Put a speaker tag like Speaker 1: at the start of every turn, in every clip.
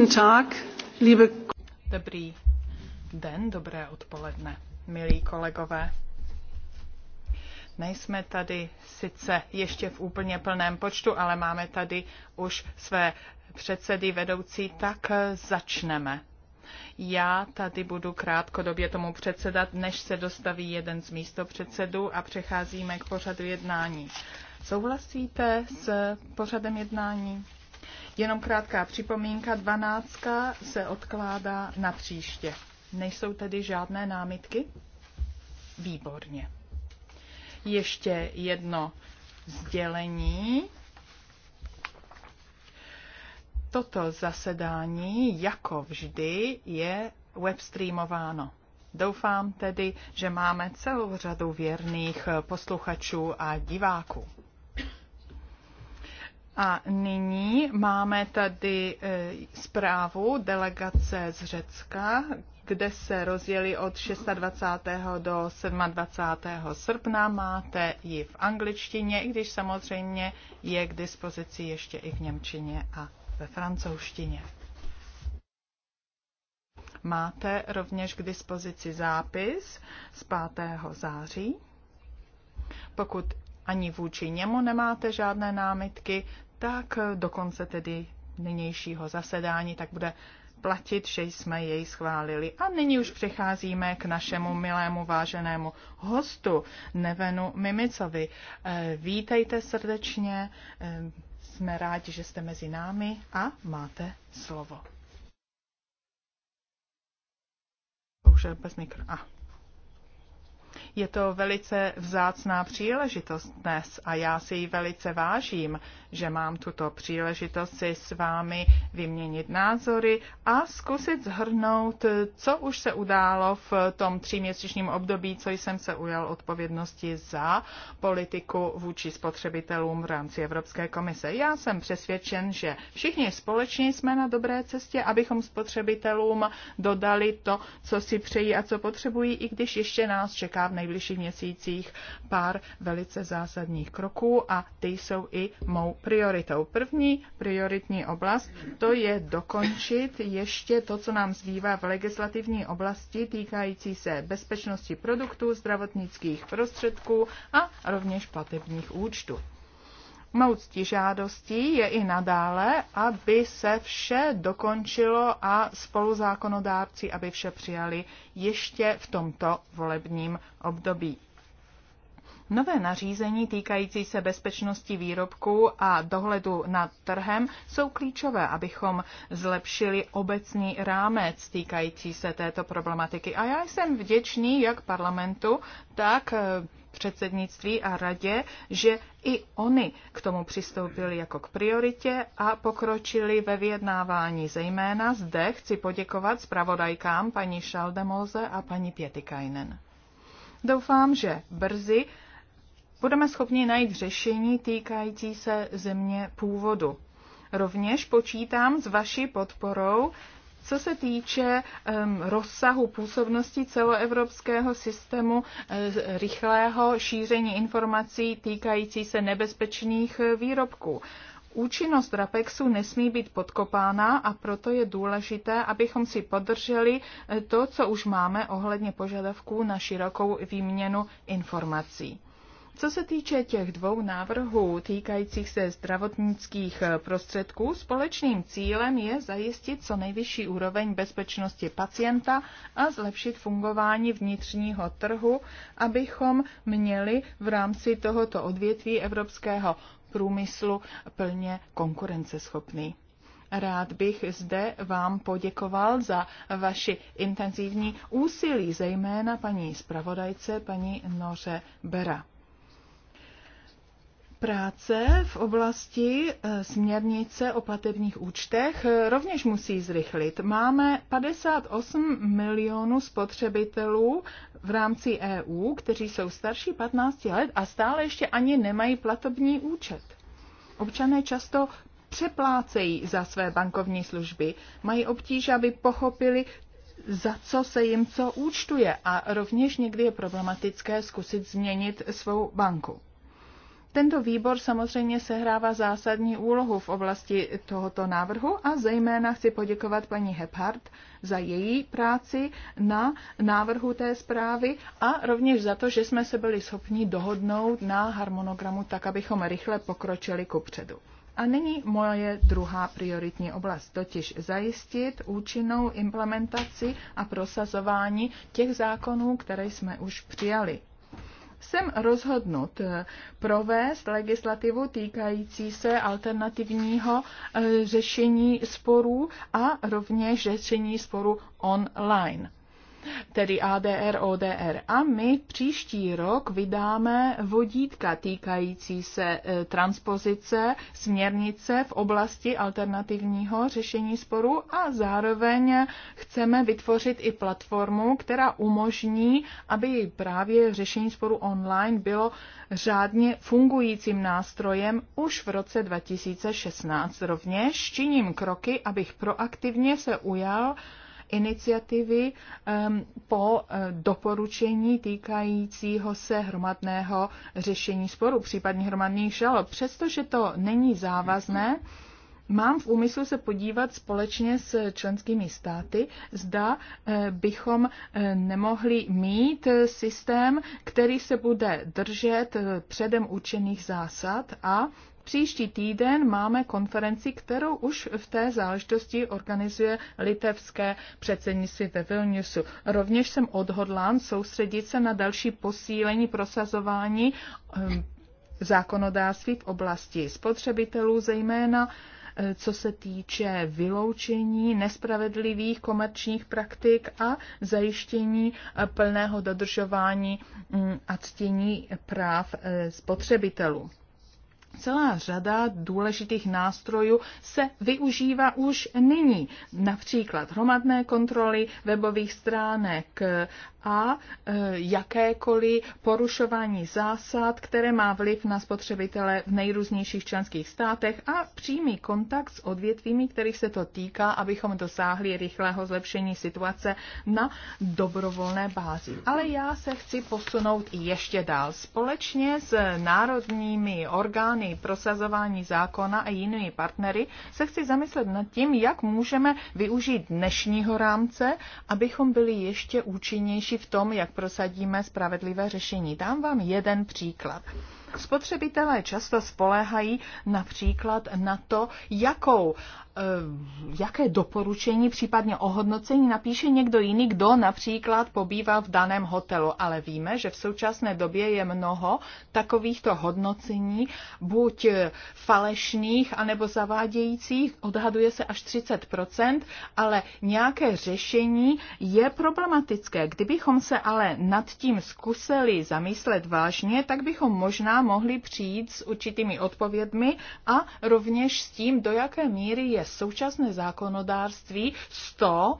Speaker 1: Guten Tag, liebe...
Speaker 2: Dobrý den, dobré odpoledne, milí kolegové. Nejsme tady sice ještě v úplně plném počtu, ale máme tady už své předsedy vedoucí, tak začneme. Já tady budu krátkodobě tomu předsedat, než se dostaví jeden z místopředsedů a přecházíme k pořadu jednání. Souhlasíte s pořadem jednání? Jenom krátká připomínka, dvanáctka se odkládá na příště. Nejsou tedy žádné námitky? Výborně. Ještě jedno sdělení. Toto zasedání, jako vždy, je webstreamováno. Doufám tedy, že máme celou řadu věrných posluchačů a diváků. A nyní máme tady e, zprávu delegace z Řecka, kde se rozjeli od 26. do 27. srpna. Máte ji v angličtině, i když samozřejmě je k dispozici ještě i v němčině a ve francouzštině. Máte rovněž k dispozici zápis z 5. září. Pokud ani vůči němu nemáte žádné námitky, tak do konce tedy nynějšího zasedání, tak bude platit, že jsme jej schválili. A nyní už přecházíme k našemu milému váženému hostu, Nevenu Mimicovi. Eh, vítejte srdečně, eh, jsme rádi, že jste mezi námi a máte slovo. Bohužel bez mikro. A. Ah. Je to velice vzácná příležitost dnes a já si ji velice vážím, že mám tuto příležitost si s vámi vyměnit názory a zkusit zhrnout, co už se událo v tom tříměsíčním období, co jsem se ujal odpovědnosti za politiku vůči spotřebitelům v rámci Evropské komise. Já jsem přesvědčen, že všichni společně jsme na dobré cestě, abychom spotřebitelům dodali to, co si přejí a co potřebují, i když ještě nás čeká v nejbližších měsících pár velice zásadních kroků a ty jsou i mou prioritou. První prioritní oblast to je dokončit ještě to, co nám zbývá v legislativní oblasti týkající se bezpečnosti produktů, zdravotnických prostředků a rovněž platebních účtů. Mou žádostí je i nadále, aby se vše dokončilo a spoluzákonodárci, aby vše přijali ještě v tomto volebním období. Nové nařízení týkající se bezpečnosti výrobků a dohledu nad trhem jsou klíčové, abychom zlepšili obecný rámec týkající se této problematiky. A já jsem vděčný jak parlamentu, tak eh, předsednictví a radě, že i oni k tomu přistoupili jako k prioritě a pokročili ve vyjednávání. Zejména zde chci poděkovat zpravodajkám paní Šaldemoze a paní Pietikainen. Doufám, že brzy budeme schopni najít řešení týkající se země původu. Rovněž počítám s vaší podporou, co se týče um, rozsahu působnosti celoevropského systému uh, rychlého šíření informací týkající se nebezpečných eh, výrobků. Účinnost RAPEXu nesmí být podkopána a proto je důležité, abychom si podrželi eh, to, co už máme ohledně požadavků na širokou výměnu informací. Co se týče těch dvou návrhů týkajících se zdravotnických eh, prostředků, společným cílem je zajistit co nejvyšší úroveň bezpečnosti pacienta a zlepšit fungování vnitřního trhu, abychom měli v rámci tohoto odvětví evropského průmyslu plně konkurenceschopný. Rád bych zde vám poděkoval za vaši intenzivní úsilí, zejména paní zpravodajce, paní Noře Bera práce v oblasti eh, směrnice o platebních účtech eh, rovněž musí zrychlit. Máme 58 milionů spotřebitelů v rámci EU, kteří jsou starší 15 let a stále ještě ani nemají platební účet. Občané často přeplácejí za své bankovní služby, mají obtíže, aby pochopili, za co se jim co účtuje a rovněž někdy je problematické zkusit změnit svou banku. Tento výbor samozřejmě sehrává zásadní úlohu v oblasti tohoto návrhu a zejména chci poděkovat paní Hephardt za její práci na návrhu té zprávy a rovněž za to, že jsme se byli schopni dohodnout na harmonogramu tak, abychom rychle pokročili předu. A nyní moje druhá prioritní oblast, totiž zajistit účinnou implementaci a prosazování těch zákonů, které jsme už přijali. Jsem rozhodnut eh, provést legislativu týkající se alternativního eh, řešení sporů a rovněž řešení sporů online tedy ADR, ODR. A my příští rok vydáme vodítka týkající se e, transpozice směrnice v oblasti alternativního řešení sporu a zároveň chceme vytvořit i platformu, která umožní, aby právě řešení sporu online bylo řádně fungujícím nástrojem už v roce 2016. Rovněž činím kroky, abych proaktivně se ujal iniciativy po eh, doporučení týkajícího se hromadného řešení sporu, případně hromadných žalob. Přestože to není závazné, Mám v úmyslu se podívat společně s členskými státy, zda eh, bychom eh, nemohli mít systém, který se bude držet předem určených zásad a Příští týden máme konferenci, kterou už v té záležitosti organizuje litevské předsednictví ve Vilniusu. Rovněž jsem odhodlán soustředit se na další posílení prosazování ehm, zákonodárství v oblasti spotřebitelů, zejména e, co se týče vyloučení nespravedlivých komerčních praktik a zajištění e, plného dodržování mm, a ctění práv e, spotřebitelů. Celá řada důležitých nástrojů se využívá už nyní, například hromadné kontroly webových stránek a e, jakékoliv porušování zásad, které má vliv na spotřebitele v nejrůznějších členských státech a přímý kontakt s odvětvími, kterých se to týká, abychom dosáhli rychlého zlepšení situace na dobrovolné bázi. Ale já se chci posunout ještě dál. Společně s národními orgány prosazování zákona a jinými partnery se chci zamyslet nad tím, jak můžeme využít dnešního rámce, abychom byli ještě účinnější úspěšnější v tom, jak prosadíme spravedlivé řešení. Dám vám jeden příklad. Spotřebitelé často spoléhají například na to, jakou, eh, jaké doporučení, případně ohodnocení napíše někdo jiný, kdo například pobývá v daném hotelu. Ale víme, že v současné době je mnoho takovýchto hodnocení, buď eh, falešných, anebo zavádějících, odhaduje se až 30%, ale nějaké řešení je problematické. Kdybychom se ale nad tím zkusili zamyslet vážně, tak bychom možná mohli přijít s určitými odpovědmi a rovněž s tím, do jaké míry je současné zákonodárství z to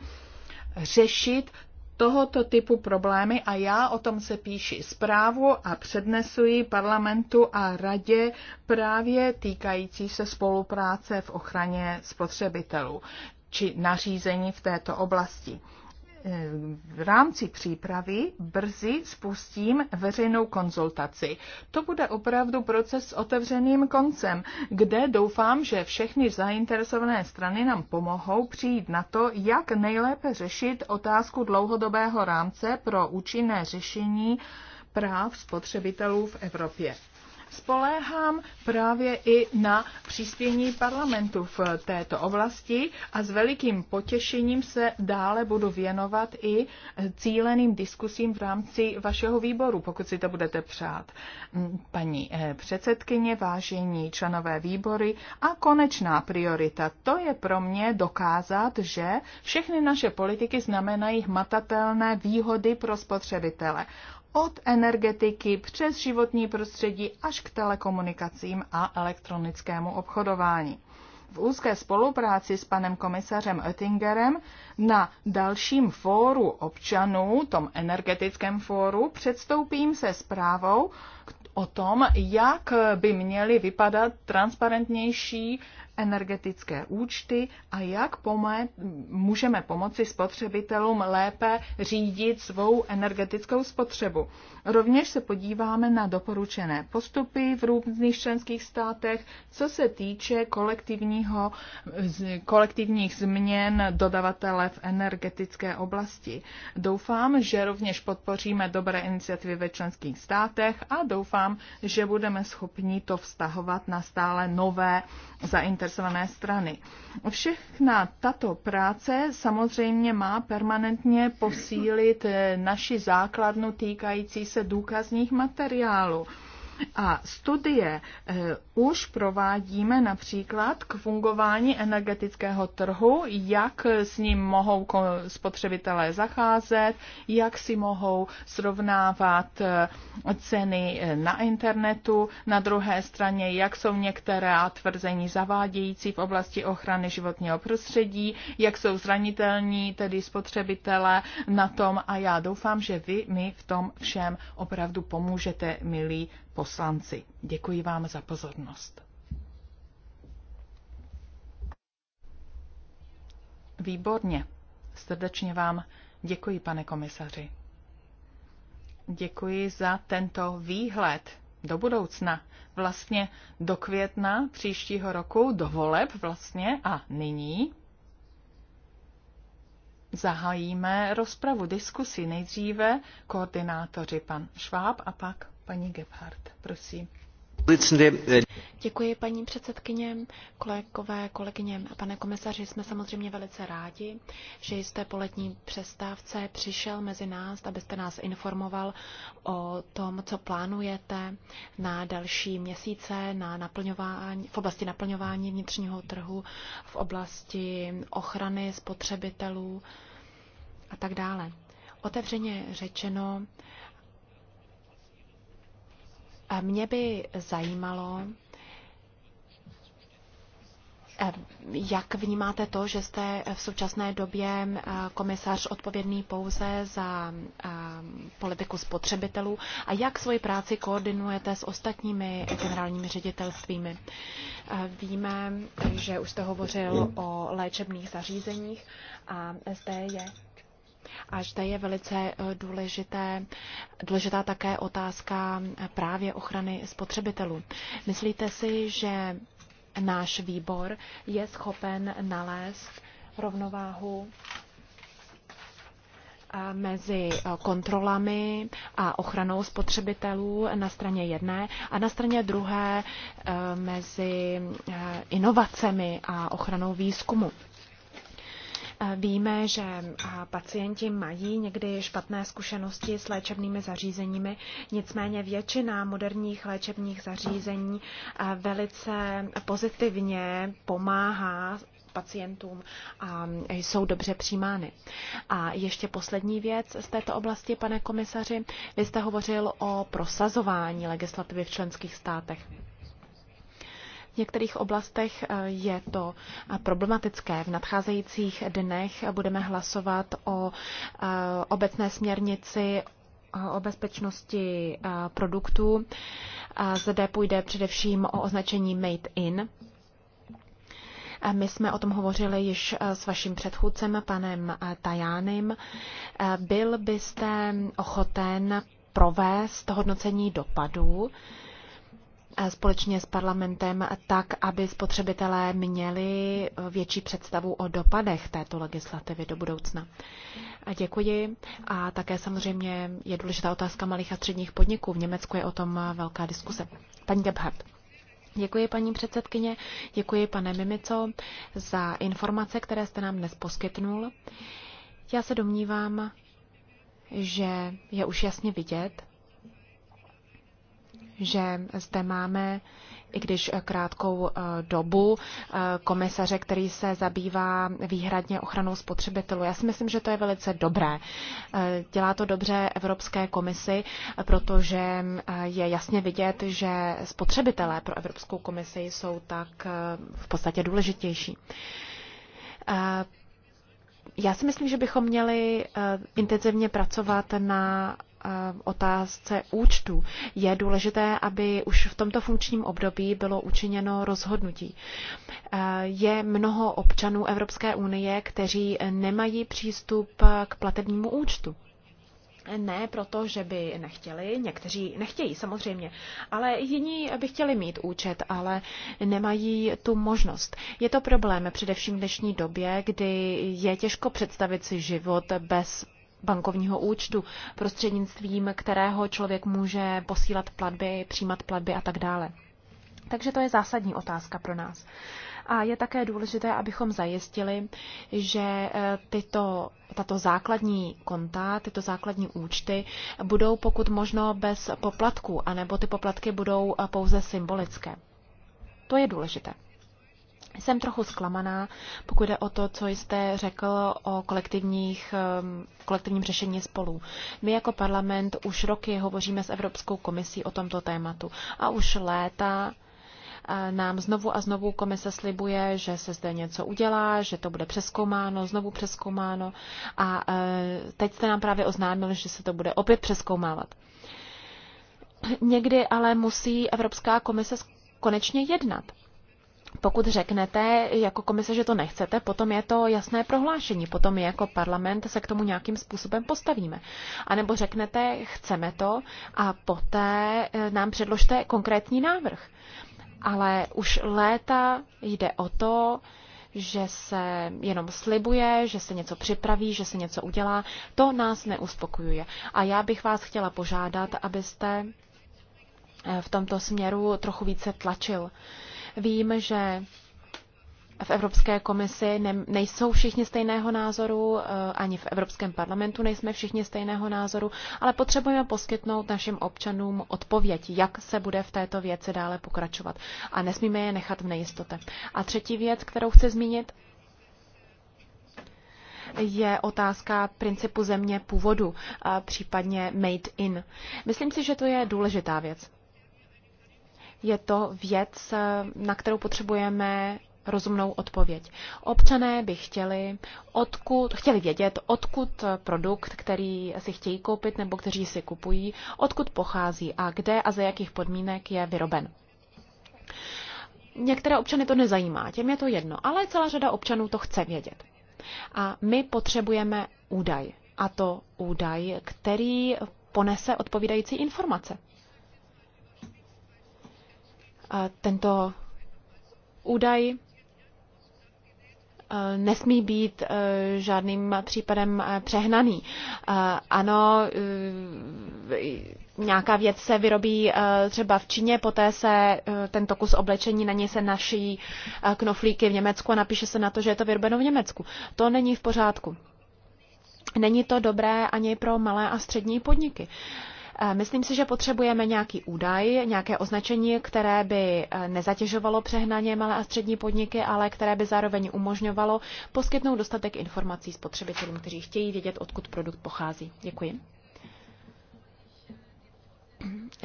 Speaker 2: řešit tohoto typu problémy a já o tom se píši zprávu a přednesuji parlamentu a radě právě týkající se spolupráce v ochraně spotřebitelů či nařízení v této oblasti. Eh, v rámci přípravy brzy spustím veřejnou konzultaci. To bude opravdu proces s otevřeným koncem, kde doufám, že všechny zainteresované strany nám pomohou přijít na to, jak nejlépe řešit otázku dlouhodobého rámce pro účinné řešení práv spotřebitelů v Evropě spoléhám právě i na příspění parlamentu v této oblasti a s velikým potěšením se dále budu věnovat i cíleným diskusím v rámci vašeho výboru, pokud si to budete přát. Mm, paní eh, předsedkyně, vážení členové výbory a konečná priorita, to je pro mě dokázat, že všechny naše politiky znamenají hmatatelné výhody pro spotřebitele od energetiky přes životní prostředí až k telekomunikacím a elektronickému obchodování. V úzké spolupráci s panem komisařem Oettingerem na dalším fóru občanů, tom energetickém fóru, předstoupím se zprávou o tom, jak by měly vypadat transparentnější energetické účty a jak pomé, můžeme pomoci spotřebitelům lépe řídit svou energetickou spotřebu. Rovněž se podíváme na doporučené postupy v různých členských státech, co se týče kolektivního, kolektivních změn dodavatele v energetické oblasti. Doufám, že rovněž podpoříme dobré iniciativy ve členských státech a doufám, že budeme schopni to vztahovat na stále nové zainteresované zainteresované strany. Všechna tato práce samozřejmě má permanentně posílit eh, naši základnu týkající se důkazních materiálů. A studie eh, už provádíme například k fungování energetického trhu, jak s ním mohou spotřebitelé zacházet, jak si mohou srovnávat eh, ceny eh, na internetu, na druhé straně, jak jsou některé tvrzení zavádějící v oblasti ochrany životního prostředí, jak jsou zranitelní tedy spotřebitelé na tom a já doufám, že vy mi v tom všem opravdu pomůžete, milí poslanci. Děkuji vám za pozornost. Výborně. Srdečně vám děkuji, pane komisaři. Děkuji za tento výhled do budoucna, vlastně do května příštího roku, do voleb vlastně a nyní zahájíme rozpravu, diskusi. Nejdříve koordinátoři pan Šváb a pak Paní Gebhardt, prosím. Eh, Děkuji, paní
Speaker 3: předsedkyně, kolegové, kolegyně a pane komisaři. Jsme samozřejmě velice rádi, že jste po letní přestávce přišel mezi nás, abyste nás informoval o tom, co plánujete na další měsíce na naplňování, v oblasti naplňování vnitřního trhu, v oblasti ochrany spotřebitelů a tak dále. Otevřeně řečeno, a mě by zajímalo, eh, jak vnímáte to, že jste v současné době eh, komisař odpovědný pouze za eh, politiku spotřebitelů a jak svoji práci koordinujete s ostatními generálními ředitelstvími? Víme, že už jste hovořil o léčebných zařízeních a zde je a zde je velice eh, důležité, důležitá také otázka eh, právě ochrany spotřebitelů. Myslíte si, že náš výbor je schopen nalézt rovnováhu eh, mezi kontrolami a ochranou spotřebitelů na straně jedné a na straně druhé mezi inovacemi a ochranou výzkumu. Víme, že pacienti mají někdy špatné zkušenosti s léčebnými zařízeními, nicméně většina moderních léčebných zařízení velice pozitivně pomáhá pacientům a jsou dobře přijímány. A ještě poslední věc z této oblasti, pane komisaři. Vy jste hovořil o prosazování legislativy v členských státech. V některých oblastech eh, je to eh, problematické. V nadcházejících dnech budeme hlasovat o eh, obecné směrnici o bezpečnosti produktů. Zde půjde především o označení Made in. My jsme o tom hovořili již s vaším předchůdcem, panem Tajánem. Byl byste ochoten provést hodnocení dopadů? společně s parlamentem tak, aby spotřebitelé měli větší představu o dopadech této legislativy do budoucna. A děkuji. A také samozřejmě je důležitá otázka malých a středních podniků. V Německu je o tom velká diskuse. Paní Gebhardt. Děkuji, paní předsedkyně, děkuji, pane Mimico, za informace, které jste nám dnes poskytnul. Já se domnívám, že je už jasně vidět, že zde máme, i když eh, krátkou eh, dobu, eh, komisaře, který se zabývá výhradně ochranou spotřebitelů. Já si myslím, že to je velice dobré. Dělá to dobře Evropské komisi, protože je jasně vidět, že spotřebitelé pro Evropskou komisi jsou tak v podstatě důležitější. Já si myslím, že bychom měli intenzivně pracovat na otázce účtu. Je důležité, aby už v tomto funkčním období bylo učiněno rozhodnutí. Je mnoho občanů Evropské unie, kteří nemají přístup k platebnímu účtu. Ne proto, že by nechtěli, někteří nechtějí samozřejmě, ale jiní by chtěli mít účet, ale nemají tu možnost. Je to problém především v dnešní době, kdy je těžko představit si život bez bankovního účtu, prostřednictvím kterého člověk může posílat platby, přijímat platby a tak dále. Takže to je zásadní otázka pro nás. A je také důležité, abychom zajistili, že e, tyto, tato základní konta, tyto základní účty budou pokud možno bez poplatků, anebo ty poplatky budou e, pouze symbolické. To je důležité. Jsem trochu zklamaná, pokud jde o to, co jste řekl o kolektivních, kolektivním řešení spolu. My jako parlament už roky hovoříme s Evropskou komisí o tomto tématu a už léta eh, nám znovu a znovu komise slibuje, že se zde něco udělá, že to bude přeskoumáno, znovu přeskoumáno a eh, teď jste nám právě oznámili, že se to bude opět přeskoumávat. Někdy ale musí Evropská komise konečně jednat pokud řeknete jako komise, že to nechcete, potom je to jasné prohlášení, potom my jako parlament se k tomu nějakým způsobem postavíme. A nebo řeknete, chceme to a poté e, nám předložte konkrétní návrh. Ale už léta jde o to, že se jenom slibuje, že se něco připraví, že se něco udělá. To nás neuspokojuje. A já bych vás chtěla požádat, abyste e, v tomto směru trochu více tlačil Vím, že v Evropské komisi ne, nejsou všichni stejného názoru, eh, ani v Evropském parlamentu nejsme všichni stejného názoru, ale potřebujeme poskytnout našim občanům odpověď, jak se bude v této věci dále pokračovat. A nesmíme je nechat v nejistotě. A třetí věc, kterou chci zmínit, je otázka principu země původu, eh, případně made in. Myslím si, že to je důležitá věc je to věc, na kterou potřebujeme rozumnou odpověď. Občané by chtěli, odkud, chtěli vědět, odkud produkt, který si chtějí koupit nebo kteří si kupují, odkud pochází a kde a za jakých podmínek je vyroben. Některé občany to nezajímá, těm je to jedno, ale celá řada občanů to chce vědět. A my potřebujeme údaj, a to údaj, který ponese odpovídající informace tento údaj eh, nesmí být eh, žádným případem eh, přehnaný. Ano, nějaká věc se vyrobí třeba v Číně, poté se tento kus oblečení, na něj se naší knoflíky v Německu a napíše se na to, že je to vyrobeno v Německu. To není v pořádku. Není to dobré ani pro malé a střední podniky. Uh, Eh, myslím si, že potřebujeme nějaký údaj, nějaké označení, které by eh, nezatěžovalo přehnaně malé a střední podniky, ale které by zároveň umožňovalo poskytnout dostatek informací spotřebitelům, kteří chtějí vědět, odkud produkt pochází. Děkuji.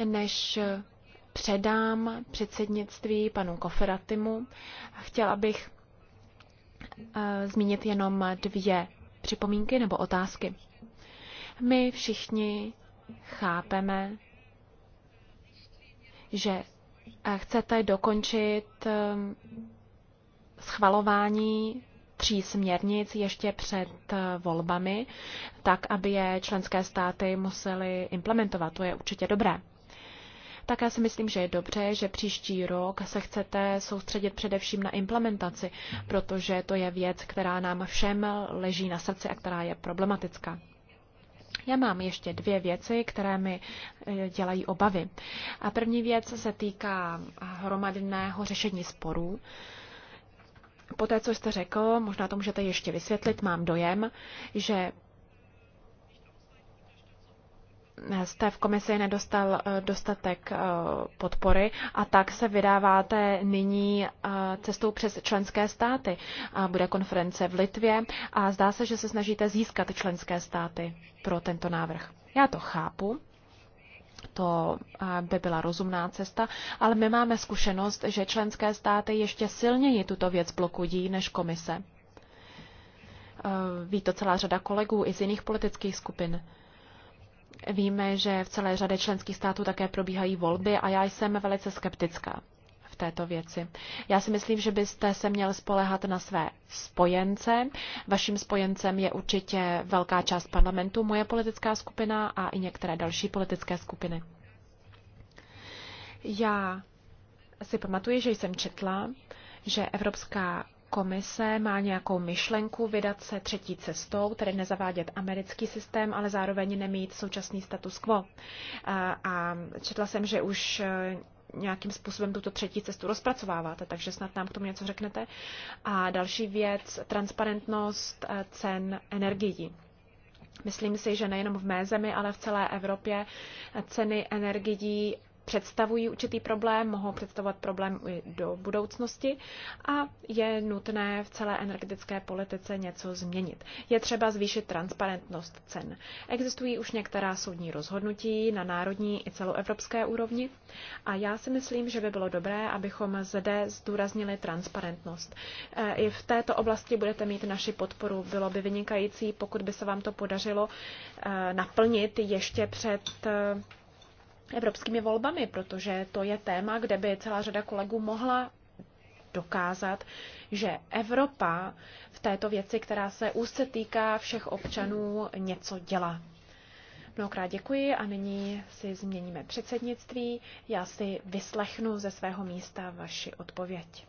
Speaker 3: Než eh, předám předsednictví panu Koferatimu, chtěla bych zmínit jenom dvě připomínky nebo otázky. My všichni chápeme, že eh, chcete dokončit eh, schvalování tří směrnic ještě před eh, volbami, tak aby je členské státy musely implementovat. To je určitě dobré. já si myslím, že je dobře, že příští rok se chcete soustředit především na implementaci, protože to je věc, která nám všem leží na srdci a která je problematická. Já mám ještě dvě věci, které mi eh, dělají obavy. A první věc se týká hromadného řešení sporů. Poté, co jste řekl, možná to můžete ještě vysvětlit, mám dojem, že jste v komisi nedostal eh, dostatek eh, podpory a tak se vydáváte nyní eh, cestou přes členské státy. Bude konference v Litvě a zdá se, že se snažíte získat členské státy pro tento návrh. Já to chápu, to by byla rozumná cesta, ale my máme zkušenost, že členské státy ještě silněji tuto věc blokují, než komise. Ví to celá řada kolegů i z jiných politických skupin. Víme, že v celé řadě členských států také probíhají volby a já jsem velice skeptická v této věci. Já si myslím, že byste se měl spolehat na své spojence. Vaším spojencem je určitě velká část parlamentu, moje politická skupina a i některé další politické skupiny. Já si pamatuji, že jsem četla, že Evropská komise má nějakou myšlenku vydat se třetí cestou, tedy nezavádět americký systém, ale zároveň nemít současný status quo. A četla jsem, že už e, nějakým způsobem tuto třetí cestu rozpracováváte, takže snad nám k tomu něco řeknete. A další věc, transparentnost e, cen energií. Myslím si, že nejenom v mé zemi, ale v celé Evropě e, ceny energií představují určitý problém, mohou představovat problém i do budoucnosti a je nutné v celé energetické politice něco změnit. Je třeba zvýšit transparentnost cen. Existují už některá soudní rozhodnutí na národní i celoevropské úrovni a já si myslím, že by bylo dobré, abychom zde zdůraznili transparentnost. E, I v této oblasti budete mít naši podporu. Bylo by vynikající, pokud by se vám to podařilo e, naplnit ještě před e, evropskými volbami, protože to je téma, kde by celá řada kolegů mohla dokázat, že Evropa v této věci, která se úzce týká všech občanů, něco dělá. Mnohokrát děkuji a nyní si změníme předsednictví. Já si vyslechnu ze svého místa vaši odpověď.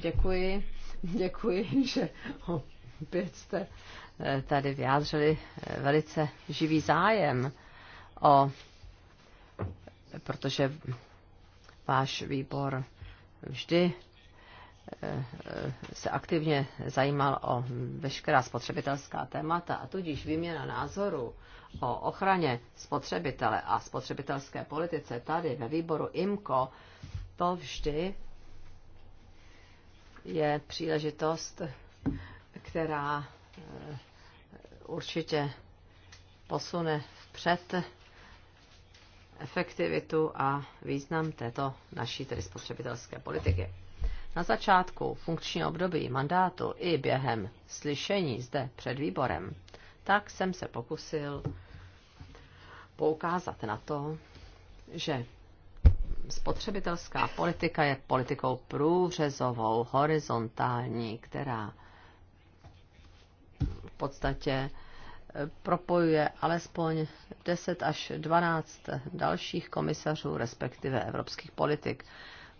Speaker 4: Děkuji,
Speaker 5: děkuji, že opět jste eh, tady vyjádřili eh, velice živý zájem o, protože váš výbor vždy eh, se aktivně zajímal o veškerá spotřebitelská témata a tudíž výměna názoru o ochraně spotřebitele a spotřebitelské politice tady ve výboru IMCO to vždy je příležitost, která eh, určitě posune vpřed efektivitu a význam této naší tedy spotřebitelské politiky. Na začátku funkčního období mandátu i během slyšení zde před výborem, tak jsem se pokusil poukázat na to, že spotřebitelská politika je politikou průřezovou, horizontální, která v podstatě eh, propojuje alespoň 10 až 12 dalších komisařů, respektive evropských politik.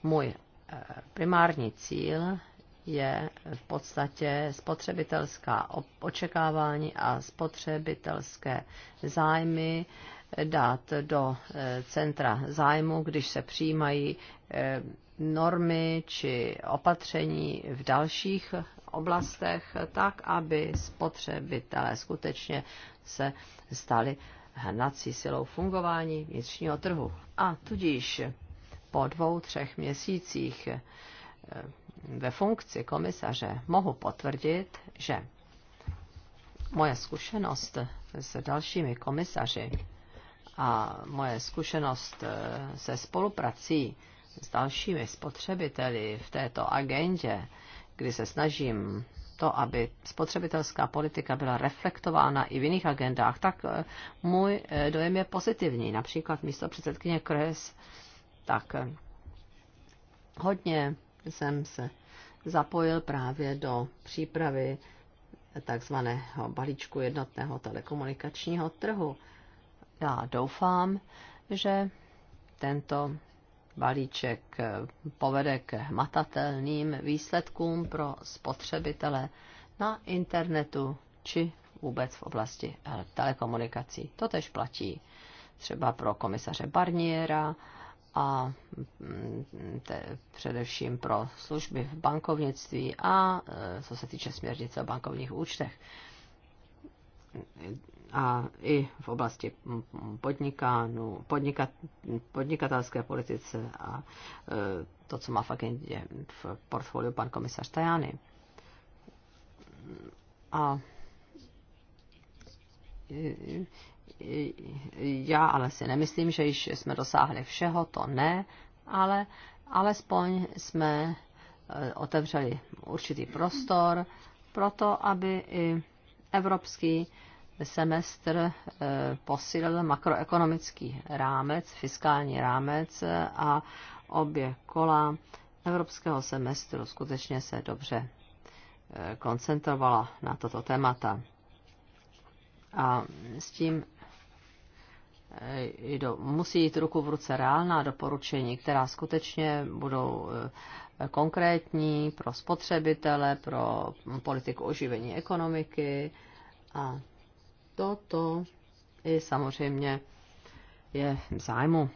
Speaker 5: Můj eh, primární cíl je v podstatě spotřebitelská očekávání a spotřebitelské zájmy dát do eh, centra zájmu, když se přijímají eh, normy či opatření v dalších oblastech, tak aby spotřebitelé skutečně se stali hnací silou fungování vnitřního trhu. A tudíž po dvou, třech měsících eh, ve funkci komisaře mohu potvrdit, že moje zkušenost s dalšími komisaři a moje zkušenost eh, se spoluprací s dalšími spotřebiteli v této agendě, kdy se snažím to, aby spotřebitelská politika byla reflektována i v jiných agendách, tak eh, můj eh, dojem je pozitivní. Například místo předsedkyně Kres, tak hodně jsem se zapojil právě do přípravy takzvaného balíčku jednotného telekomunikačního trhu. Já doufám, že tento balíček eh, povede k hmatatelným výsledkům pro spotřebitele na internetu či vůbec v oblasti eh, telekomunikací. To tež platí třeba pro komisaře Barniera a mm, te, především pro služby v bankovnictví a eh, co se týče směrnice o bankovních účtech a i v oblasti podnikánu, podnikat, podnikatelské politice a e, to, co má v agendě v portfoliu pan komisař Tajany. A já ale si nemyslím, že již jsme dosáhli všeho, to ne, ale alespoň jsme e, otevřeli určitý prostor pro to, aby i evropský semestr eh, posílil makroekonomický rámec, fiskální rámec eh, a obě kola evropského semestru skutečně se dobře eh, koncentrovala na toto témata. A s tím musí jít ruku v ruce reálná doporučení, která skutečně budou konkrétní pro spotřebitele, pro politiku oživení ekonomiky a toto i samozřejmě je v zájmu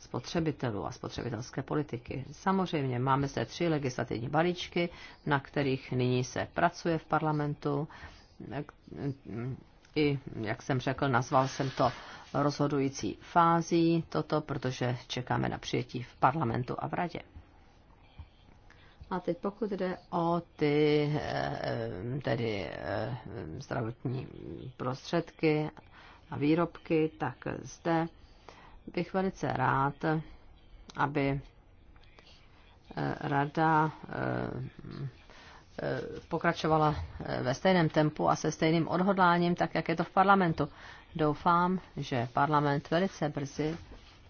Speaker 5: spotřebitelů a spotřebitelské politiky. Samozřejmě máme zde tři legislativní balíčky, na kterých nyní se pracuje v parlamentu. I, jak jsem řekl, nazval jsem to rozhodující fází toto, protože čekáme na přijetí v parlamentu a v radě. A teď pokud jde o ty eh, tedy eh, zdravotní prostředky a výrobky, tak zde bych velice rád, aby eh, rada pokračovala ve stejném tempu a se stejným odhodláním, tak jak je to v parlamentu. Doufám, že parlament velice brzy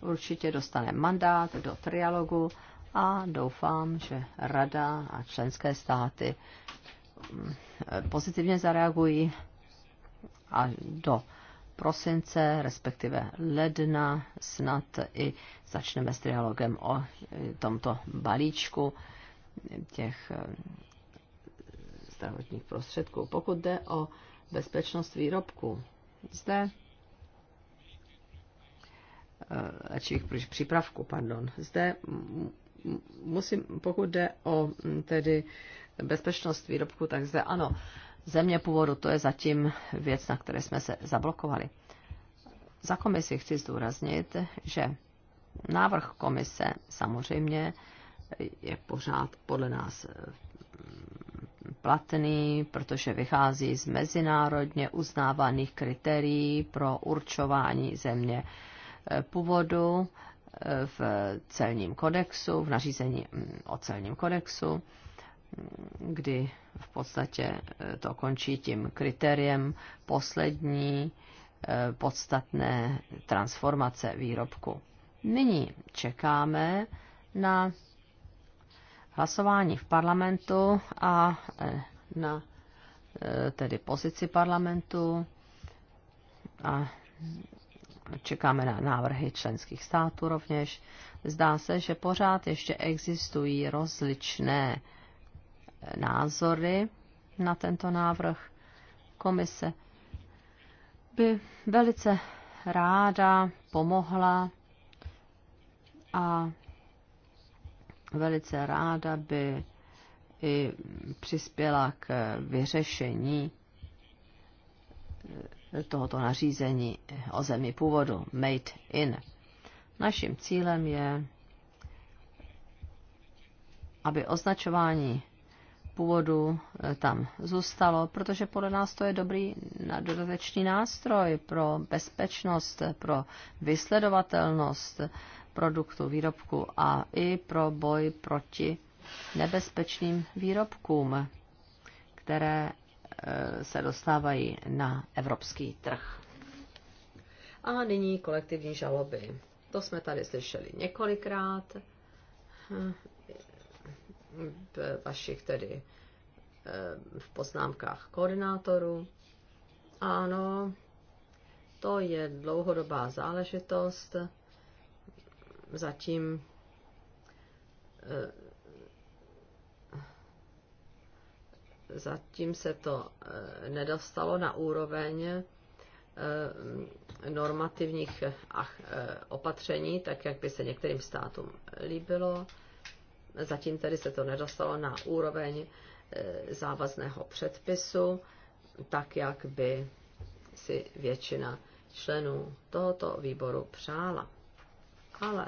Speaker 5: určitě dostane mandát do trialogu a doufám, že Rada a členské státy mm, pozitivně zareagují a do prosince, respektive ledna, snad i začneme s trialogem o e, tomto balíčku těch e, zdravotních prostředků. Pokud jde o bezpečnost výrobků, zde e, léčivých přípravků, pardon. Zde musím, pokud jde o mm, tedy bezpečnost výrobku, tak zde ano, země původu, to je zatím věc, na které jsme se zablokovali. Za komisi chci zdůraznit, že návrh komise samozřejmě je pořád podle nás mm, platný, protože vychází z mezinárodně uznávaných kritérií pro určování země eh, původu v celním kodexu, v nařízení mm, o celním kodexu, mm, kdy v podstatě e, to končí tím kritériem poslední e, podstatné transformace výrobku. Nyní čekáme na hlasování v parlamentu a e, na tedy pozici parlamentu a čekáme na návrhy členských států rovněž. Zdá se, že pořád ještě existují rozličné eh, názory na tento návrh. Komise by velice ráda pomohla a velice ráda by i přispěla k vyřešení tohoto nařízení o zemi původu Made in. Naším cílem je, aby označování původu eh, tam zůstalo, protože podle nás to je dobrý dodatečný nástroj pro bezpečnost, pro vysledovatelnost produktu, výrobku a i pro boj proti nebezpečným výrobkům, které Eh, se dostávají na evropský trh. A nyní kolektivní žaloby. To jsme tady slyšeli několikrát v vašich tedy eh, v poznámkách koordinátorů. Ano, to je dlouhodobá záležitost. Zatím eh, zatím se to eh, nedostalo na úroveň eh, normativních eh, opatření, tak jak by se některým státům líbilo. Zatím tedy se to nedostalo na úroveň závazného předpisu, tak jak by si většina členů tohoto výboru přála. Ale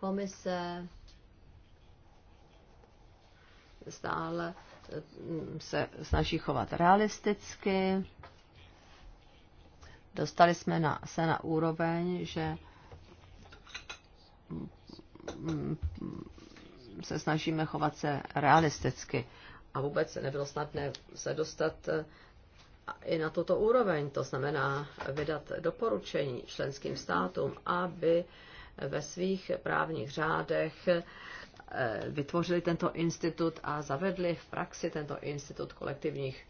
Speaker 5: komise stále mm, se snaží chovat realisticky. Dostali jsme na, se na úroveň, že mm, se snažíme chovat se realisticky. A vůbec nebylo snadné se dostat eh, i na tuto úroveň, to znamená vydat doporučení členským státům, aby ve svých právních řádech Eh, vytvořili tento institut a zavedli v praxi tento institut kolektivních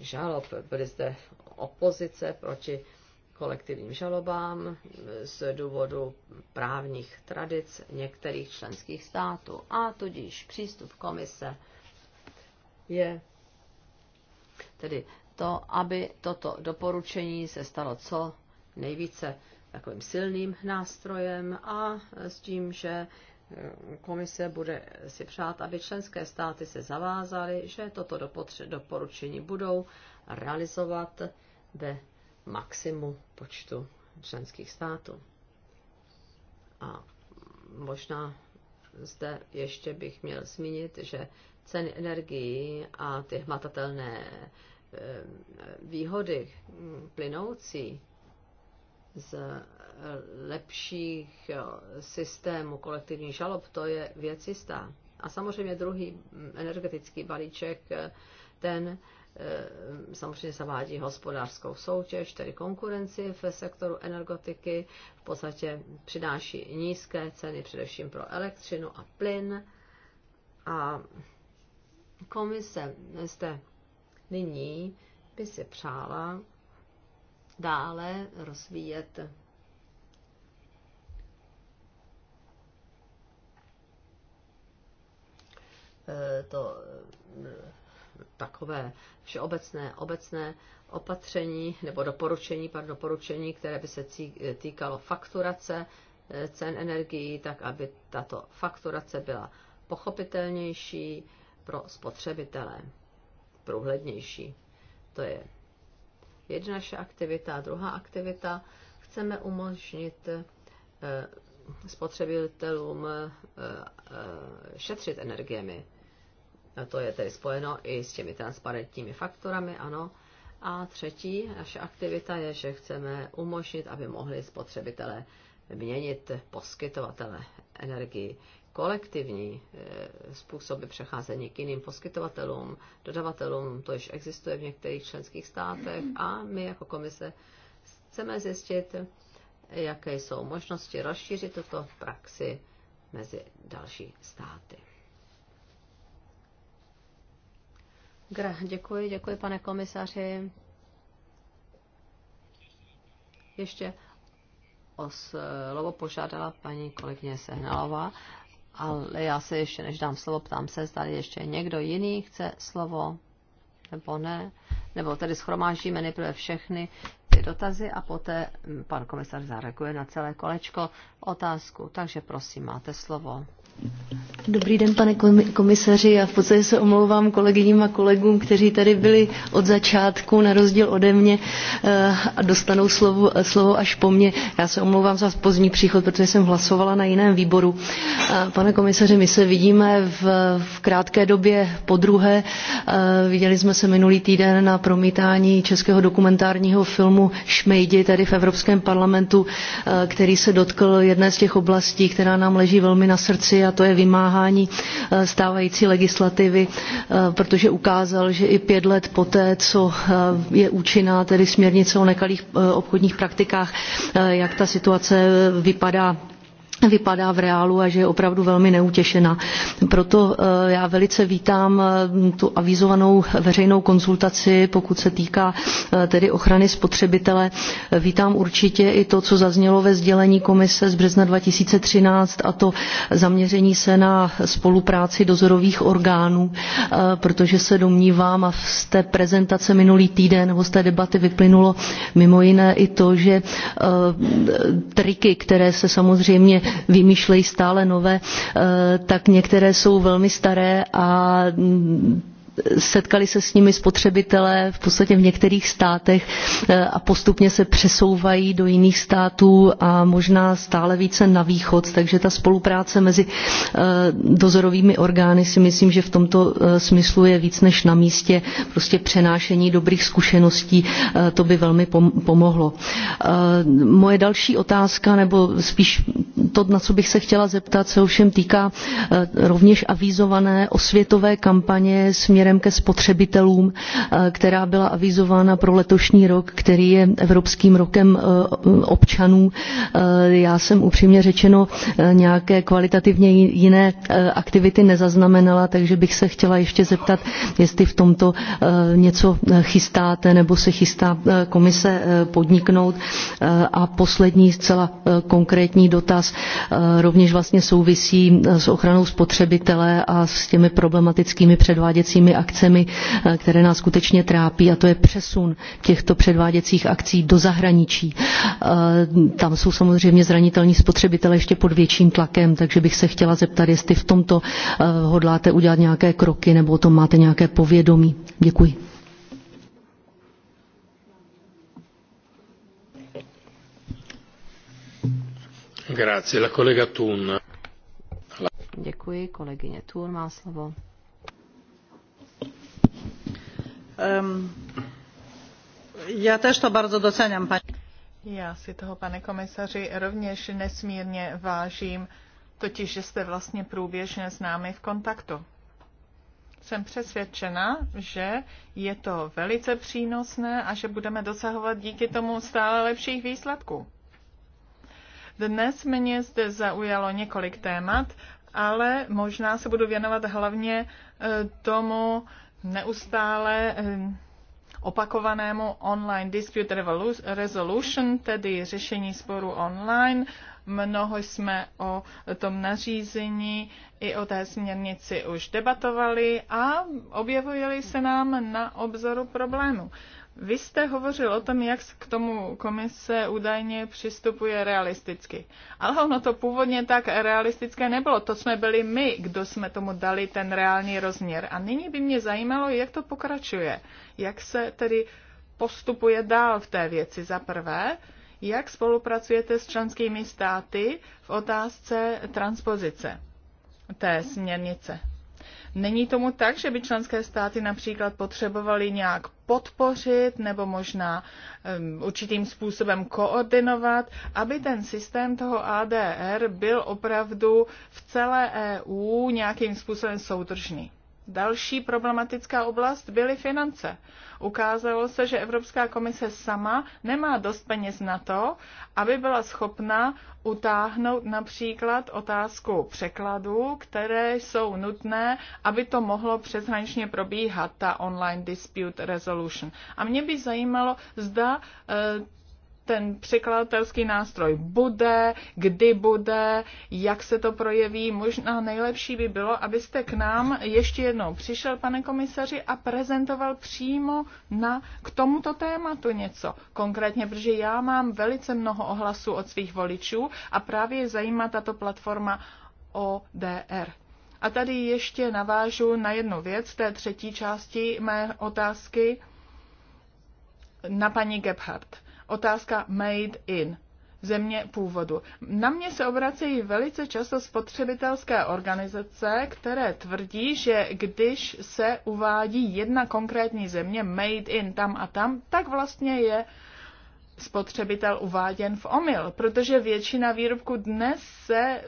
Speaker 5: žalob. Byly zde opozice proti kolektivním žalobám eh, z důvodu právních tradic některých členských států a tudíž přístup komise je tedy to, aby toto doporučení se stalo co nejvíce takovým silným nástrojem a s tím, že komise bude si přát, aby členské státy se zavázaly, že toto doporučení budou realizovat ve maximu počtu členských států. A možná zde ještě bych měl zmínit, že ceny energií a ty hmatatelné eh, výhody hm, plynoucí z eh, lepších systémů kolektivních žalob, to je věc jistá. A samozřejmě druhý mm, energetický balíček, eh, ten eh, samozřejmě zavádí hospodářskou soutěž, tedy konkurenci v sektoru energetiky, v podstatě přináší nízké ceny především pro elektřinu a plyn. A komise zde nyní by si přála dále rozvíjet. E, to e, takové všeobecné obecné opatření nebo doporučení, pardon, doporučení, které by se e, týkalo fakturace cen energií, tak aby tato fakturace byla pochopitelnější pro spotřebitele, průhlednější. To je Jedna naše aktivita, druhá aktivita, chceme umožnit eh, spotřebitelům eh, eh, šetřit energiemi. A to je tedy spojeno i s těmi transparentními faktorami, ano. A třetí naše aktivita je, že chceme umožnit, aby mohli spotřebitelé měnit poskytovatele energii kolektivní eh, způsoby přecházení k jiným poskytovatelům, dodavatelům, to již existuje v některých členských státech a my jako komise chceme zjistit, jaké jsou možnosti rozšířit tuto praxi mezi další státy. Gra, Děkuji, děkuji pane komisaři. Ještě o slovo eh, požádala paní kolegyně Sehnalová ale já se ještě, než dám slovo, ptám se, zda ještě někdo jiný chce slovo, nebo ne. Nebo tedy schromáždíme nejprve všechny ty dotazy a poté mm, pan komisar zareaguje na celé kolečko otázku. Takže prosím, máte slovo.
Speaker 6: Dobrý den, pane komisaři. Já v podstatě se omlouvám kolegyním a kolegům, kteří tady byli od začátku, na rozdíl ode mě, eh, a dostanou slovo, eh, slovo až po mně. Já se omlouvám za pozdní příchod, protože jsem hlasovala na jiném výboru. Eh, pane komisaři, my se vidíme v, v krátké době po druhé. Viděli jsme se minulý týden na promítání českého dokumentárního filmu Šmejdi tady v Evropském parlamentu, který se dotkl jedné z těch oblastí, která nám leží velmi na srdci a to je vymáhání eh, stávající legislativy, eh, protože ukázal, že i pět let poté, co eh, je účinná tedy směrnice o nekalých obchodních praktikách, jak ta situace vypadá vypadá v reálu a že je opravdu velmi neutěšena. Proto eh, já velice vítám eh, tu avizovanou veřejnou konzultaci, pokud se týká eh, tedy ochrany spotřebitele. Vítám určitě i to, co zaznělo ve sdělení komise z března 2013 a to zaměření se na spolupráci dozorových orgánů, protože se domnívám a z té prezentace minulý týden nebo z té debaty vyplynulo mimo jiné i to, že triky, které se samozřejmě vymýšlejí stále nové, eh, tak některé jsou velmi staré a mm, setkali se s nimi spotřebitelé v podstatě v některých státech eh, a postupně se přesouvají do jiných států a možná stále více na východ, takže ta spolupráce mezi eh, dozorovými orgány si myslím, že v tomto eh, smyslu je víc než na místě prostě přenášení dobrých zkušeností, to by velmi pomohlo. Moje další otázka, nebo spíš to, na co bych se chtěla zeptat, se ovšem týká rovněž avízované osvětové kampaně směrem směrem ke spotřebitelům, eh, která byla avizována pro letošní rok, který je Evropským rokem eh, občanů. Eh, já jsem upřímně řečeno nějaké kvalitativně jiné aktivity nezaznamenala, takže bych se chtěla ještě zeptat, jestli v tomto něco chystáte nebo se chystá komise podniknout. A poslední zcela konkrétní dotaz rovněž vlastně souvisí s ochranou spotřebitele a s těmi problematickými předváděcími akcemi, eh, které nás skutečně trápí, a to je přesun těchto předváděcích akcí do zahraničí. Eh, tam jsou samozřejmě zranitelní spotřebitelé ještě pod větším tlakem, takže bych se chtěla zeptat, jestli v tomto eh, hodláte udělat nějaké kroky nebo o tom máte nějaké povědomí. Děkuji.
Speaker 4: Grazie, la collega Thun.
Speaker 5: Děkuji, kolegyně Thun má slovo. Já též to bardzo doceniam, paní. Já
Speaker 2: si toho, pane komisaři, rovněž nesmírně vážím, totiž, že jste vlastně průběžně s námi v kontaktu. Jsem přesvědčena, že je to velice přínosné a že budeme dosahovat díky tomu stále lepších výsledků. Dnes mě zde zaujalo několik témat, ale možná se budu věnovat hlavně eh, tomu, neustále opakovanému online dispute resolution, tedy řešení sporu online. Mnoho jsme o tom nařízení i o té směrnici už debatovali a objevily se nám na obzoru problému. Vy jste hovořil o tom, jak k tomu komise údajně přistupuje realisticky. Ale ono to původně tak realistické nebylo. To jsme byli my, kdo jsme tomu dali ten reálný rozměr. A nyní by mě zajímalo, jak to pokračuje. Jak se tedy postupuje dál v té věci za prvé, jak spolupracujete s členskými státy v otázce transpozice té směrnice. Není tomu tak, že by členské státy například potřebovaly nějak podpořit nebo možná um, určitým způsobem koordinovat, aby ten systém toho ADR byl opravdu v celé EU nějakým způsobem soudržný. Další problematická oblast byly finance. Ukázalo se, že Evropská komise sama nemá dost peněz na to, aby byla schopna utáhnout například otázku překladů, které jsou nutné, aby to mohlo přeshraničně probíhat, ta online dispute resolution. A mě by zajímalo, zda eh, ten překladatelský nástroj bude, kdy bude, jak se to projeví. Možná nejlepší by bylo, abyste k nám ještě jednou přišel, pane komisaři, a prezentoval přímo na, k tomuto tématu něco konkrétně, protože já mám velice mnoho ohlasů od svých voličů a právě zajímá tato platforma ODR. A tady ještě navážu na jednu věc té třetí části mé otázky na paní Gebhardt Otázka made in země původu. Na mě se obracejí velice často spotřebitelské organizace, které tvrdí, že když se uvádí jedna konkrétní země made in tam a tam, tak vlastně je spotřebitel uváděn v omyl, protože většina výrobků dnes se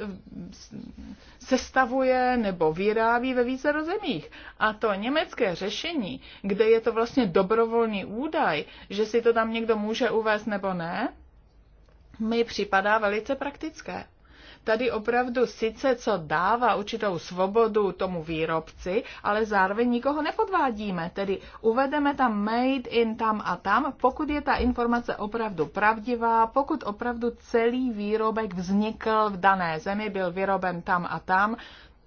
Speaker 2: sestavuje nebo vyrábí ve více rozemích. A to německé řešení, kde je to vlastně dobrovolný údaj, že si to tam někdo může uvést nebo ne, mi připadá velice praktické tady opravdu sice co dává určitou svobodu tomu výrobci, ale zároveň nikoho nepodvádíme. Tedy uvedeme tam made in tam a tam, pokud je ta informace opravdu pravdivá, pokud opravdu celý výrobek vznikl v dané zemi, byl vyroben tam a tam,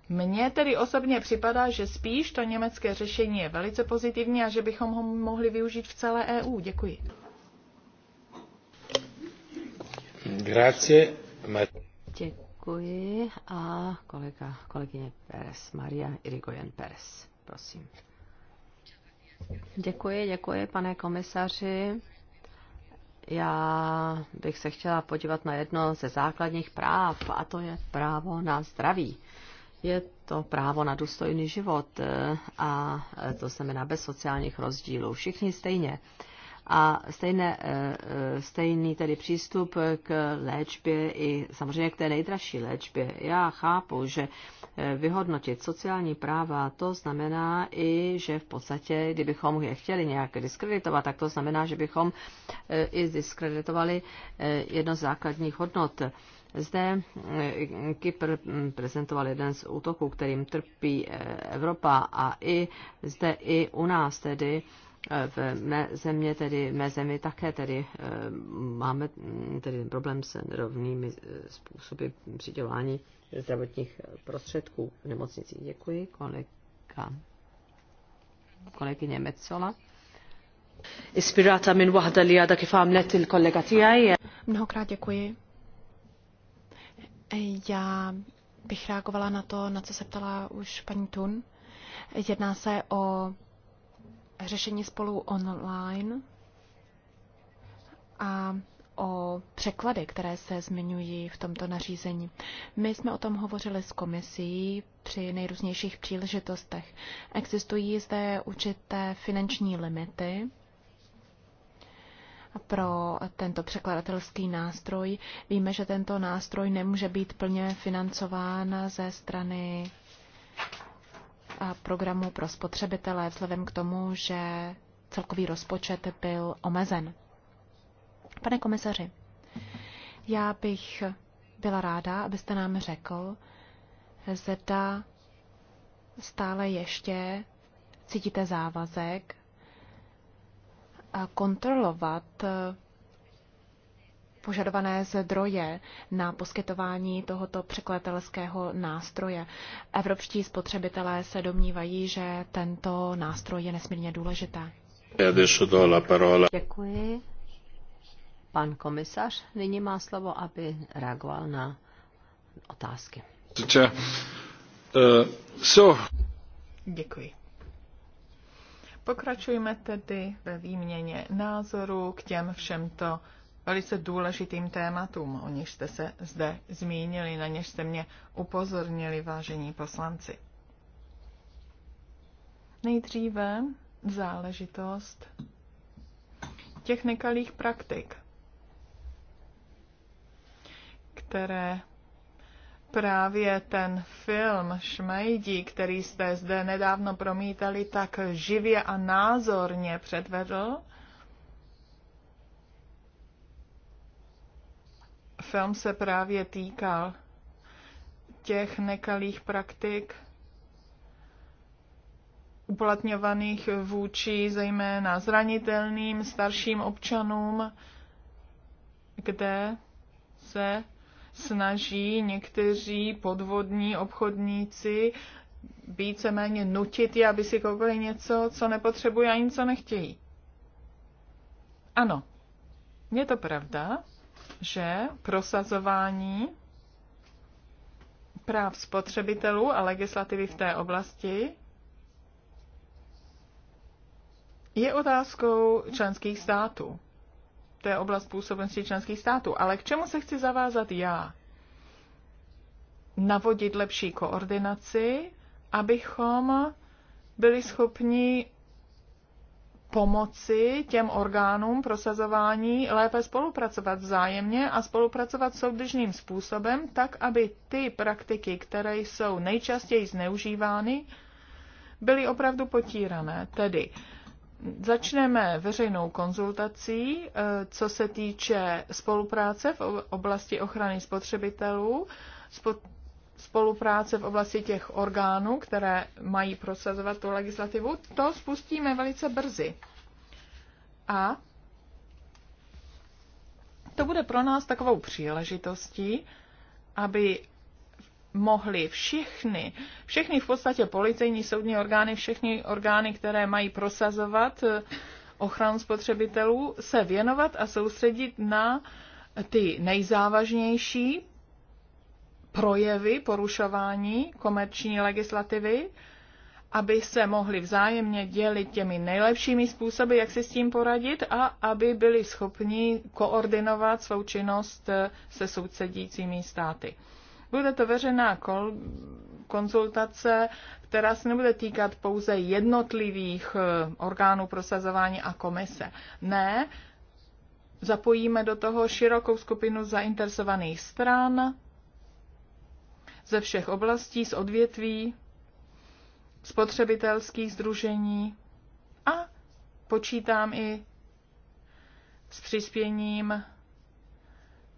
Speaker 2: mně tedy osobně připadá, že spíš to německé řešení je velice pozitivní a že bychom ho mohli využít v celé EU. Děkuji.
Speaker 4: Grazie. Děkuji. A
Speaker 5: kolega, kolegyně Pérez, Maria Irigoyen Pérez, prosím. Děkuji, děkuji, pane komisaři. Já bych se chtěla podívat na jedno ze základních práv, a to je právo na zdraví. Je to právo na důstojný život eh, a to znamená bez sociálních rozdílů. Všichni stejně a stejné, eh, eh, stejný tedy přístup k léčbě i samozřejmě k té nejdražší léčbě. Já chápu, že eh, vyhodnotit sociální práva, to znamená i, že v podstatě, kdybychom je chtěli nějak diskreditovat, tak to znamená, že bychom i diskreditovali jedno z základních hodnot. Zde Kypr hm, prezentoval jeden z útoků, kterým trpí Evropa a i zde i u nás tedy v mé země, tedy mé zemi také tedy eh, máme mm, tedy problém s rovnými eh, způsoby přidělování zdravotních prostředků v nemocnicích. Děkuji, kolega. Kolegyně Metzola. Ispirata minn waħda li kif il-kollega tiegħi.
Speaker 3: Mnohokrát děkuji. Já bych reagovala na to, na co se ptala už paní Tun. Jedná se o řešení spolu online a o překlady, které se zmiňují v tomto nařízení. My jsme o tom hovořili s komisí při nejrůznějších příležitostech. Existují zde určité finanční limity pro tento překladatelský nástroj. Víme, že tento nástroj nemůže být plně financován ze strany programu pro spotřebitele vzhledem k tomu, že celkový rozpočet byl omezen. Pane komisaři, já bych byla ráda, abyste nám řekl, zda stále ještě cítíte závazek kontrolovat požadované zdroje na poskytování tohoto překladatelského nástroje. Evropští spotřebitelé se domnívají, že tento nástroj je nesmírně důležité.
Speaker 5: Děkuji. Pan komisař nyní má slovo, aby reagoval na otázky. Uh, Děkuji.
Speaker 2: Pokračujeme tedy ve výměně názorů k těm všemto velice důležitým tématům, o nich jste se zde zmínili, na něž jste mě upozornili, vážení poslanci. Nejdříve záležitost těch nekalých praktik, které právě ten film Šmejdí, který jste zde nedávno promítali, tak živě a názorně předvedl, film se právě týkal těch nekalých praktik uplatňovaných vůči zejména zranitelným starším občanům, kde se snaží někteří podvodní obchodníci víceméně nutit je, aby si koupili něco, co nepotřebují a nic, co nechtějí. Ano, je to pravda, že prosazování práv spotřebitelů a legislativy v té oblasti je otázkou členských států. To je oblast působnosti členských států. Ale k čemu se chci zavázat já? Navodit lepší koordinaci, abychom byli schopni pomoci těm orgánům prosazování lépe spolupracovat vzájemně a spolupracovat soudržným způsobem, tak aby ty praktiky, které jsou nejčastěji zneužívány, byly opravdu potírané. Tedy začneme veřejnou konzultací, eh, co se týče spolupráce v oblasti ochrany spotřebitelů, spolupráce v oblasti těch orgánů, které mají prosazovat tu legislativu, to spustíme velice brzy. A to bude pro nás takovou příležitostí, aby mohli všechny, všechny v podstatě policejní soudní orgány, všechny orgány, které mají prosazovat eh, ochranu spotřebitelů, se věnovat a soustředit na ty nejzávažnější projevy porušování komerční legislativy, aby se mohli vzájemně dělit těmi nejlepšími způsoby, jak si s tím poradit a aby byli schopni koordinovat svou činnost eh, se sousedícími státy. Bude to veřejná kol- konzultace, která se nebude týkat pouze jednotlivých eh, orgánů prosazování a komise. Ne, zapojíme do toho širokou skupinu zainteresovaných stran, ze všech oblastí, z odvětví, spotřebitelských združení a počítám i s přispěním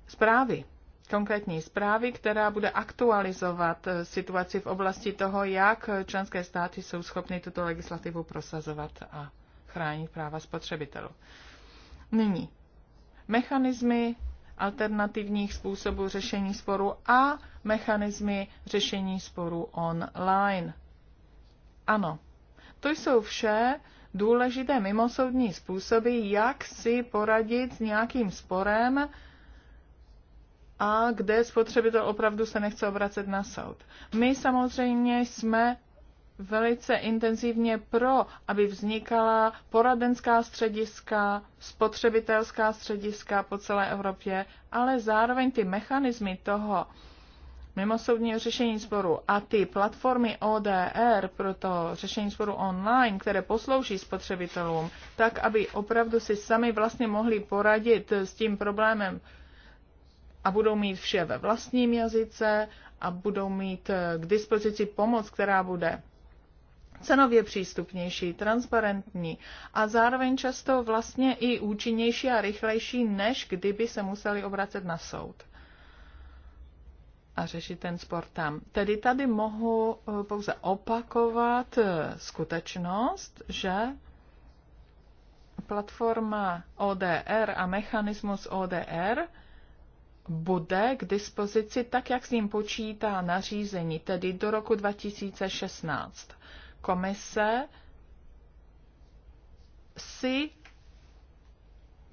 Speaker 2: zprávy, konkrétní zprávy, která bude aktualizovat eh, situaci v oblasti toho, jak členské státy jsou schopny tuto legislativu prosazovat a chránit práva spotřebitelů. Nyní, mechanismy alternativních způsobů řešení sporu a mechanismy řešení sporu online. Ano, to jsou vše důležité mimosoudní způsoby, jak si poradit s nějakým sporem, a kde spotřebitel opravdu se nechce obracet na soud. My samozřejmě jsme velice intenzivně pro, aby vznikala poradenská střediska, spotřebitelská střediska po celé Evropě, ale zároveň ty mechanismy toho mimosoudního řešení sporu a ty platformy ODR pro to řešení sporu online, které poslouží spotřebitelům, tak, aby opravdu si sami vlastně mohli poradit s tím problémem a budou mít vše ve vlastním jazyce a budou mít k dispozici pomoc, která bude cenově přístupnější, transparentní a zároveň často vlastně i účinnější a rychlejší, než kdyby se museli obracet na soud a řešit ten spor tam. Tedy tady mohu eh, pouze opakovat eh, skutečnost, že platforma ODR a mechanismus ODR bude k dispozici tak, jak s ním počítá nařízení, tedy do roku 2016 komise si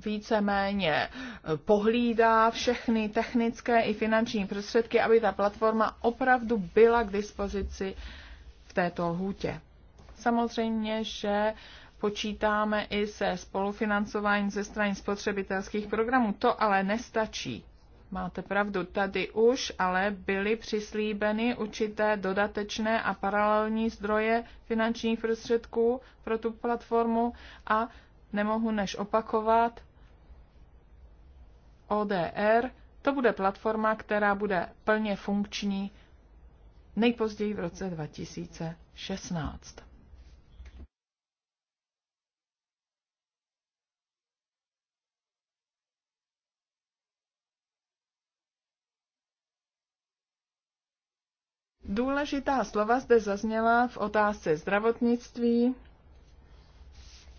Speaker 2: víceméně pohlídá všechny technické i finanční prostředky, aby ta platforma opravdu byla k dispozici v této lhůtě. Samozřejmě, že počítáme i se spolufinancováním ze strany spotřebitelských programů. To ale nestačí. Máte pravdu, tady už ale byly přislíbeny určité dodatečné a paralelní zdroje finančních prostředků pro tu platformu a nemohu než opakovat ODR. To bude platforma, která bude plně funkční nejpozději v roce 2016. Důležitá slova zde zazněla v otázce zdravotnictví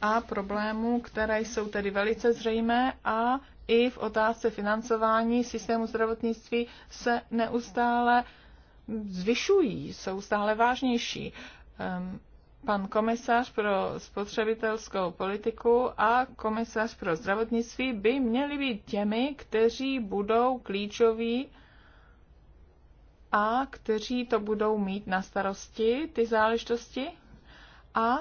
Speaker 2: a problémů, které jsou tedy velice zřejmé a i v otázce financování systému zdravotnictví se neustále zvyšují, jsou stále vážnější. Ehm, pan komisař pro spotřebitelskou politiku a komisař pro zdravotnictví by měli být těmi, kteří budou klíčoví a kteří to budou mít na starosti, ty záležitosti. A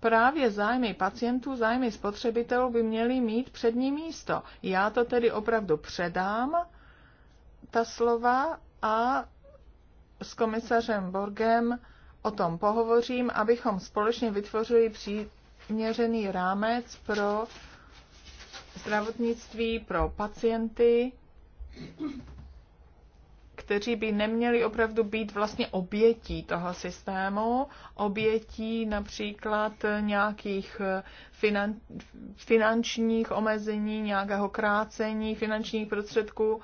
Speaker 2: právě zájmy pacientů, zájmy spotřebitelů by měly mít přední místo. Já to tedy opravdu předám, ta slova, a s komisařem Borgem o tom pohovořím, abychom společně vytvořili přiměřený rámec pro zdravotnictví, pro pacienty kteří by neměli opravdu být vlastně obětí toho systému, obětí například nějakých eh, finan, finančních omezení, nějakého krácení finančních prostředků,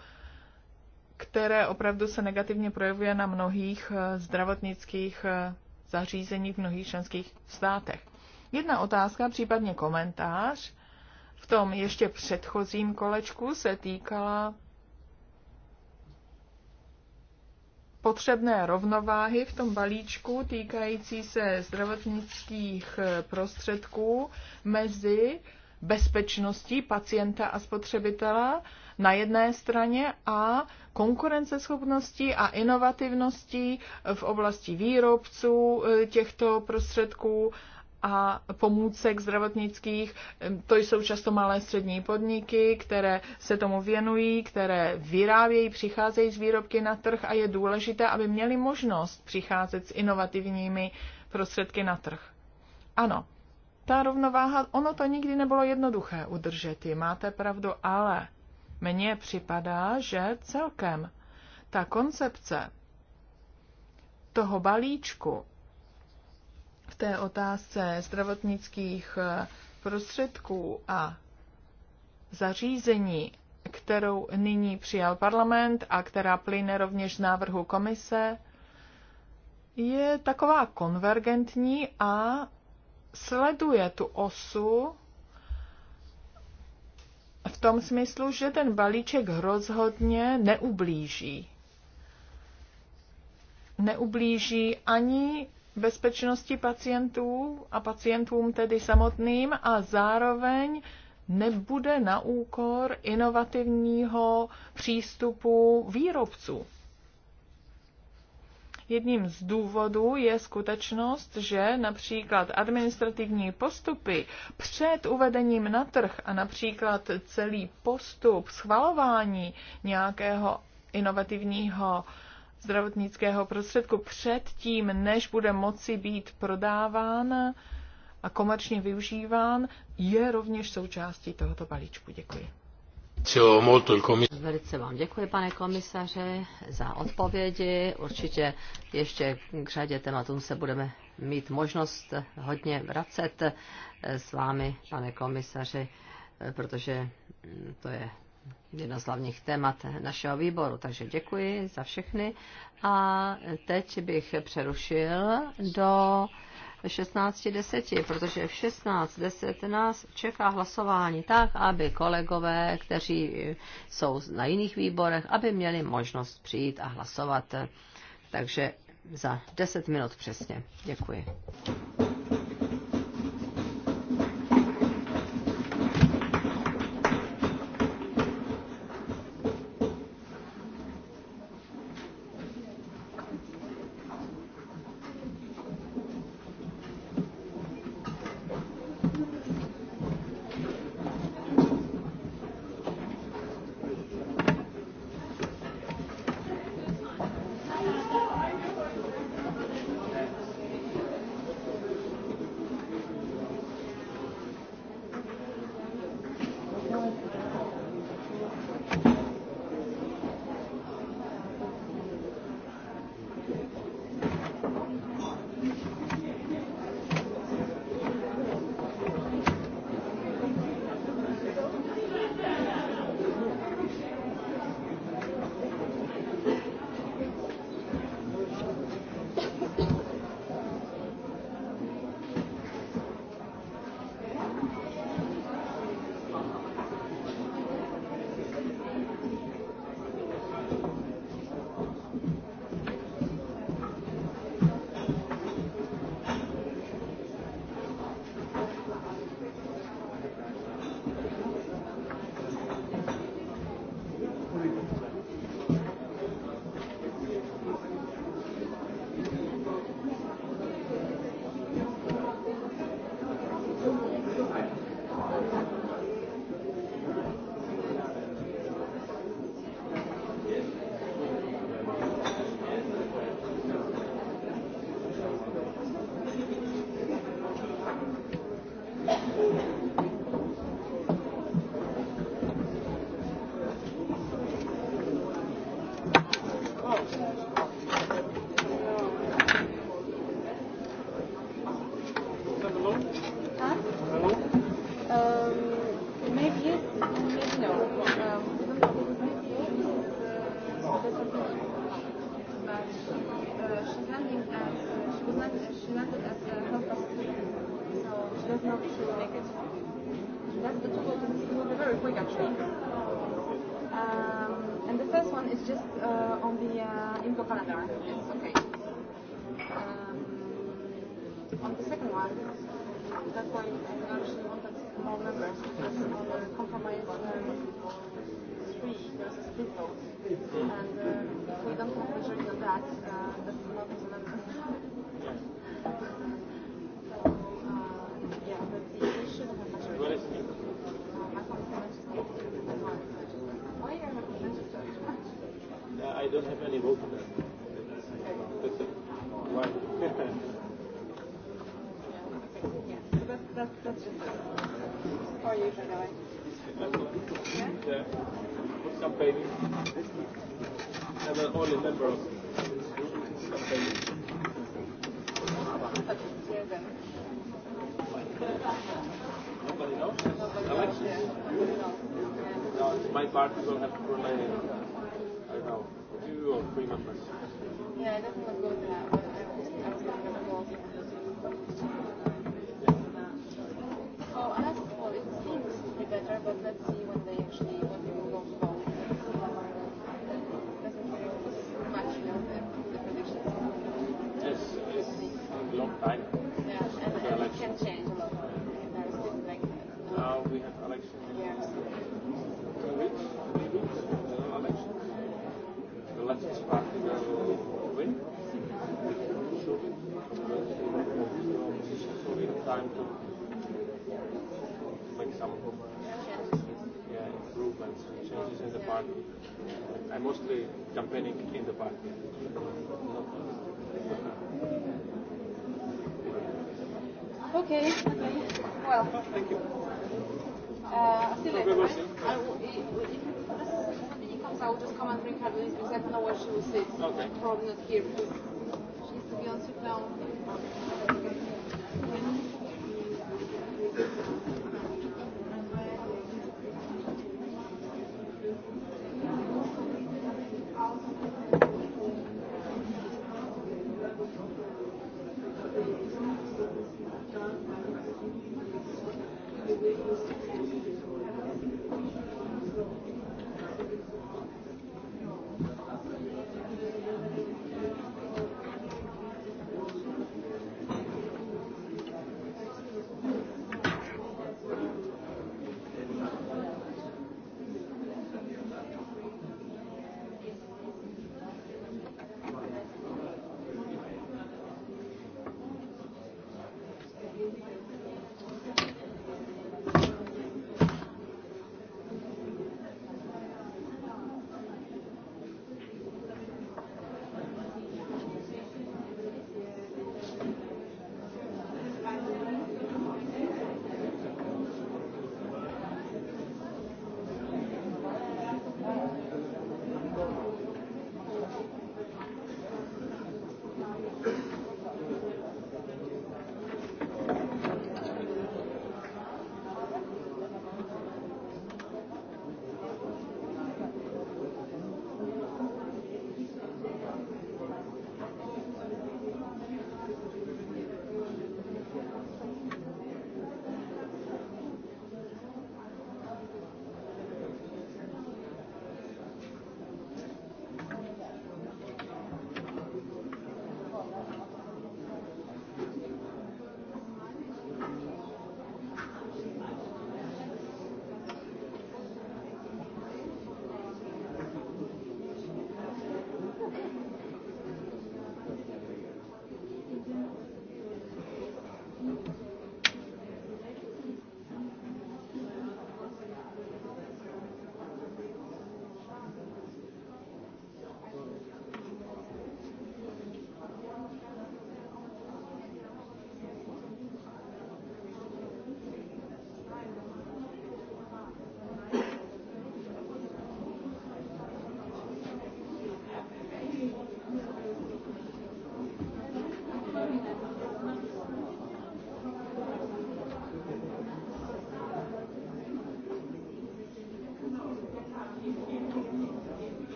Speaker 2: které opravdu se negativně projevuje na mnohých eh, zdravotnických eh, zařízeních v mnohých členských státech. Jedna otázka, případně komentář, v tom ještě předchozím kolečku se týkala potřebné rovnováhy v tom balíčku týkající se zdravotnických eh, prostředků mezi bezpečností pacienta a spotřebitela na jedné straně a konkurenceschopností a inovativností v oblasti výrobců eh, těchto prostředků a pomůcek zdravotnických. To jsou často malé střední podniky, které se tomu věnují, které vyrábějí, přicházejí z výrobky na trh a je důležité, aby měli možnost přicházet s inovativními prostředky na trh. Ano, ta rovnováha, ono to nikdy nebylo jednoduché udržet, máte pravdu, ale mně připadá, že celkem ta koncepce toho balíčku v té otázce zdravotnických eh, prostředků a zařízení, kterou nyní přijal parlament a která plyne rovněž z návrhu komise, je taková konvergentní a sleduje tu osu v tom smyslu, že ten balíček rozhodně neublíží. Neublíží ani bezpečnosti pacientů a pacientům tedy samotným a zároveň nebude na úkor inovativního přístupu výrobců. Jedním z důvodů je skutečnost, že například administrativní postupy před uvedením na trh a například celý postup schvalování nějakého inovativního zdravotnického prostředku předtím, než bude moci být prodáván a komerčně využíván,
Speaker 5: je rovněž součástí tohoto balíčku. Děkuji. Velice vám děkuji, pane komisaře, za odpovědi. Určitě ještě k řadě tématům se budeme mít možnost hodně vracet s vámi, pane komisaři, protože to je jedno z hlavních témat našeho výboru. Takže děkuji za všechny. A teď bych přerušil do 16.10, protože v 16.10 nás čeká hlasování tak, aby kolegové, kteří jsou na jiných výborech, aby měli možnost přijít a hlasovat. Takže za 10 minut přesně. Děkuji.
Speaker 1: And if we don't have majority on that, that's not another. so, yeah, but the issue of majority. Why are not registered? I don't have any vote on that. That's it. Why? Yes, so that's, that's, that's just it. Or usually. Yeah? Yeah. Put some baby. My party will have to I don't know, two or three members. Yeah, it doesn't look good uh,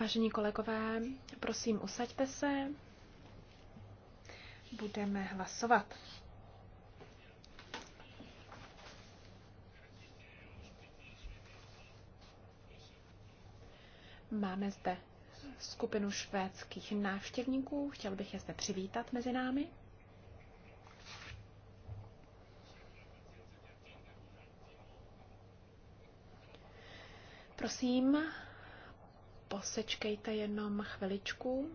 Speaker 3: Vážení kolegové, prosím, usaďte se. Budeme hlasovat. Máme zde skupinu švédských návštěvníků. Chtěl bych je zde přivítat mezi námi. Prosím, posečkejte jenom chviličku,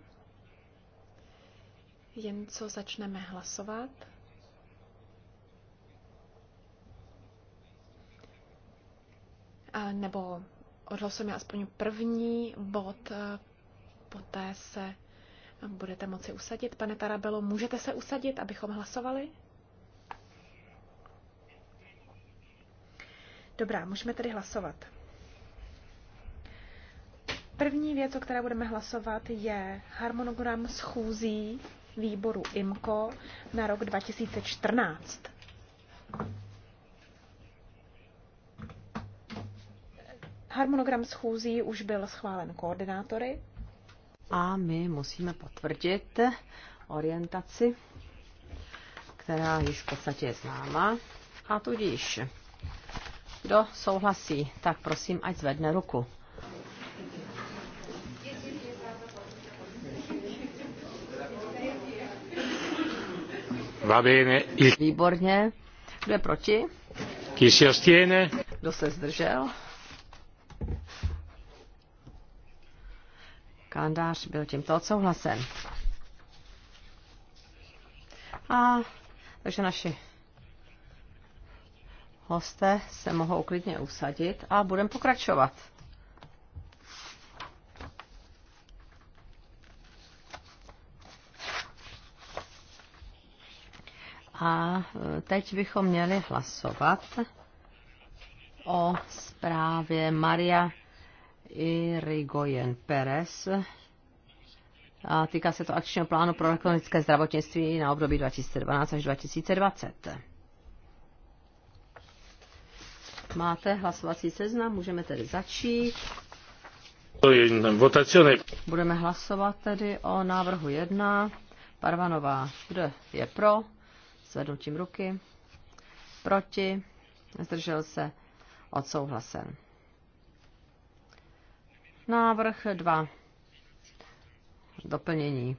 Speaker 3: jen co začneme hlasovat. A nebo odhlasujeme aspoň první bod, poté se budete moci usadit. Pane Tarabelo, můžete se usadit, abychom hlasovali? Dobrá, můžeme tedy hlasovat. První věc, o které budeme hlasovat, je harmonogram schůzí výboru IMCO na rok 2014. Harmonogram schůzí už byl schválen koordinátory.
Speaker 5: A my musíme potvrdit orientaci, která již v podstatě je známa. A tudíž, kdo souhlasí, tak prosím, ať zvedne ruku. Va bene. Výborně. Kdo je proti?
Speaker 4: Chi si astiene?
Speaker 5: Kdo se zdržel? Kalendář byl tímto odsouhlasen. A takže naši hosté se mohou klidně usadit a budeme pokračovat. A e, teď bychom měli hlasovat o zprávě Maria Irigoyen Perez. A týká se to akčního plánu pro elektronické zdravotnictví na období 2012 až 2020. Máte hlasovací seznam, můžeme tedy začít. Budeme hlasovat tedy o návrhu 1. Parvanová, kdo je pro? tím ruky, proti, zdržel se, odsouhlasen. Návrh 2. Doplnění.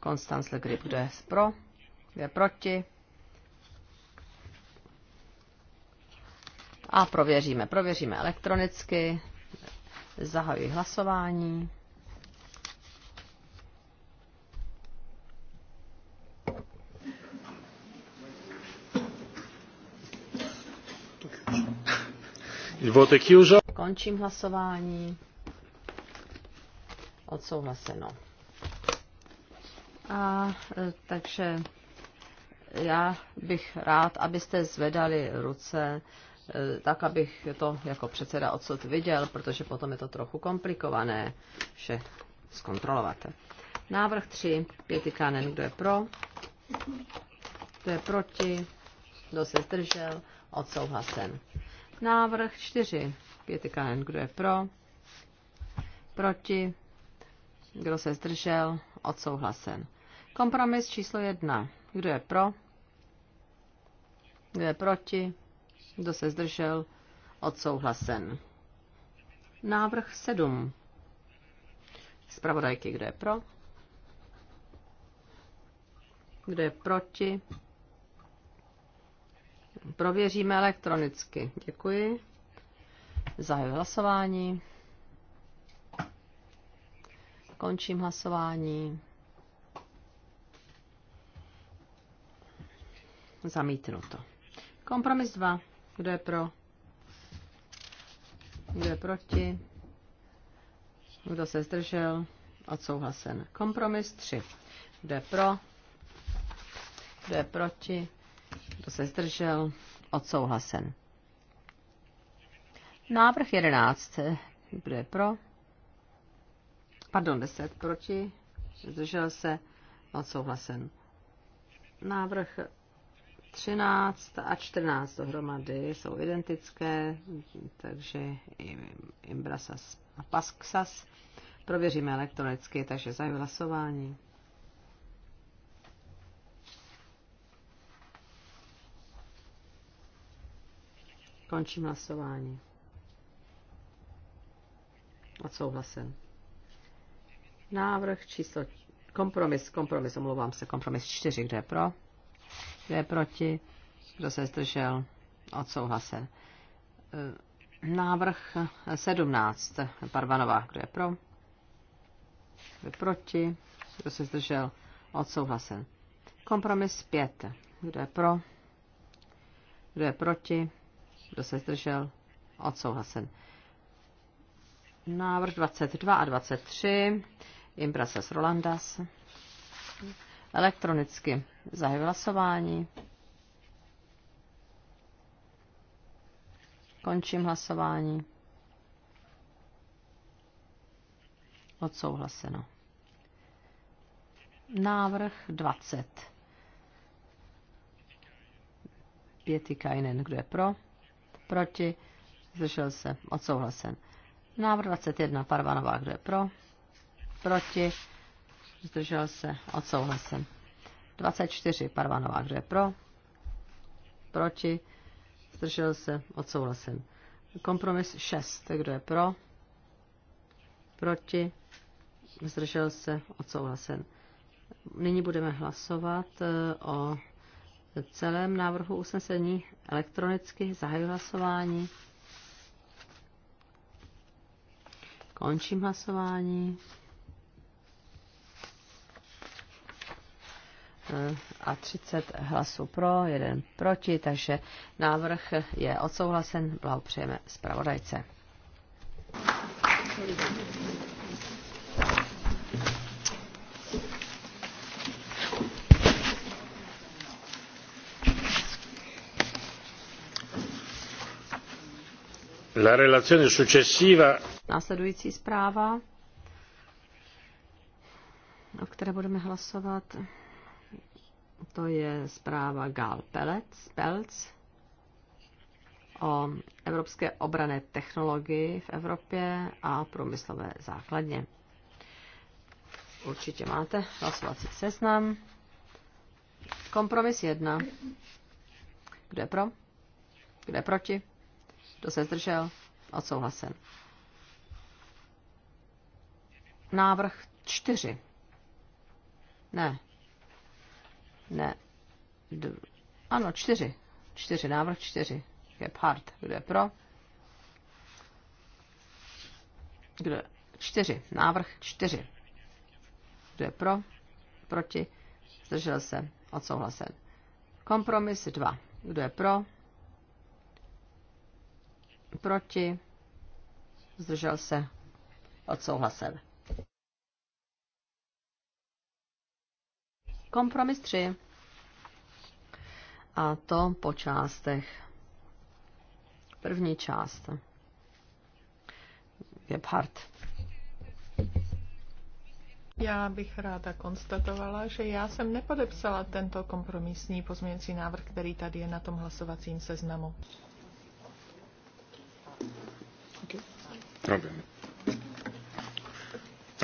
Speaker 5: Konstanz Legry bude pro, je proti. A prověříme. Prověříme elektronicky. Zahajuji hlasování. Končím hlasování. Odsouhlaseno. A e, takže já bych rád, abyste zvedali ruce, e, tak abych to jako předseda odsud viděl, protože potom je to trochu komplikované vše zkontrolovat. Návrh 3, pěti kánen, kdo je pro, kdo je proti, kdo se zdržel, odsouhlasen. Návrh 4. KN. kdo je pro? Proti? Kdo se zdržel? Odsouhlasen. Kompromis číslo 1. Kdo je pro? Kdo je proti? Kdo se zdržel? Odsouhlasen. Návrh 7. Zpravodajky, kdo je pro? Kdo je proti? Prověříme elektronicky. Děkuji. Zahajuji hlasování. Končím hlasování. Zamítnuto. Kompromis 2. Kdo je pro? Kdo je proti? Kdo se zdržel? Odsouhlasen. Kompromis 3. Kdo je pro? Kdo je proti? Kdo se zdržel? Odsouhlasen. Návrh 11. Kdo je pro? Pardon, 10 proti. Zdržel se? Odsouhlasen. Návrh 13 a 14 dohromady jsou identické, takže Imbrasas a Pasksas prověříme elektronicky, takže zahajuji hlasování. Končím hlasování. Odsouhlasen. Návrh číslo kompromis, kompromis, omlouvám se, kompromis 4, kde je pro, kde je proti, kdo se zdržel, odsouhlasen. Eh, návrh 17, Parvanová, kdo je pro, kdo je proti, kdo se zdržel, odsouhlasen. Kompromis 5, kdo je pro, kdo je proti, kdo se zdržel? Odsouhlasen. Návrh 22 a 23. Imprasas Rolandas. Elektronicky zahajuji hlasování. Končím hlasování. Odsouhlaseno. Návrh 20. Kajnen kdo je pro? proti, zdržel se, odsouhlasen. Návrh 21, Parvanová, kdo je pro, proti, zdržel se, odsouhlasen. 24, Parvanová, kdo je pro, proti, zdržel se, odsouhlasen. Kompromis 6, kdo je pro, proti, zdržel se, odsouhlasen. Nyní budeme hlasovat eh, o v celém návrhu usnesení elektronicky zahajuji hlasování. Končím hlasování. Eh, a 30 hlasů pro, jeden proti, takže návrh je odsouhlasen. Blahopřejeme zpravodajce. Thank
Speaker 4: La relazione successiva.
Speaker 5: Následující zpráva, o které budeme hlasovat, to je zpráva Gal Pelec, Pelc o evropské obrané technologii v Evropě a průmyslové základně. Určitě máte hlasovací seznam. Kompromis jedna. Kdo je pro? Kdo je proti? Kdo se zdržel? Odsouhlasen. Návrh čtyři. Ne. Ne. D- ano, čtyři. Čtyři, návrh čtyři. Je part. Kdo je pro? Kdo? Čtyři. Návrh čtyři. Kdo je pro? Proti? Zdržel se. Odsouhlasen. Kompromis dva. Kdo je pro? proti, zdržel se, odsouhlasil. Kompromis 3. A to po částech. První část. Gebhardt.
Speaker 2: Já bych ráda konstatovala, že já jsem nepodepsala tento kompromisní pozměňující návrh, který tady je na tom hlasovacím seznamu.
Speaker 1: No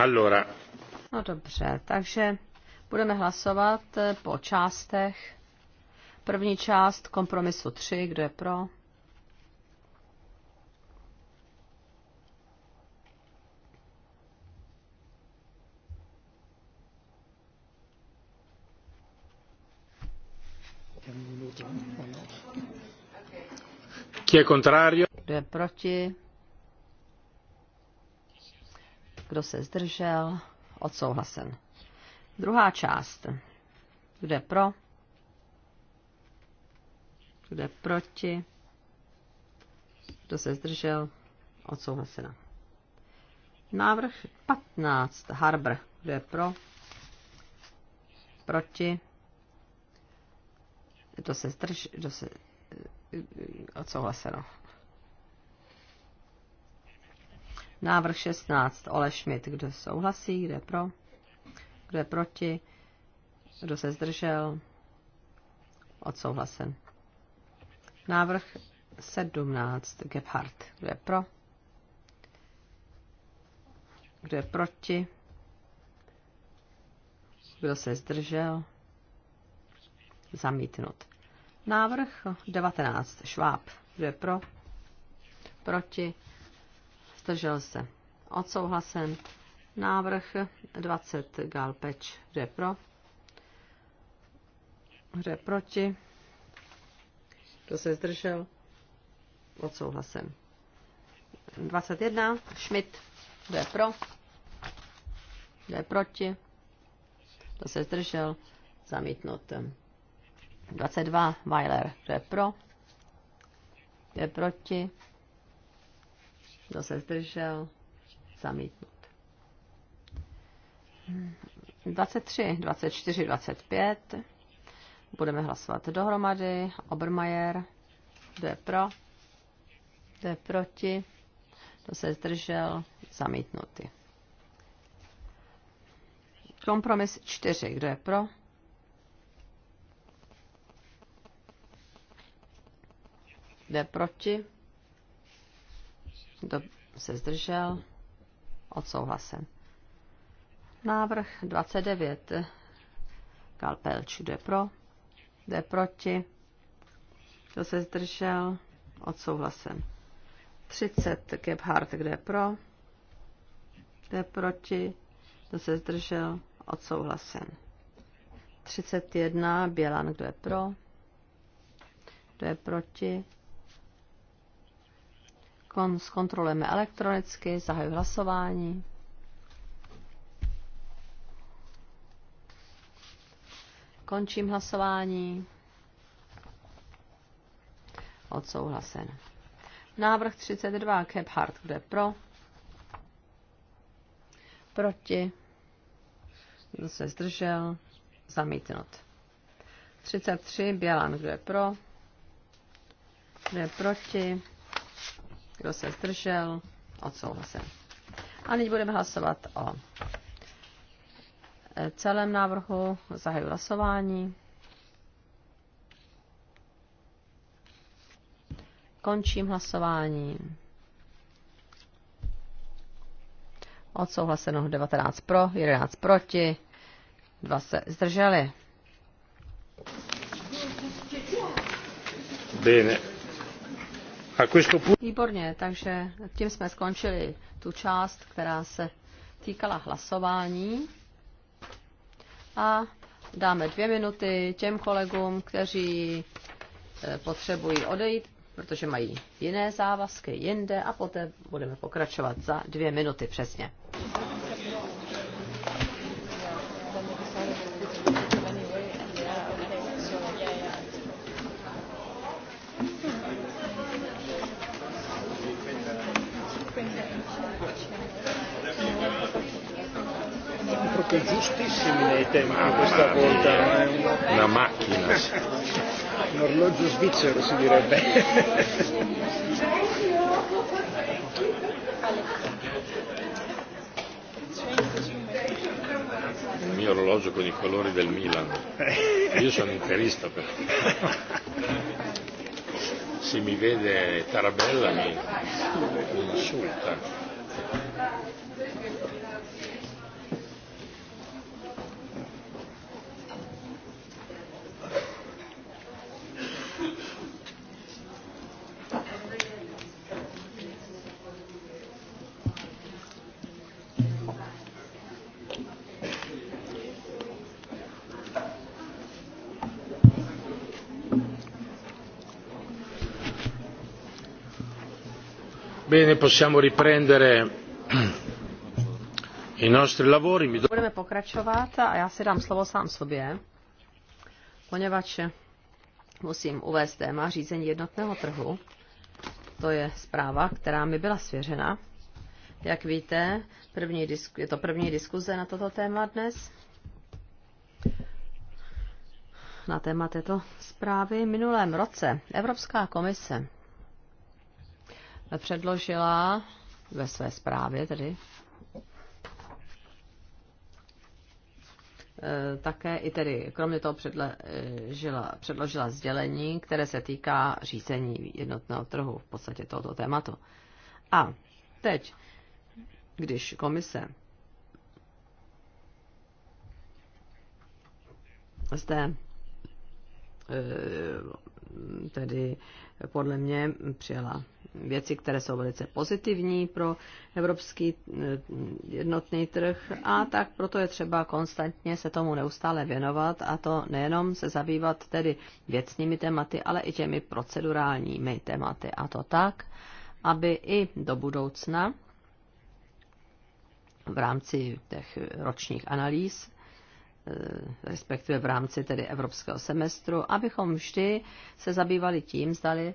Speaker 4: allora. No dobře,
Speaker 5: takže budeme hlasovat eh, po částech. První část kompromisu 3, kdo je pro? Kdo je proti? Kdo se zdržel? Odsouhlasen. Druhá část. Kdo je pro? Kdo je proti? Kdo se zdržel? Odsouhlasena. Návrh 15. Harbr. Kdo je pro? Proti? Kdo se zdržel? Kdo se... Odsouhlaseno. Návrh 16, Ole Schmidt, kdo souhlasí, kdo je pro, kdo je proti, kdo se zdržel, odsouhlasen. Návrh 17, Gebhardt, kdo je pro, kdo je proti, kdo se zdržel, zamítnut. Návrh 19, Šváb, kdo je pro, proti, zdržel se, odsouhlasen. Návrh 20 Galpeč, kde pro, Hře proti, kdo se zdržel, odsouhlasen. 21 Schmidt, kde pro, kde proti, kdo se zdržel, zamítnut. 22 Weiler, kdo pro, kdo proti, kdo se zdržel? zamítnout. 23, 24, 25. Budeme hlasovat dohromady. Obermajer. Kdo je pro? Kdo je proti? Kdo se zdržel? Zamítnutý. Kompromis 4. Kdo je pro? Kdo je proti? Kdo se zdržel? Odsouhlasen. Návrh 29. Kalpelč, kdo je pro? Kdo je proti? Kdo se zdržel? Odsouhlasen. 30. Gebhardt, kdo je pro? Kdo je proti? Kdo se zdržel? Odsouhlasen. 31. Bělan, kdo je pro? Kdo je proti? kon, zkontrolujeme elektronicky, zahajuji hlasování. Končím hlasování. Odsouhlasen. Návrh 32, Kephart, kde pro? Proti? Kdo se zdržel? Zamítnut. 33, Bělan, kdo je pro? Kdo je proti? Kdo se zdržel? Odsouhlasen. A nyní budeme hlasovat o e, celém návrhu. Zahaju hlasování. Končím hlasování. Odsouhlaseno 19 pro, 11 proti, 2 se zdrželi. Bene. Výborně, takže tím jsme skončili tu část, která se týkala hlasování. A dáme dvě minuty těm kolegům, kteří eh, potřebují odejít, protože mají jiné závazky jinde a poté budeme pokračovat za dvě minuty přesně.
Speaker 4: anche giustissimi nei tempi Mamma questa
Speaker 6: volta. Mia. una macchina.
Speaker 4: Un orologio
Speaker 1: svizzero si direbbe.
Speaker 4: Il mio orologio con i colori del Milan. Eh. Io sono interista però. Se mi vede Tarabella mi insulta. Bene, possiamo riprendere i nostri lavori. Budeme
Speaker 5: pokračovat a já si dám slovo sám sobě, poněvadž musím uvést téma řízení jednotného trhu. To je zpráva, která mi byla svěřena. Jak víte, první disku, je to první diskuze na toto téma dnes. Na téma této zprávy minulém roce Evropská komise předložila ve své zprávě tedy eh, také i tedy kromě toho předložila, eh, předložila sdělení, které se týká řízení jednotného trhu, v podstatě tohoto tématu. A teď, když komise zde eh, tedy podle mě přijela věci, které jsou velice pozitivní pro evropský eh, jednotný trh a tak proto je třeba konstantně se tomu neustále věnovat a to nejenom se zabývat tedy věcnými tématy, ale i těmi procedurálními tématy a to tak, aby i do budoucna v rámci těch ročních analýz eh, respektive v rámci tedy evropského semestru, abychom vždy se zabývali tím, zdali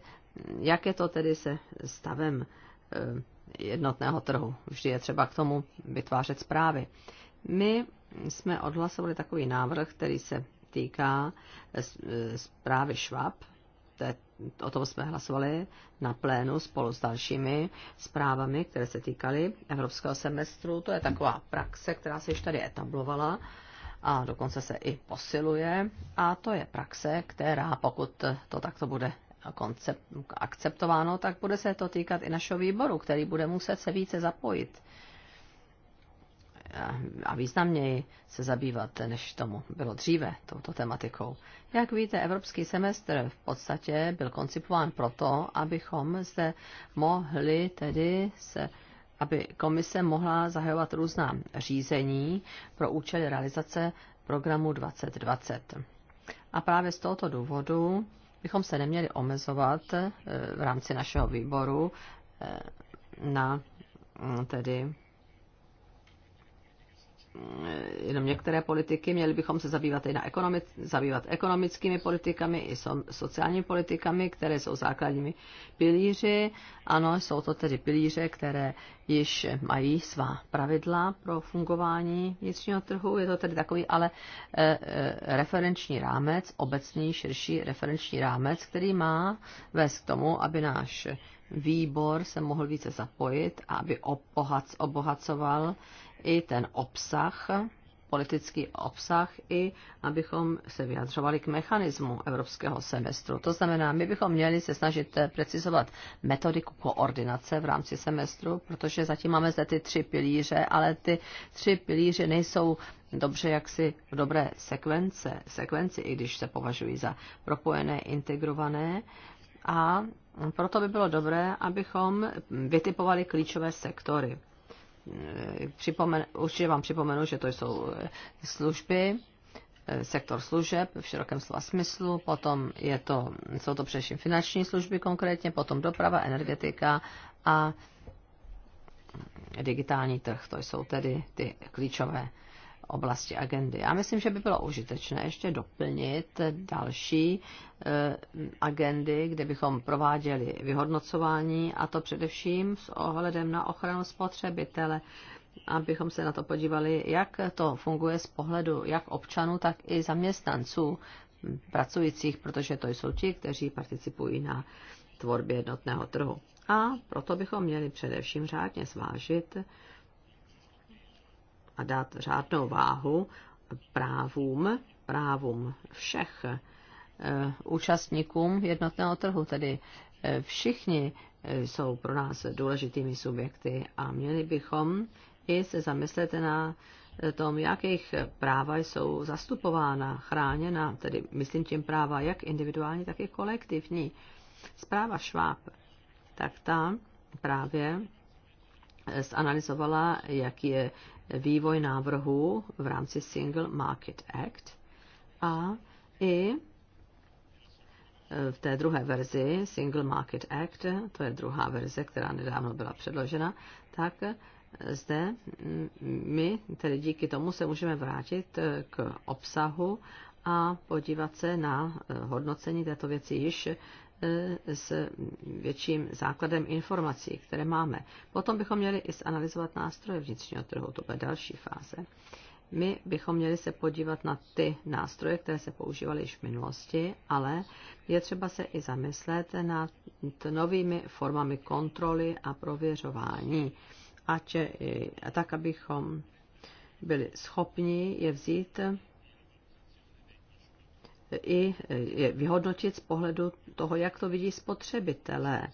Speaker 5: jak je to tedy se stavem eh, jednotného trhu? Vždy je třeba k tomu vytvářet zprávy. My jsme odhlasovali takový návrh, který se týká eh, eh, zprávy Švab. o tom jsme hlasovali na plénu spolu s dalšími zprávami, které se týkaly evropského semestru. To je taková praxe, která se již tady etablovala a dokonce se i posiluje. A to je praxe, která, pokud to takto bude koncept, akceptováno, tak bude se to týkat i našeho výboru, který bude muset se více zapojit a významněji se zabývat, než tomu bylo dříve, touto tematikou. Jak víte, evropský semestr v podstatě byl koncipován proto, abychom se mohli tedy se aby komise mohla zahajovat různá řízení pro účely realizace programu 2020. A právě z tohoto důvodu bychom se neměli omezovat eh, v rámci našeho výboru eh, na mm, tedy jenom některé politiky, měli bychom se zabývat i na ekonomic, zabývat ekonomickými politikami i so, sociálními politikami, které jsou základními pilíři. Ano, jsou to tedy pilíře, které již mají svá pravidla pro fungování vnitřního trhu. Je to tedy takový ale e, e, referenční rámec, obecný, širší referenční rámec, který má vést k tomu, aby náš výbor se mohl více zapojit a aby obohac, obohacoval i ten obsah, politický obsah, i abychom se vyjadřovali k mechanismu evropského semestru. To znamená, my bychom měli se snažit eh, precizovat metodiku koordinace v rámci semestru, protože zatím máme zde ty tři pilíře, ale ty tři pilíře nejsou dobře jaksi v dobré sekvence, sekvenci, i když se považují za propojené, integrované. A proto by bylo dobré, abychom vytipovali klíčové sektory Eh, připomen, určitě vám připomenu, že to jsou eh, služby, eh, sektor služeb v širokém slova smyslu, potom je to, jsou to především finanční služby konkrétně, potom doprava, energetika a digitální trh. To jsou tedy ty klíčové oblasti agendy. Já myslím, že by bylo užitečné ještě doplnit další eh, agendy, kde bychom prováděli vyhodnocování, a to především s ohledem na ochranu spotřebitele, abychom se na to podívali, jak to funguje z pohledu jak občanů, tak i zaměstnanců pracujících, protože to jsou ti, kteří participují na tvorbě jednotného trhu. A proto bychom měli především řádně zvážit, a dát řádnou váhu právům, právům všech eh, účastníkům jednotného trhu, tedy eh, všichni eh, jsou pro nás důležitými subjekty a měli bychom i se zamyslet na tom, jakých práva jsou zastupována, chráněna, tedy myslím tím práva jak individuální, tak i kolektivní. Zpráva Šváb, tak ta právě zanalizovala, jak je vývoj návrhu v rámci Single Market Act a i v té druhé verzi Single Market Act, to je druhá verze, která nedávno byla předložena, tak zde my tedy díky tomu se můžeme vrátit k obsahu a podívat se na hodnocení této věci již E, s větším základem informací, které máme. Potom bychom měli i zanalizovat nástroje vnitřního trhu, to bude další fáze. My bychom měli se podívat na ty nástroje, které se používaly již v minulosti, ale je třeba se i zamyslet nad novými formami kontroly a prověřování, a e, tak abychom byli schopni je vzít i vyhodnotit z pohledu toho, jak to vidí spotřebitelé,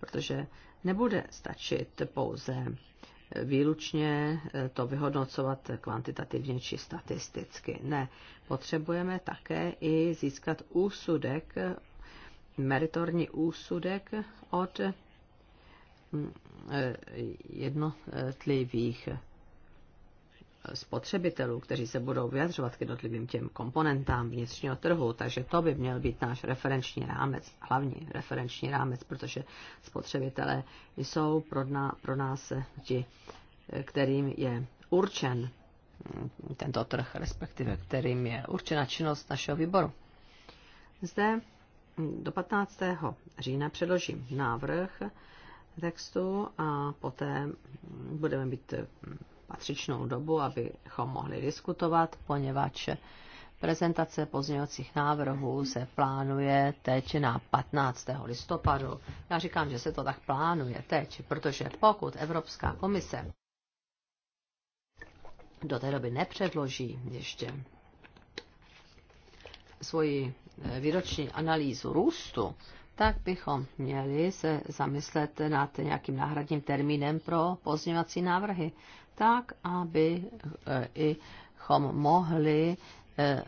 Speaker 5: protože nebude stačit pouze výlučně eh, to vyhodnocovat kvantitativně či statisticky. Ne, potřebujeme také i získat úsudek, meritorní úsudek od mm, eh, jednotlivých spotřebitelů, kteří se budou vyjadřovat k jednotlivým těm komponentám vnitřního trhu, takže to by měl být náš referenční rámec, hlavní referenční rámec, protože spotřebitelé jsou pro, pro nás ti, kterým je určen mm, tento trh, respektive kterým je určena činnost našeho výboru. Zde mm, do 15. října předložím návrh textu a poté mm, budeme mít patřičnou dobu, abychom mohli diskutovat, poněvadž prezentace pozměňovacích návrhů se plánuje teď na 15. listopadu. Já říkám, že se to tak plánuje teď, protože pokud Evropská komise do té doby nepředloží ještě svoji eh, výroční analýzu růstu tak bychom měli se zamyslet nad nějakým náhradním termínem pro pozněvací návrhy, tak aby e, i chom mohli e,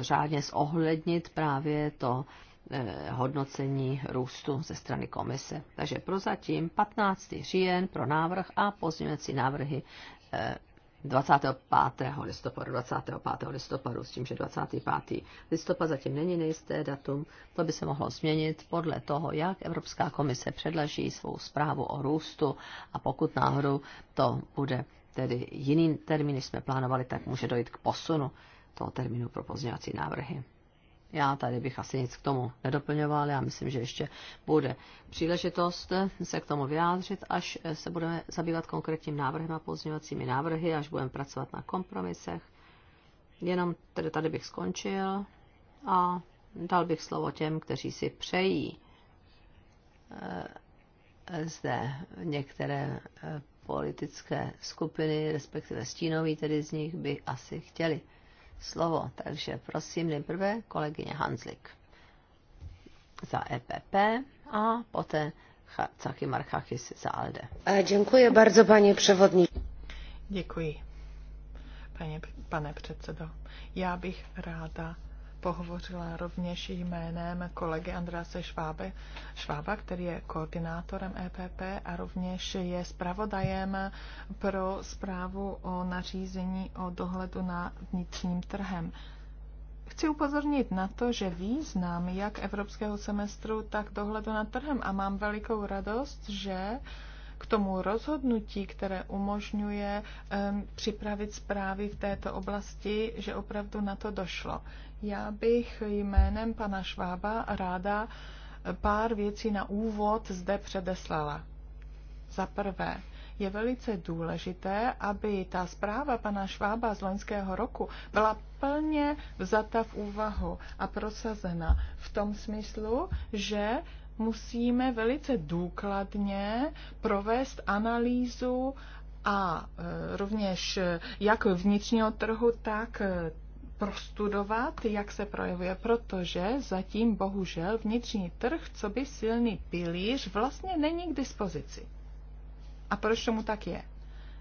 Speaker 5: řádně zohlednit právě to e, hodnocení růstu ze strany komise. Takže prozatím 15. říjen pro návrh a pozněvací návrhy 25. listopadu, 25. listopadu, s tím, že 25. listopad zatím není nejisté datum, to by se mohlo změnit podle toho, jak Evropská komise předlaží svou zprávu o růstu a pokud náhodou to bude tedy jiný termín, než jsme plánovali, tak může dojít k posunu toho termínu pro pozměňovací návrhy. Já tady bych asi nic k tomu nedoplňoval, já myslím, že ještě bude příležitost se k tomu vyjádřit, až se budeme zabývat konkrétním návrhem a pozměňovacími návrhy, až budeme pracovat na kompromisech. Jenom tedy tady bych skončil a dal bych slovo těm, kteří si přejí eh, zde některé eh, politické skupiny, respektive stínoví, tedy z nich by asi chtěli slovo. Takže prosím nejprve kolegyně Hanzlik za EPP a poté Caki Markakis za ALDE.
Speaker 6: Eh, děkuji bardzo, paní převodní.
Speaker 2: Děkuji, pane předsedo. Já bych ráda pohovořila rovněž jménem kolegy Andrase Švábe, Švába, který je koordinátorem EPP a rovněž je zpravodajem pro zprávu o nařízení o dohledu na vnitřním trhem. Chci upozornit na to, že význam jak evropského semestru, tak dohledu nad trhem a mám velikou radost, že k tomu rozhodnutí, které umožňuje um, připravit zprávy v této oblasti, že opravdu na to došlo. Já bych jménem pana Švába ráda pár věcí na úvod zde předeslala. Za prvé, je velice důležité, aby ta zpráva pana Švába z loňského roku byla plně vzata v úvahu a prosazena v tom smyslu, že musíme velice důkladně provést analýzu a e, rovněž jak vnitřního trhu, tak e, prostudovat, jak se projevuje, protože zatím bohužel vnitřní trh, co by silný pilíř, vlastně není k dispozici. A proč tomu tak je?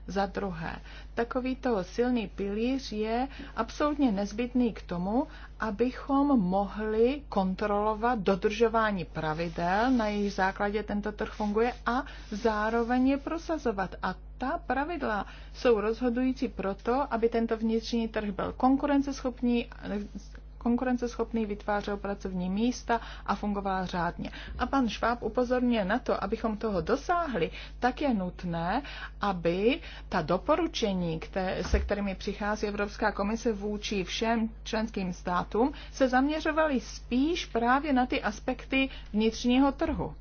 Speaker 2: Za druhé, takovýto silný pilíř je absolutně nezbytný k tomu, abychom mohli kontrolovat dodržování pravidel, na jejich základě tento trh funguje, a zároveň je prosazovat. A ta pravidla jsou rozhodující proto, aby tento vnitřní trh byl konkurenceschopný, konkurenceschopný, vytvářel pracovní místa a fungoval řádně. A pan Šváb upozorňuje na to, abychom toho dosáhli, tak je nutné, aby ta doporučení, se kterými přichází Evropská komise vůči všem členským státům, se zaměřovaly spíš právě na ty aspekty vnitřního trhu.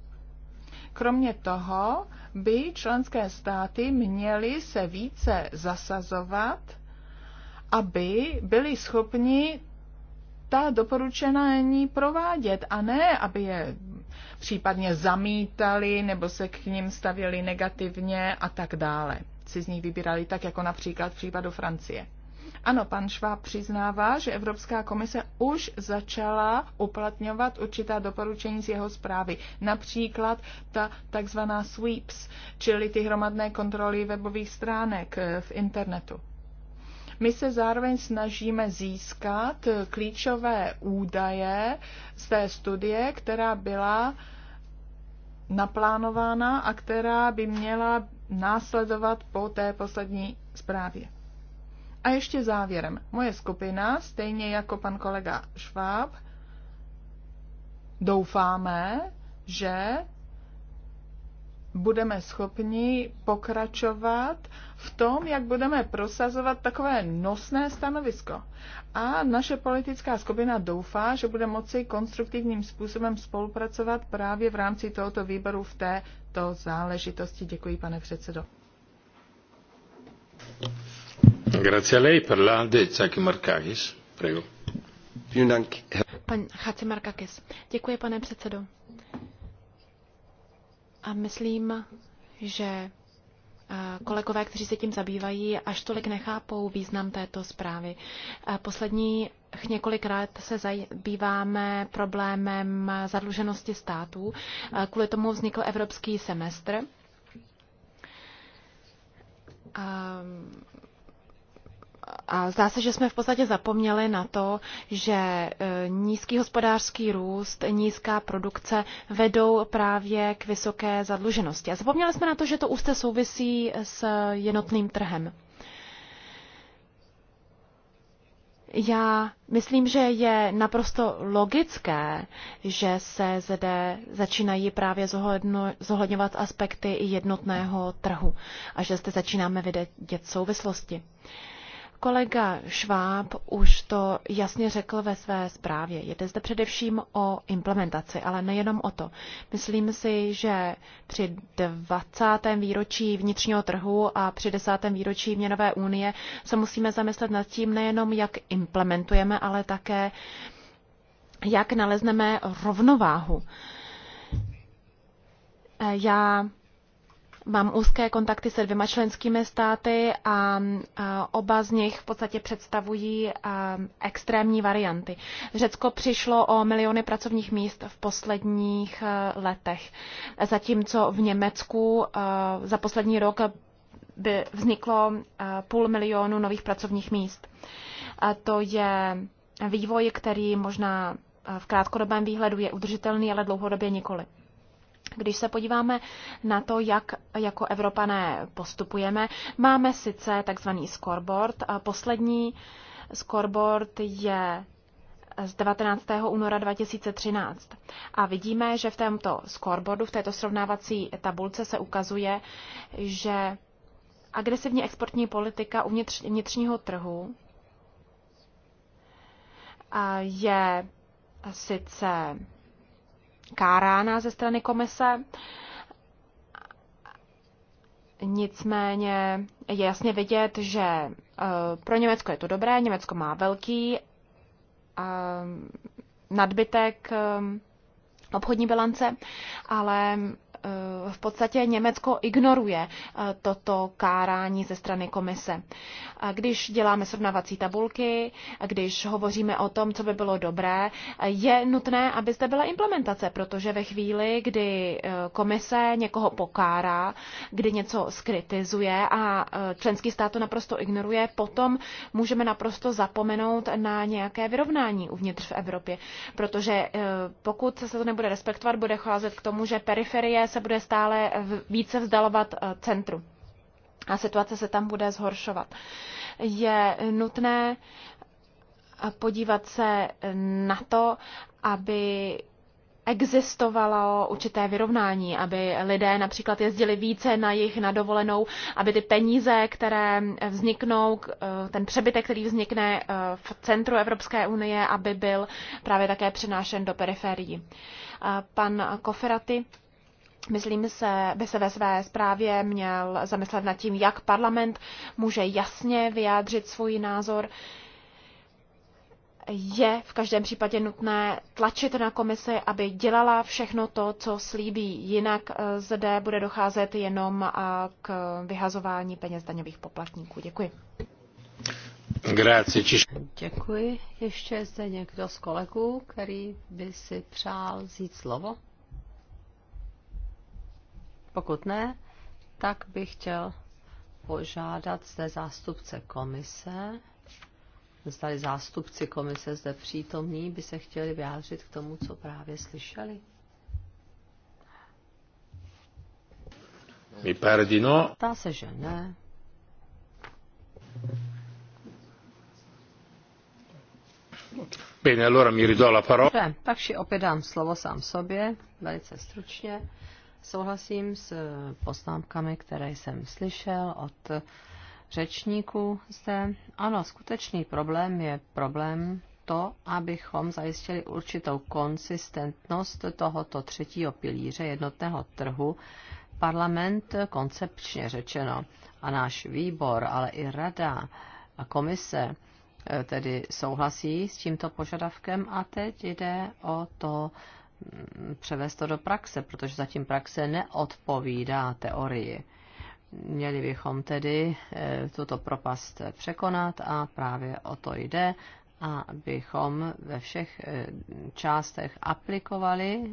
Speaker 2: Kromě toho by členské státy měly se více zasazovat aby byli schopni ta doporučení provádět a ne, aby je případně zamítali nebo se k ním stavěli negativně a tak dále. Si z nich vybírali tak, jako například v případu Francie. Ano, pan Šváb přiznává, že Evropská komise už začala uplatňovat určitá doporučení z jeho zprávy. Například ta takzvaná sweeps, čili ty hromadné kontroly webových stránek eh, v internetu. My se zároveň snažíme získat klíčové údaje z té studie, která byla naplánována a která by měla následovat po té poslední zprávě. A ještě závěrem. Moje skupina, stejně jako pan kolega Šváb, doufáme, že budeme schopni pokračovat v tom, jak budeme prosazovat takové nosné stanovisko. A naše politická skupina doufá, že bude moci konstruktivním způsobem spolupracovat právě v rámci tohoto výboru v této záležitosti. Děkuji, pane předsedo.
Speaker 4: Grazie a lei per l'Alde Prego.
Speaker 3: Pan Chacimarkakis. Děkuji, pane předsedo. A myslím, že eh, kolegové, kteří se tím zabývají, až tolik nechápou význam této zprávy. Eh, poslední několik let se zabýváme problémem zadluženosti států. Eh, kvůli tomu vznikl evropský semestr. Ehm, a zdá se, že jsme v podstatě zapomněli na to, že e, nízký hospodářský růst, nízká produkce vedou právě k vysoké zadluženosti. A zapomněli jsme na to, že to úzce souvisí s jednotným trhem. Já myslím, že je naprosto logické, že se zde začínají právě zohledňovat aspekty jednotného trhu a že zde začínáme vidět souvislosti. Uh, Kolega Šváb už to jasně řekl ve své zprávě. Jde zde především o implementaci, ale nejenom o to. Myslím si, že při 20. výročí vnitřního trhu a při 10. výročí měnové unie se musíme zamyslet nad tím nejenom, jak implementujeme, ale také, jak nalezneme rovnováhu. Já Mám úzké kontakty se dvěma členskými státy a, oba z nich v podstatě představují extrémní varianty. Řecko přišlo o miliony pracovních míst v posledních e, letech, zatímco v Německu e, za poslední rok by vzniklo e, půl milionu nových pracovních míst. A to je vývoj, který možná v krátkodobém výhledu je udržitelný, ale dlouhodobě nikoli. Když se podíváme na to, jak jako Evropané postupujeme, máme sice takzvaný scoreboard. Poslední scoreboard je z 19. února 2013. A vidíme, že v tomto scoreboardu, v této srovnávací tabulce se ukazuje, že agresivní exportní politika uvnitř vnitřního trhu je sice kárána ze strany komise. Nicméně je jasně vidět, že eh, pro Německo je to dobré, Německo má velký eh, nadbytek eh, obchodní bilance, ale v podstatě Německo ignoruje eh, toto kárání ze strany komise. Když děláme srovnávací tabulky, když hovoříme o tom, co by bylo dobré, je nutné, aby zde byla implementace, protože ve chvíli, kdy eh, komise někoho pokárá, kdy něco skritizuje a eh, členský stát to naprosto ignoruje, potom můžeme naprosto zapomenout na nějaké vyrovnání uvnitř v Evropě, protože pokud se to nebude respektovat, bude cházet k tomu, že periferie se bude stále více vzdalovat eh, centru a situace se tam bude zhoršovat. Je nutné eh, podívat se eh, na to, aby existovalo určité vyrovnání, aby lidé například jezdili více na jich na dovolenou, aby ty peníze, které vzniknou, ten přebytek, který vznikne v centru Evropské unie, aby byl právě také přenášen do periferií. Pan Koferaty myslím se, by se ve své zprávě měl zamyslet nad tím, jak parlament může jasně vyjádřit svůj názor. Je v každém případě nutné tlačit na komisi, aby dělala všechno to, co slíbí. Jinak eh, zde bude docházet jenom eh, k vyhazování peněz daňových
Speaker 5: poplatníků. Děkuji. Gráci, Děkuji. Ještě je zde někdo z kolegů, který by si přál vzít slovo? Pokud ne, tak bych chtěl požádat zde zástupce komise. Zdali zástupci komise zde přítomní by se chtěli vyjádřit k tomu, co právě slyšeli.
Speaker 4: Mi pare di no. Zdá se, že ne. Bene, allora mi ridò la parola.
Speaker 5: Takže opět dám slovo sám sobě, velice stručně souhlasím s eh, poznámkami, které jsem slyšel od eh, řečníků zde. Ano, skutečný problém je problém to, abychom zajistili určitou konsistentnost tohoto třetího pilíře jednotného trhu, parlament koncepčně řečeno a náš výbor, ale i rada a komise eh, tedy souhlasí s tímto požadavkem a teď jde o to Mm, převést to do praxe, protože zatím praxe neodpovídá teorii. Měli bychom tedy eh, tuto propast překonat a právě o to jde, abychom ve všech eh, částech aplikovali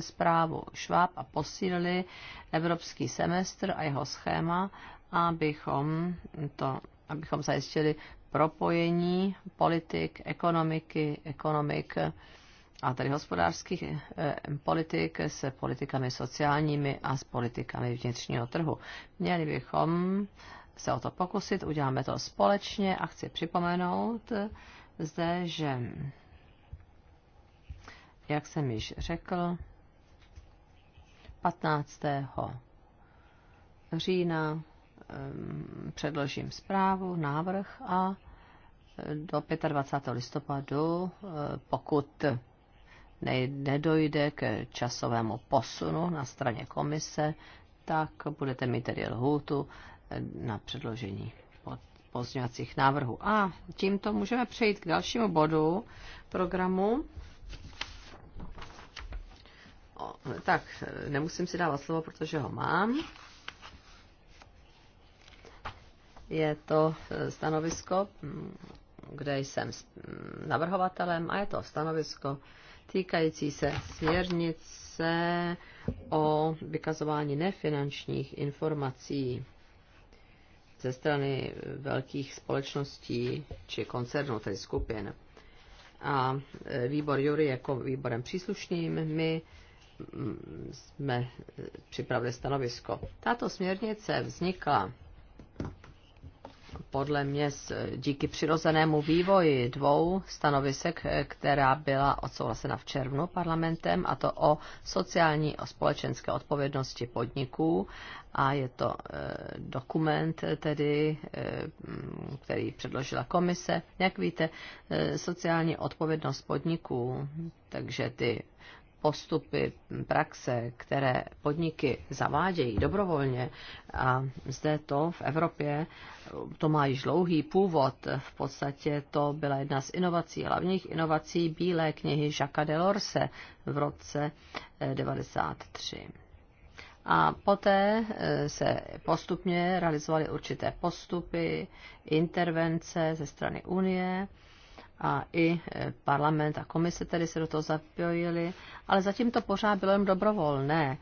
Speaker 5: zprávu Schwab a posílili evropský semestr a jeho schéma, abychom, to, abychom zajistili propojení politik, ekonomiky, ekonomik, ekonomik a tedy hospodářských eh, eh, politik se politikami sociálními a s politikami vnitřního trhu. Měli bychom se o to pokusit, uděláme to společně a chci připomenout eh, zde, že jak jsem již řekl, 15. října ehm, předložím zprávu, návrh a do 25. listopadu, pokud nedojde k časovému posunu na straně komise, tak budete mít tedy lhůtu eh, na předložení pozměňovacích návrhů. A tímto můžeme přejít k dalšímu bodu programu. O, tak, nemusím si dávat slovo, protože ho mám. Je to eh, stanovisko, mm, kde jsem mm, navrhovatelem a je to stanovisko týkající se směrnice o vykazování nefinančních informací ze strany velkých společností či koncernů, tedy skupin. A e, výbor Jury jako výborem příslušným, my jsme e, připravili stanovisko. Tato směrnice vznikla podle mě díky přirozenému vývoji dvou stanovisek, která byla odsouhlasena v červnu parlamentem, a to o sociální a společenské odpovědnosti podniků. A je to e, dokument, tedy, e, který předložila komise. Jak víte, e, sociální odpovědnost podniků, takže ty postupy, praxe, které podniky zavádějí dobrovolně a zde to v Evropě, to má již dlouhý původ, v podstatě to byla jedna z inovací, hlavních inovací Bílé knihy Jacques Delorse v roce 1993. Eh, a poté eh, se postupně realizovaly určité postupy, intervence ze strany Unie, a i e, parlament a komise tedy se do toho zapojili, ale zatím to pořád bylo jen dobrovolné.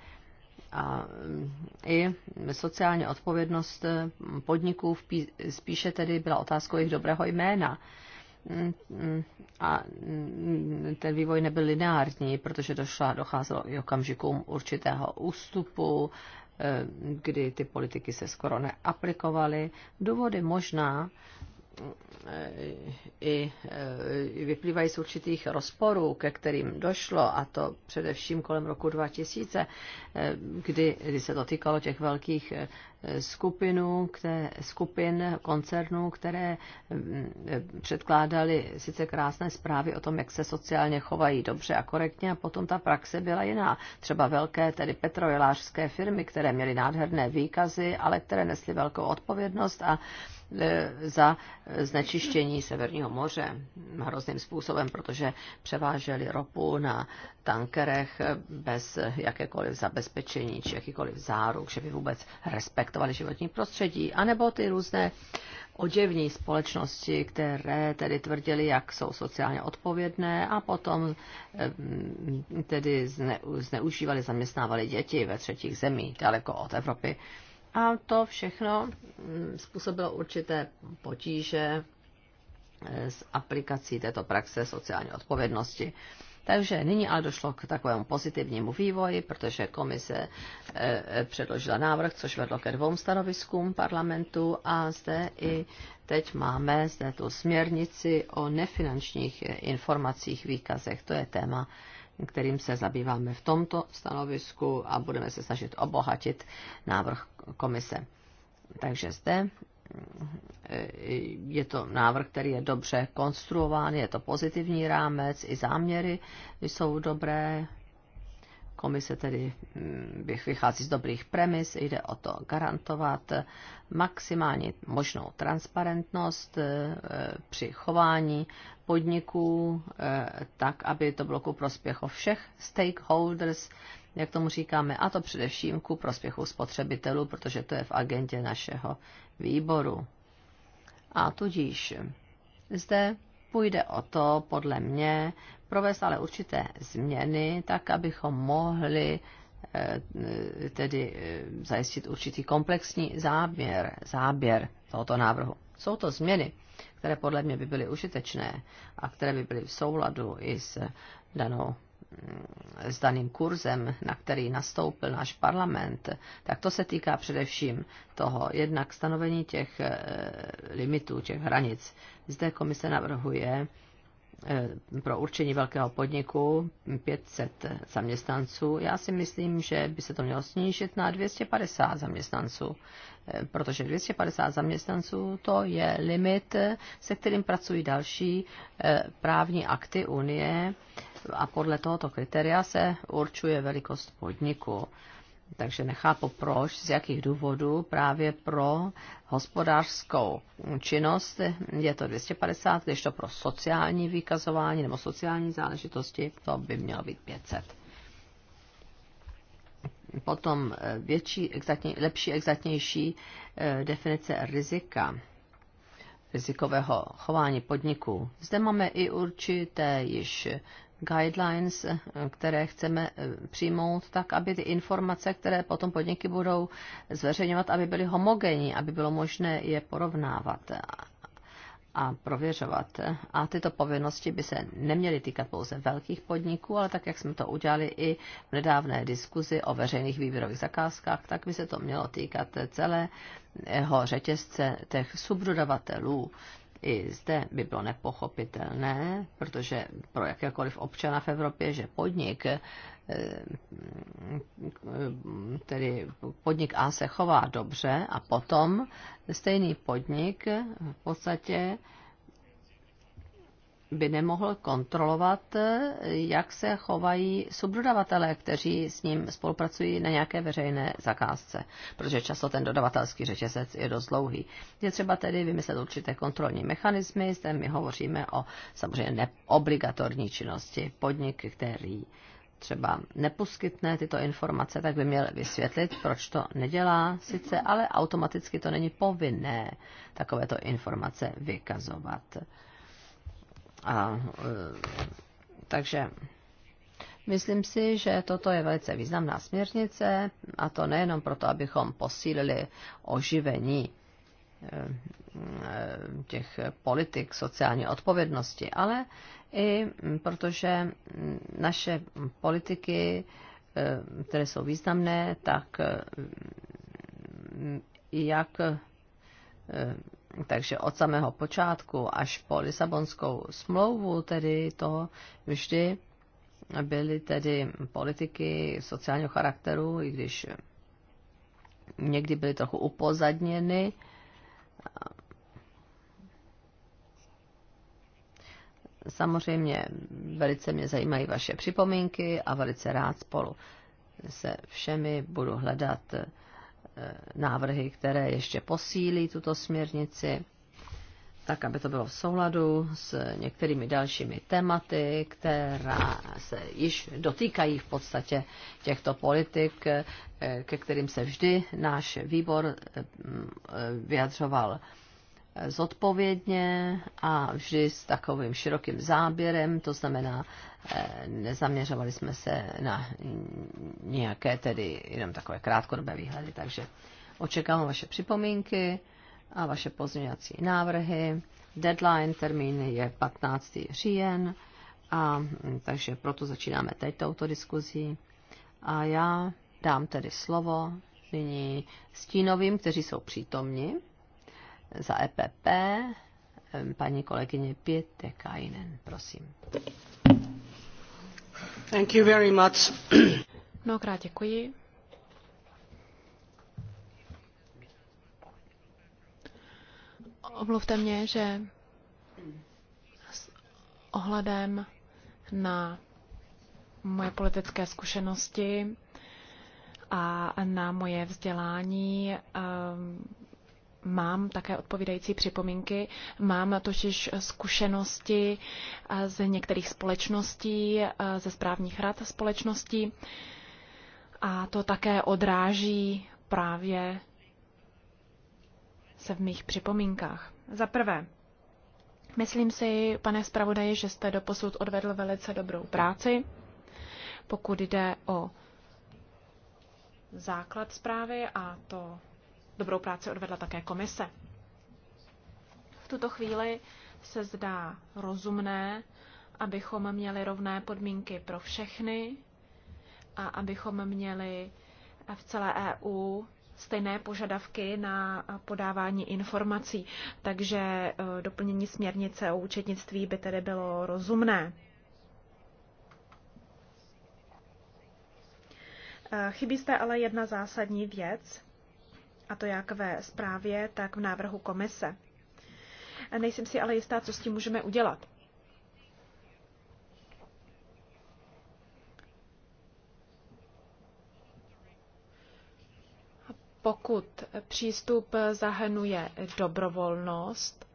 Speaker 5: A mm, i sociální odpovědnost e, podniků spíše tedy byla otázkou jejich dobrého jména. Mm, mm, a ten vývoj nebyl lineární, protože došla, docházelo i okamžikům určitého ústupu, e, kdy ty politiky se skoro neaplikovaly. Důvody možná i vyplývají z určitých rozporů, ke kterým došlo, a to především kolem roku 2000, kdy, kdy se to týkalo těch velkých skupinu, které, skupin koncernů, které mm, předkládali sice krásné zprávy o tom, jak se sociálně chovají dobře a korektně, a potom ta praxe byla jiná. Třeba velké, tedy petrojelářské firmy, které měly nádherné výkazy, ale které nesly velkou odpovědnost a e, za znečištění Severního moře hm, hrozným způsobem, protože převáželi ropu na tankerech bez jakékoliv zabezpečení či jakýkoliv záruk, že by vůbec respektovali životní prostředí, anebo ty různé oděvní společnosti, které tedy tvrdili, jak jsou sociálně odpovědné a potom tedy zneužívali, zaměstnávali děti ve třetích zemích, daleko od Evropy. A to všechno mm, způsobilo určité potíže eh, s aplikací této praxe sociální odpovědnosti. Takže nyní ale došlo k takovému pozitivnímu vývoji, protože komise e, e, předložila návrh, což vedlo ke dvou stanoviskům parlamentu a zde i teď máme zde tu směrnici o nefinančních informacích, výkazech. To je téma, kterým se zabýváme v tomto stanovisku a budeme se snažit obohatit návrh komise. Takže zde je to návrh, který je dobře konstruován, je to pozitivní rámec, i záměry jsou dobré. Komise tedy mm, bych vychází z dobrých premis, jde o to garantovat maximálně možnou transparentnost eh, při chování podniků, eh, tak, aby to bylo ku prospěchu všech stakeholders, jak tomu říkáme, a to především ku prospěchu spotřebitelů, protože to je v agentě našeho výboru. A tudíž zde půjde o to, podle mě, provést ale určité změny, tak abychom mohli eh, tedy eh, zajistit určitý komplexní záběr, záběr tohoto návrhu. Jsou to změny, které podle mě by byly užitečné a které by byly v souladu i s danou s daným kurzem, na který nastoupil náš parlament, tak to se týká především toho jednak stanovení těch eh, limitů, těch hranic. Zde komise navrhuje eh, pro určení velkého podniku 500 zaměstnanců. Já si myslím, že by se to mělo snížit na 250 zaměstnanců, eh, protože 250 zaměstnanců to je limit, se kterým pracují další právní akty Unie a podle tohoto kritéria se určuje velikost podniku. Takže nechápu proč, z jakých důvodů právě pro hospodářskou činnost je to 250, když to pro sociální vykazování nebo sociální záležitosti to by mělo být 500. Potom eh, větší, exaktně, lepší, exaktnější eh, definice rizika rizikového chování podniků. Zde máme i určité již guidelines, eh, které chceme eh, přijmout, tak aby ty informace, které potom podniky budou zveřejňovat, aby byly homogenní, aby bylo možné je porovnávat a prověřovat. A tyto povinnosti by se neměly týkat pouze velkých podniků, ale tak, jak jsme to udělali i v nedávné diskuzi o veřejných výběrových zakázkách, tak by se to mělo týkat celého řetězce těch subdodavatelů, i zde by bylo nepochopitelné, protože pro jakékoliv občana v Evropě, že podnik, eh, tedy podnik A se chová dobře a potom stejný podnik v podstatě by nemohl kontrolovat, eh, jak se chovají subdodavatelé, kteří s ním spolupracují na nějaké veřejné zakázce, protože často ten dodavatelský řetězec je dost dlouhý. Je třeba tedy vymyslet určité kontrolní mechanismy, zde my hovoříme o samozřejmě neobligatorní činnosti. Podnik, který třeba neposkytne tyto informace, tak by měl vysvětlit, proč to nedělá, sice, ale automaticky to není povinné takovéto informace vykazovat. A, e, takže Myslím si, že toto je velice významná směrnice, a to nejenom proto, abychom posílili oživení e, e, těch politik sociální odpovědnosti, ale i protože naše politiky, které jsou významné, tak jak takže od samého počátku až po Lisabonskou smlouvu, tedy to vždy byly tedy politiky sociálního charakteru, i když někdy byly trochu upozadněny. Samozřejmě velice mě zajímají vaše připomínky a velice rád spolu se všemi budu hledat Eh, návrhy, které ještě posílí tuto směrnici, tak aby to bylo v souladu s některými dalšími tématy, která se již dotýkají v podstatě těchto politik, eh, ke kterým se vždy náš výbor eh, mm, vyjadřoval zodpovědně a vždy s takovým širokým záběrem, to znamená, eh, nezaměřovali jsme se na nějaké tedy jenom takové krátkodobé výhledy, takže očekávám vaše připomínky a vaše pozměňovací návrhy. Deadline termín je 15. říjen, a, hm, takže proto začínáme teď touto diskuzí. A já dám tedy slovo nyní stínovým, kteří jsou přítomni za EPP paní kolegyně Pěte Kajnen, prosím.
Speaker 3: Thank you very much. Mnohokrát děkuji. Omluvte mě, že s ohledem na moje politické zkušenosti a na moje vzdělání um, mám také odpovídající připomínky. Mám totiž zkušenosti eh, z některých společností, eh, ze správních rad společností. A to také odráží právě se v mých připomínkách. Za prvé, myslím si, pane zpravodaji, že jste do posud odvedl velice dobrou práci, pokud jde o základ zprávy a to Dobrou práci odvedla také komise. V tuto chvíli se zdá rozumné, abychom měli rovné podmínky pro všechny a abychom měli v celé EU stejné požadavky na podávání informací. Takže e, doplnění směrnice o účetnictví by tedy bylo rozumné. E, chybí zde ale jedna zásadní věc, a to jak ve zprávě, tak v návrhu komise. Nejsem si ale jistá, co s tím můžeme udělat. Pokud přístup zahrnuje dobrovolnost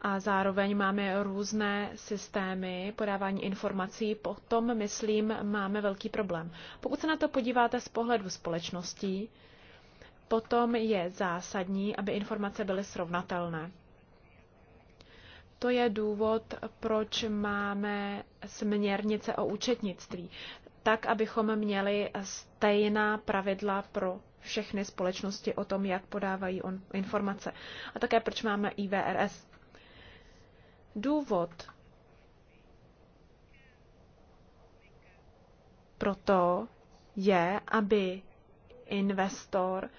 Speaker 3: a zároveň máme různé systémy podávání informací, potom, myslím, máme velký problém. Pokud se na to podíváte z pohledu společností, potom je zásadní, aby informace byly srovnatelné. To je důvod, proč máme směrnice o účetnictví, tak abychom měli stejná pravidla pro všechny společnosti o tom, jak podávají on informace. A také proč máme IVRS. Důvod proto je, aby investor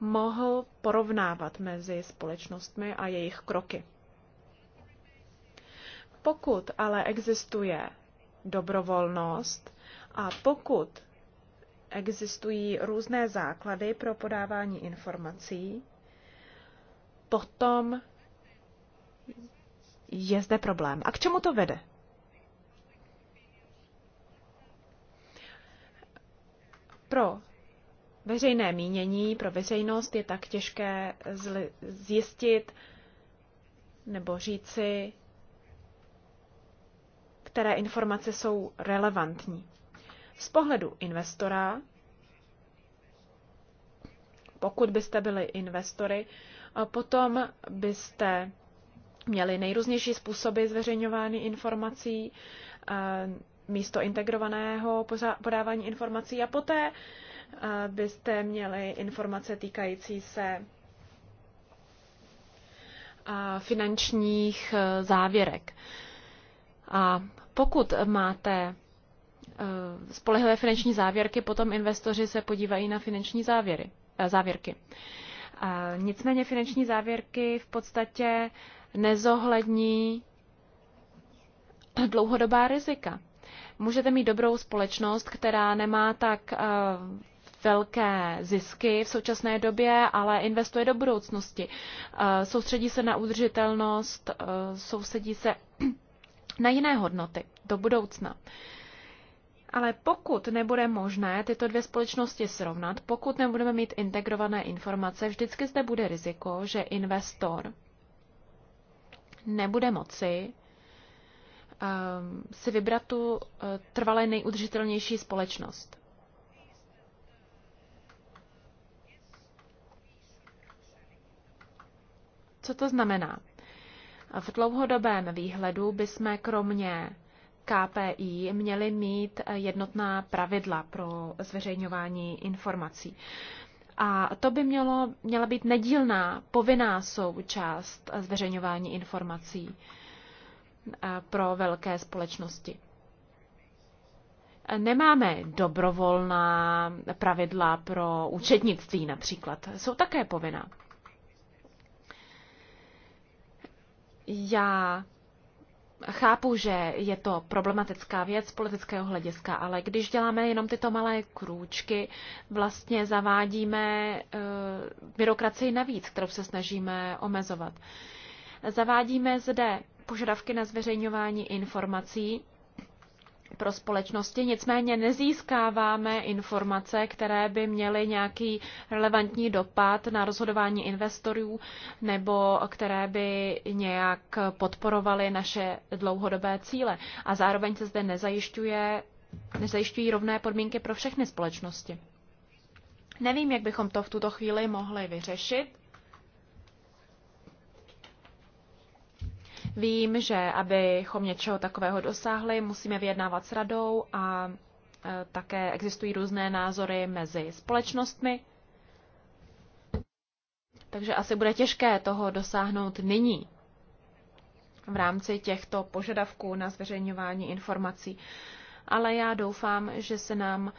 Speaker 3: mohl porovnávat mezi společnostmi a jejich kroky. Pokud ale existuje dobrovolnost a pokud existují různé základy pro podávání informací, potom je zde problém. A k čemu to vede? Pro veřejné mínění, pro veřejnost je tak těžké zjistit nebo říci, které informace jsou relevantní. Z pohledu investora, pokud byste byli investory, potom byste měli nejrůznější způsoby zveřejňování informací, místo integrovaného podávání informací a poté byste měli informace týkající se finančních e, závěrek. A pokud máte e, spolehlivé finanční závěrky, potom investoři se podívají na finanční závěry, e, závěrky. A nicméně finanční závěrky v podstatě nezohlední dlouhodobá rizika. Můžete mít dobrou společnost, která nemá tak velké zisky v současné době, ale investuje do budoucnosti. Eh, soustředí se na udržitelnost, eh, soustředí se na jiné hodnoty do budoucna. Ale pokud nebude možné tyto dvě společnosti srovnat, pokud nebudeme mít integrované informace, vždycky zde bude riziko, že investor nebude moci um, si vybrat tu uh, eh, trvale nejudržitelnější společnost. Co to znamená? V dlouhodobém výhledu bychom kromě KPI měli mít jednotná pravidla pro zveřejňování informací. A to by mělo, měla být nedílná, povinná součást zveřejňování informací eh, pro velké společnosti. Nemáme dobrovolná pravidla pro účetnictví například. Jsou také povinná. Já chápu, že je to problematická věc z politického hlediska, ale když děláme jenom tyto malé krůčky, vlastně zavádíme uh, byrokracii navíc, kterou se snažíme omezovat. Zavádíme zde požadavky na zveřejňování informací, pro společnosti, nicméně nezískáváme informace, které by měly nějaký relevantní dopad na rozhodování investorů nebo které by nějak podporovaly naše dlouhodobé cíle. A zároveň se zde nezajišťuje, nezajišťují rovné podmínky pro všechny společnosti. Nevím, jak bychom to v tuto chvíli mohli vyřešit. Vím, že abychom něčeho takového dosáhli, musíme vyjednávat s radou a e, také existují různé názory mezi společnostmi. Takže asi bude těžké toho dosáhnout nyní v rámci těchto požadavků na zveřejňování informací. Ale já doufám, že se nám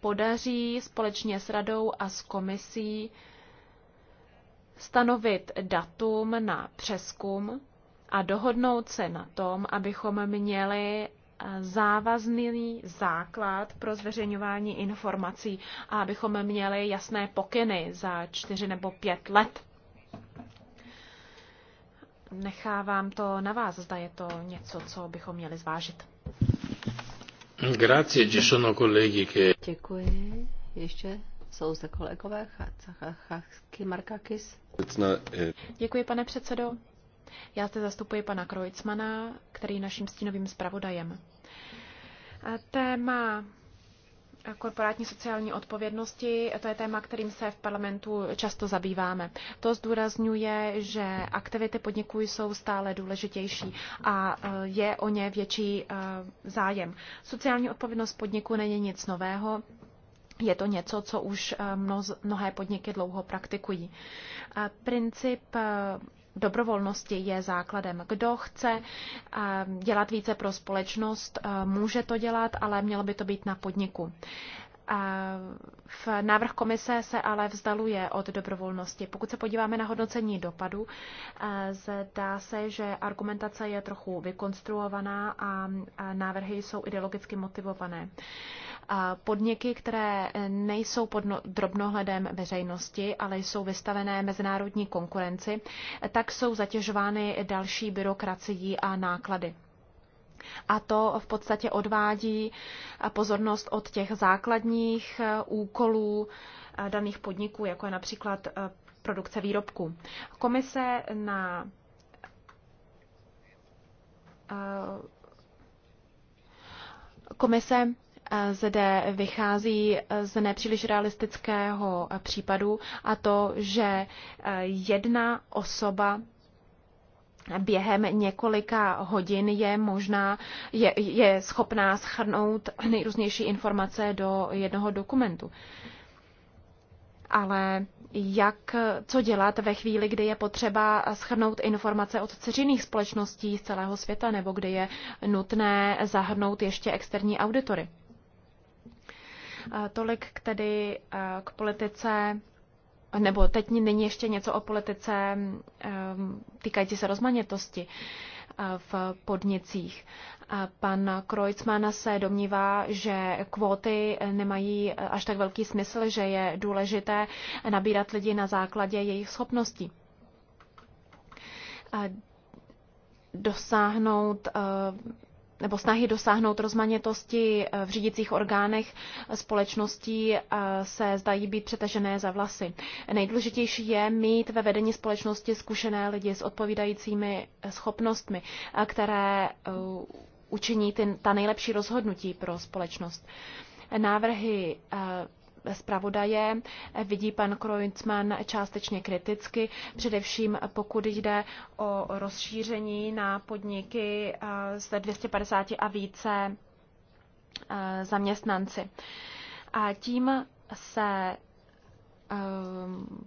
Speaker 3: podaří společně s radou a s komisí stanovit datum na přeskum a dohodnout se na tom, abychom měli eh, závazný základ pro zveřejňování informací a abychom měli jasné pokyny za čtyři nebo pět let. Nechávám to na vás, zda je to něco, co bychom měli zvážit.
Speaker 4: Grazie, ci sono colleghi che...
Speaker 5: Děkuji. Ještě jsou zde kolegové. Eh, Děkuji, pane předsedo.
Speaker 3: Já zde zastupuji pana Krojcmana, který je naším stínovým zpravodajem. Téma korporátní sociální odpovědnosti, to je téma, kterým se v parlamentu často zabýváme. To zdůrazňuje, že aktivity podniků jsou stále důležitější a e, je o ně větší e, zájem. Sociální odpovědnost podniku není nic nového, je to něco, co už e, mnohé podniky dlouho praktikují. Princip dobrovolnosti je základem. Kdo chce eh, dělat více pro společnost, eh, může to dělat, ale mělo by to být na podniku. V návrh komise se ale vzdaluje od dobrovolnosti. Pokud se podíváme na hodnocení dopadu, eh, zdá se, že argumentace je trochu vykonstruovaná a návrhy jsou ideologicky motivované. Eh, podniky, které nejsou pod no- drobnohledem veřejnosti, ale jsou vystavené mezinárodní konkurenci, eh, tak jsou zatěžovány další byrokracií a náklady. A to v podstatě odvádí eh, pozornost od těch základních eh, úkolů eh, daných podniků, jako je například produkce výrobku. Komise na komise zde vychází z nepříliš realistického případu a to, že jedna osoba během několika hodin je možná, je, je schopná schrnout nejrůznější informace do jednoho dokumentu. Ale jak, co dělat ve chvíli, kdy je potřeba schrnout informace od ceřiných společností z celého světa, nebo kdy je nutné zahrnout ještě externí auditory. Tolik k tedy k politice nebo teď není ještě něco o politice týkající se rozmanitosti eh, v podnicích. Pan Kreutzmann se domnívá, že kvóty nemají eh, až tak velký smysl, že je důležité nabírat lidi na základě jejich schopností. Dosáhnout eh, nebo snahy dosáhnout rozmanitosti eh, v řídicích orgánech společností eh, se zdají být přetažené za vlasy. Nejdůležitější je mít ve vedení společnosti zkušené lidi s odpovídajícími eh, schopnostmi, které učiní ty, ta nejlepší rozhodnutí pro společnost. Návrhy zpravodaje vidí pan Kreutzmann částečně kriticky, především pokud jde o rozšíření na podniky eh, z 250 a více eh, zaměstnanci. A tím se eh,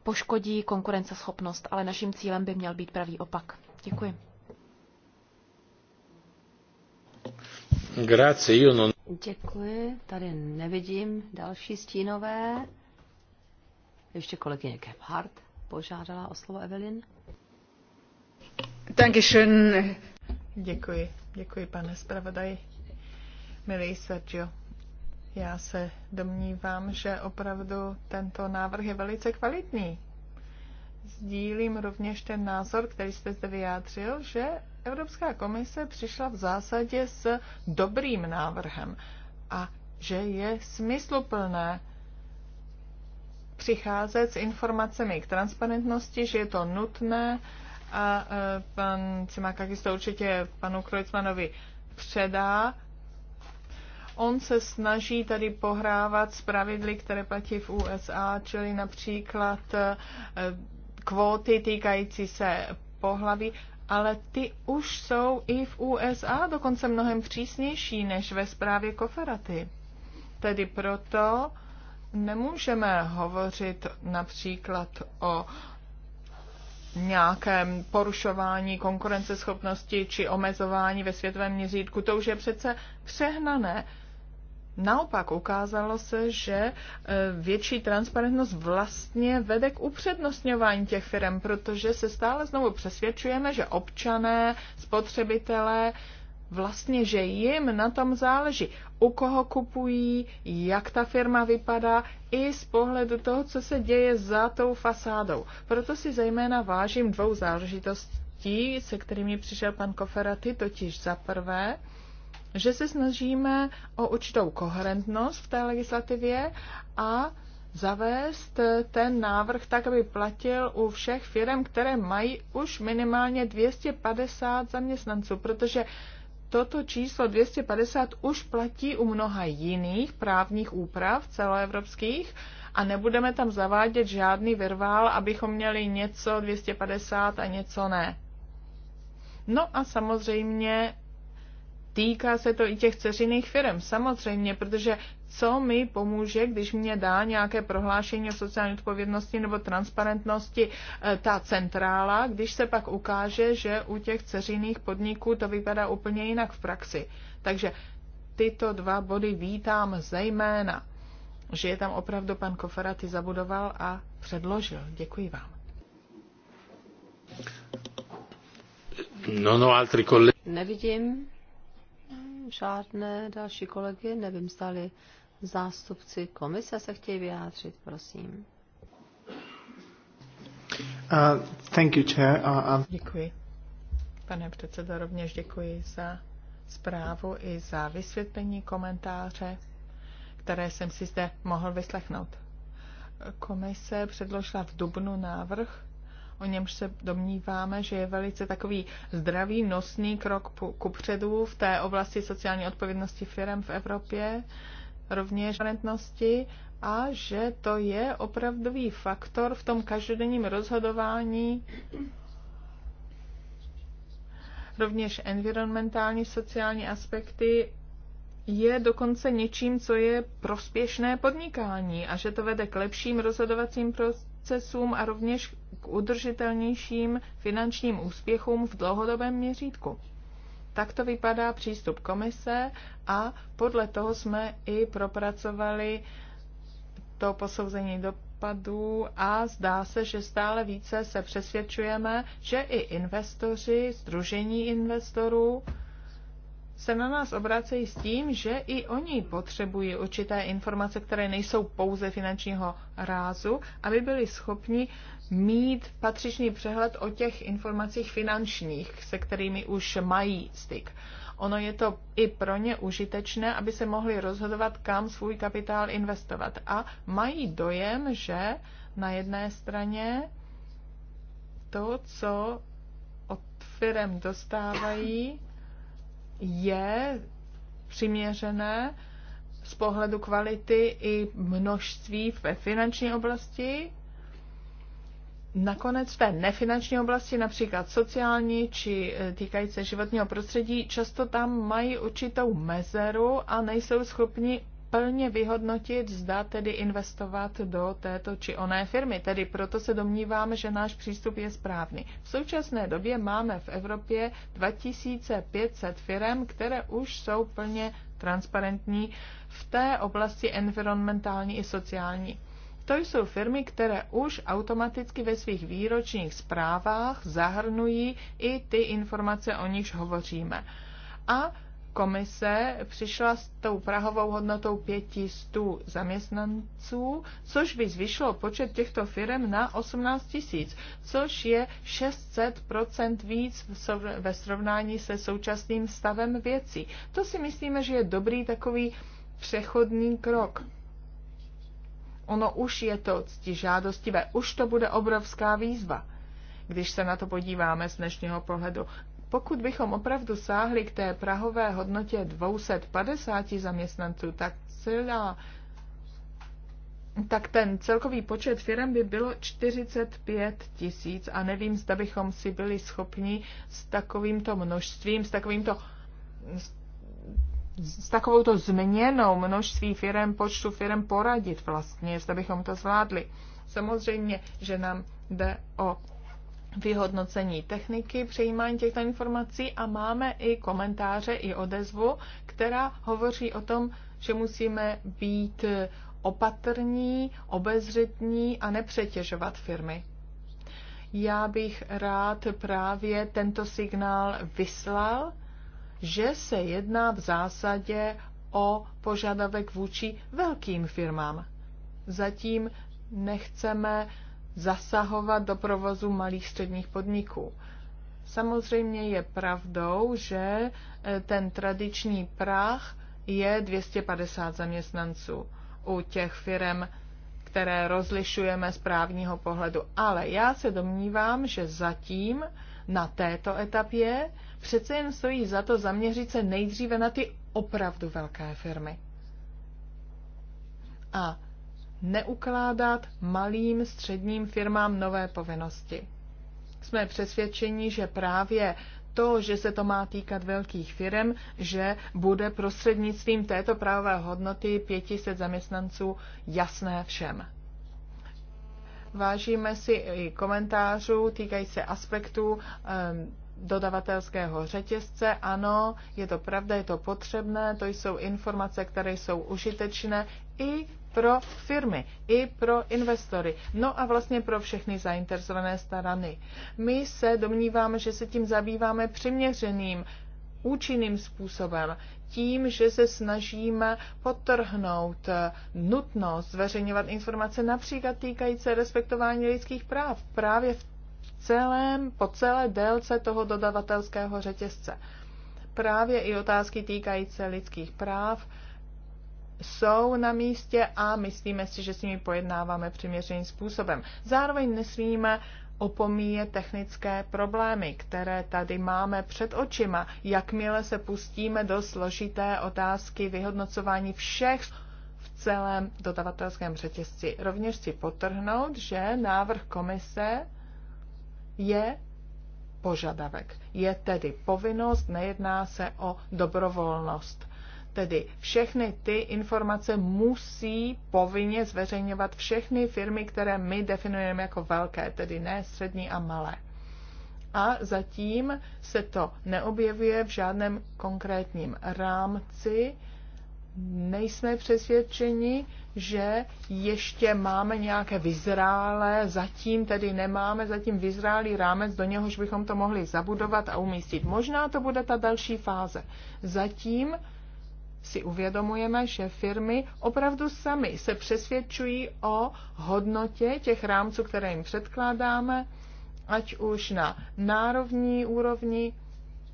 Speaker 3: poškodí konkurenceschopnost, ale naším cílem by měl být pravý opak.
Speaker 5: Děkuji.
Speaker 4: Grazie, io non...
Speaker 5: Děkuji. Tady nevidím další stínové. Ještě kolegyně Kephart požádala o slovo Evelyn.
Speaker 2: Dankeschön. Děkuji. Děkuji, pane zpravodaj. Milý Sergio, já se domnívám, že opravdu tento návrh je velice kvalitní sdílím rovněž ten názor, který jste zde vyjádřil, že Evropská komise přišla v zásadě s dobrým návrhem a že je smysluplné přicházet s informacemi k transparentnosti, že je to nutné a e, pan Cimakakis to určitě panu Krojcmanovi předá. On se snaží tady pohrávat s pravidly, které platí v USA, čili například e, kvóty týkající se pohlaví, ale ty už jsou i v USA dokonce mnohem přísnější než ve zprávě Koferaty. Tedy proto nemůžeme hovořit například o nějakém porušování konkurenceschopnosti či omezování ve světovém měřítku. To už je přece přehnané. Naopak ukázalo se, že e, větší transparentnost vlastně vede k upřednostňování těch firm, protože se stále znovu přesvědčujeme, že občané, spotřebitelé, vlastně, že jim na tom záleží, u koho kupují, jak ta firma vypadá, i z pohledu toho, co se děje za tou fasádou. Proto si zejména vážím dvou záležitostí, se kterými přišel pan Koferaty, totiž za prvé, že se snažíme o určitou koherentnost v té legislativě a zavést ten návrh tak, aby platil u všech firm, které mají už minimálně 250 zaměstnanců, protože toto číslo 250 už platí u mnoha jiných právních úprav celoevropských a nebudeme tam zavádět žádný virvál, abychom měli něco 250 a něco ne. No a samozřejmě týká se to i těch ceřiných firm, samozřejmě, protože co mi pomůže, když mě dá nějaké prohlášení o sociální odpovědnosti nebo transparentnosti eh, ta centrála, když se pak ukáže, že u těch ceřiných podniků to vypadá úplně jinak v praxi. Takže tyto dva body vítám zejména, že je tam opravdu pan Koferati zabudoval
Speaker 5: a předložil. Děkuji vám. No, no, altri Nevidím žádné další kolegy, nevím, zdali zástupci komise se chtějí vyjádřit, prosím.
Speaker 1: Uh, thank you, chair. Uh, uh... Děkuji.
Speaker 2: Pane předsedo, rovněž děkuji za zprávu i za vysvětlení komentáře, které jsem si zde mohl vyslechnout. Komise předložila v Dubnu návrh o němž se domníváme, že je velice takový zdravý, nosný krok kupředu v té oblasti sociální odpovědnosti firm v Evropě, rovněž transparentnosti a že to je opravdový faktor v tom každodenním rozhodování rovněž environmentální, sociální aspekty je dokonce něčím, co je prospěšné podnikání a že to vede k lepším rozhodovacím proces procesům a rovněž k udržitelnějším finančním úspěchům v dlouhodobém měřítku. Tak to vypadá přístup komise a podle toho jsme i propracovali to posouzení dopadů a zdá se, že stále více se přesvědčujeme, že i investoři, združení investorů, se na nás obracejí s tím, že i oni potřebují určité informace, které nejsou pouze finančního rázu, aby byli schopni mít patřičný přehled o těch informacích finančních, se kterými už mají styk. Ono je to i pro ně užitečné, aby se mohli rozhodovat, kam svůj kapitál investovat. A mají dojem, že na jedné straně to, co od firm dostávají, je přiměřené z pohledu kvality i množství ve finanční oblasti. Nakonec v té nefinanční oblasti, například sociální či e, týkající životního prostředí, často tam mají určitou mezeru a nejsou schopni plně vyhodnotit, zda tedy investovat do této či oné firmy. Tedy proto se domníváme, že náš přístup je správný. V současné době máme v Evropě 2500 firm, které už jsou plně transparentní v té oblasti environmentální i sociální. To jsou firmy, které už automaticky ve svých výročních zprávách zahrnují i ty informace, o nichž hovoříme. A komise přišla s tou prahovou hodnotou 500 zaměstnanců, což by zvyšlo počet těchto firm na 18 tisíc, což je 600 víc ve srovnání se současným stavem věcí. To si myslíme, že je dobrý takový přechodný krok. Ono už je to žádostivé, už to bude obrovská výzva když se na to podíváme z dnešního pohledu. Pokud bychom opravdu sáhli k té prahové hodnotě 250 zaměstnanců, tak celá tak ten celkový počet firm by bylo 45 tisíc a nevím, zda bychom si byli schopni s takovýmto množstvím, s takovýmto s, takovouto změnou množství firm, počtu firm poradit vlastně, zda bychom to zvládli. Samozřejmě, že nám jde o vyhodnocení techniky přejímání těchto informací a máme i komentáře, i odezvu, která hovoří o tom, že musíme být opatrní, obezřetní a nepřetěžovat firmy. Já bych rád právě tento signál vyslal, že se jedná v zásadě o požadavek vůči velkým firmám. Zatím nechceme zasahovat do provozu malých středních podniků. Samozřejmě je pravdou, že e, ten tradiční práh je 250 zaměstnanců u těch firm, které rozlišujeme z právního pohledu. Ale já se domnívám, že zatím na této etapě přece jen stojí za to zaměřit se nejdříve na ty opravdu velké firmy. A neukládat malým středním firmám nové povinnosti. Jsme přesvědčeni, že právě to, že se to má týkat velkých firm, že bude prostřednictvím této právové hodnoty 500 zaměstnanců jasné všem. Vážíme si i komentářů týkají se aspektů um, ehm, dodavatelského řetězce. Ano, je to pravda, je to potřebné, to jsou informace, které jsou užitečné i pro firmy, i pro investory, no a vlastně pro všechny zainteresované strany. My se domníváme, že se tím zabýváme přiměřeným, účinným způsobem, tím, že se snažíme potrhnout eh, nutnost zveřejňovat informace například týkající respektování lidských práv právě v celém, po celé délce toho dodavatelského řetězce. Právě i otázky týkající lidských práv, jsou na místě a myslíme si, že s nimi pojednáváme přiměřeným způsobem. Zároveň nesmíme opomíje technické problémy, které tady máme před očima, jakmile se pustíme do složité otázky vyhodnocování všech v celém dodavatelském řetězci. Rovněž si potrhnout, že návrh komise je požadavek. Je tedy povinnost, nejedná se o dobrovolnost. Tedy všechny ty informace musí povinně zveřejňovat všechny firmy, které my definujeme jako velké, tedy ne střední a malé. A zatím se to neobjevuje v žádném konkrétním rámci. Nejsme přesvědčeni, že ještě máme nějaké vyzrálé, zatím tedy nemáme zatím vyzrálý rámec, do něhož bychom to mohli zabudovat a umístit. Možná to bude ta další fáze. Zatím si uvědomujeme, že firmy opravdu sami se přesvědčují o hodnotě těch rámců, které jim předkládáme, ať už na národní úrovni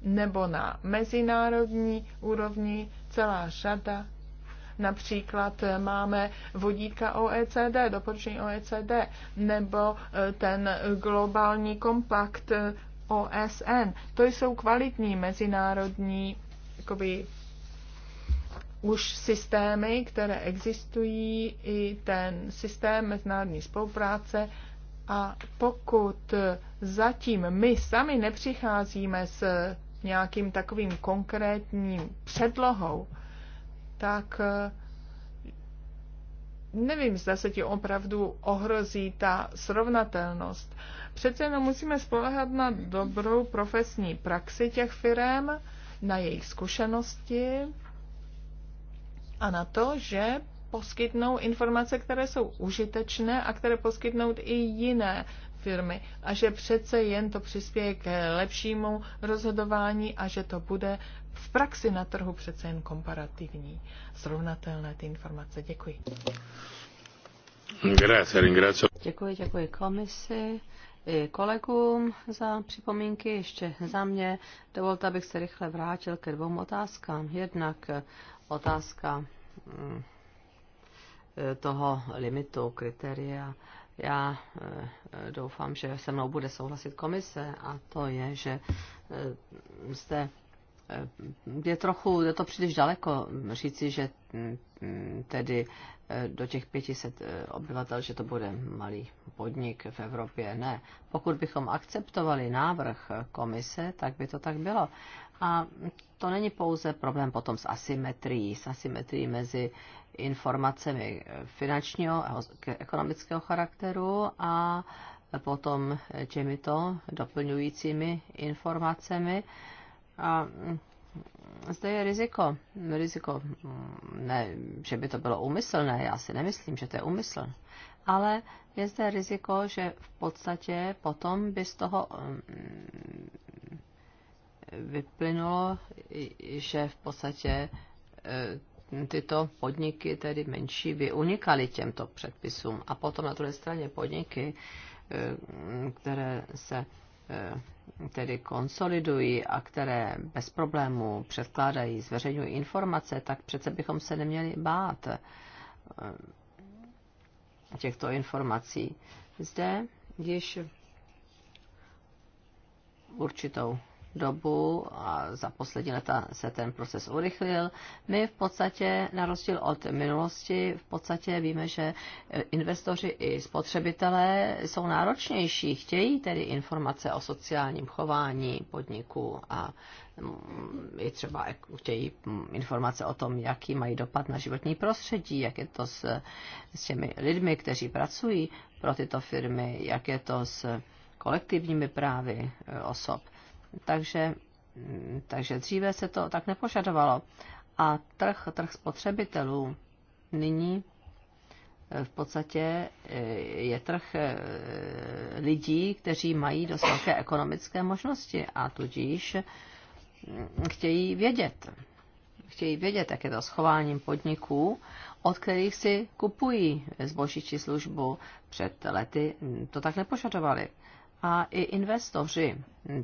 Speaker 2: nebo na mezinárodní úrovni, celá řada. Například eh, máme vodítka OECD, doporučení OECD, nebo eh, ten globální kompakt eh, OSN. To jsou kvalitní mezinárodní jakoby, už systémy, které existují, i ten systém mezinárodní spolupráce. A pokud zatím my sami nepřicházíme s nějakým takovým konkrétním předlohou, tak eh, nevím, zda se ti opravdu ohrozí ta srovnatelnost. Přece jenom musíme spolehat na dobrou profesní praxi těch firm, na jejich zkušenosti, a na to, že poskytnou informace, které jsou užitečné a které poskytnou i jiné firmy a že přece jen to přispěje k lepšímu rozhodování a že to bude v praxi na trhu přece jen komparativní,
Speaker 5: srovnatelné ty informace. Děkuji. Děkuji, děkuji komisi i kolegům za připomínky. Ještě za mě dovolte, abych se rychle vrátil ke dvou otázkám. Jednak otázka mm, e, toho limitu, kritéria. Já e, e, doufám, že se mnou bude souhlasit komise a to je, že jste je trochu, je to příliš daleko říci, že mm, tedy do těch 500 obyvatel, že to bude malý podnik v Evropě. Ne. Pokud bychom akceptovali návrh komise, tak by to tak bylo. A to není pouze problém potom s asymetrií, s asymetrií mezi informacemi finančního a ekonomického charakteru a potom těmito doplňujícími informacemi. A zde je riziko. Riziko, ne, že by to bylo úmyslné, já si nemyslím, že to je úmysl. Ale je zde riziko, že v podstatě potom by z toho vyplynulo, že v podstatě eh, tyto podniky, tedy menší, by unikaly těmto předpisům. A potom na druhé straně podniky, eh, které se eh, tedy konsolidují a které bez problémů předkládají, zveřejňují informace, tak přece bychom se neměli bát těchto informací. Zde již určitou dobu a za poslední leta se ten proces urychlil. My v podstatě, na rozdíl od minulosti, v podstatě víme, že eh, investoři i spotřebitelé jsou náročnější, chtějí tedy informace o sociálním chování podniku a mm, i třeba chtějí mm, informace o tom, jaký mají dopad na životní prostředí, jak je to s, s těmi lidmi, kteří pracují pro tyto firmy, jak je to s kolektivními právy eh, osob takže, mm, takže dříve se to tak nepožadovalo. A trh, trh spotřebitelů nyní e, v podstatě e, je trh e, lidí, kteří mají dost velké ekonomické možnosti a tudíž mm, chtějí vědět. Chtějí vědět, jak je to schováním podniků, od kterých si kupují zboží či službu. Před lety mm, to tak nepožadovali a i investoři,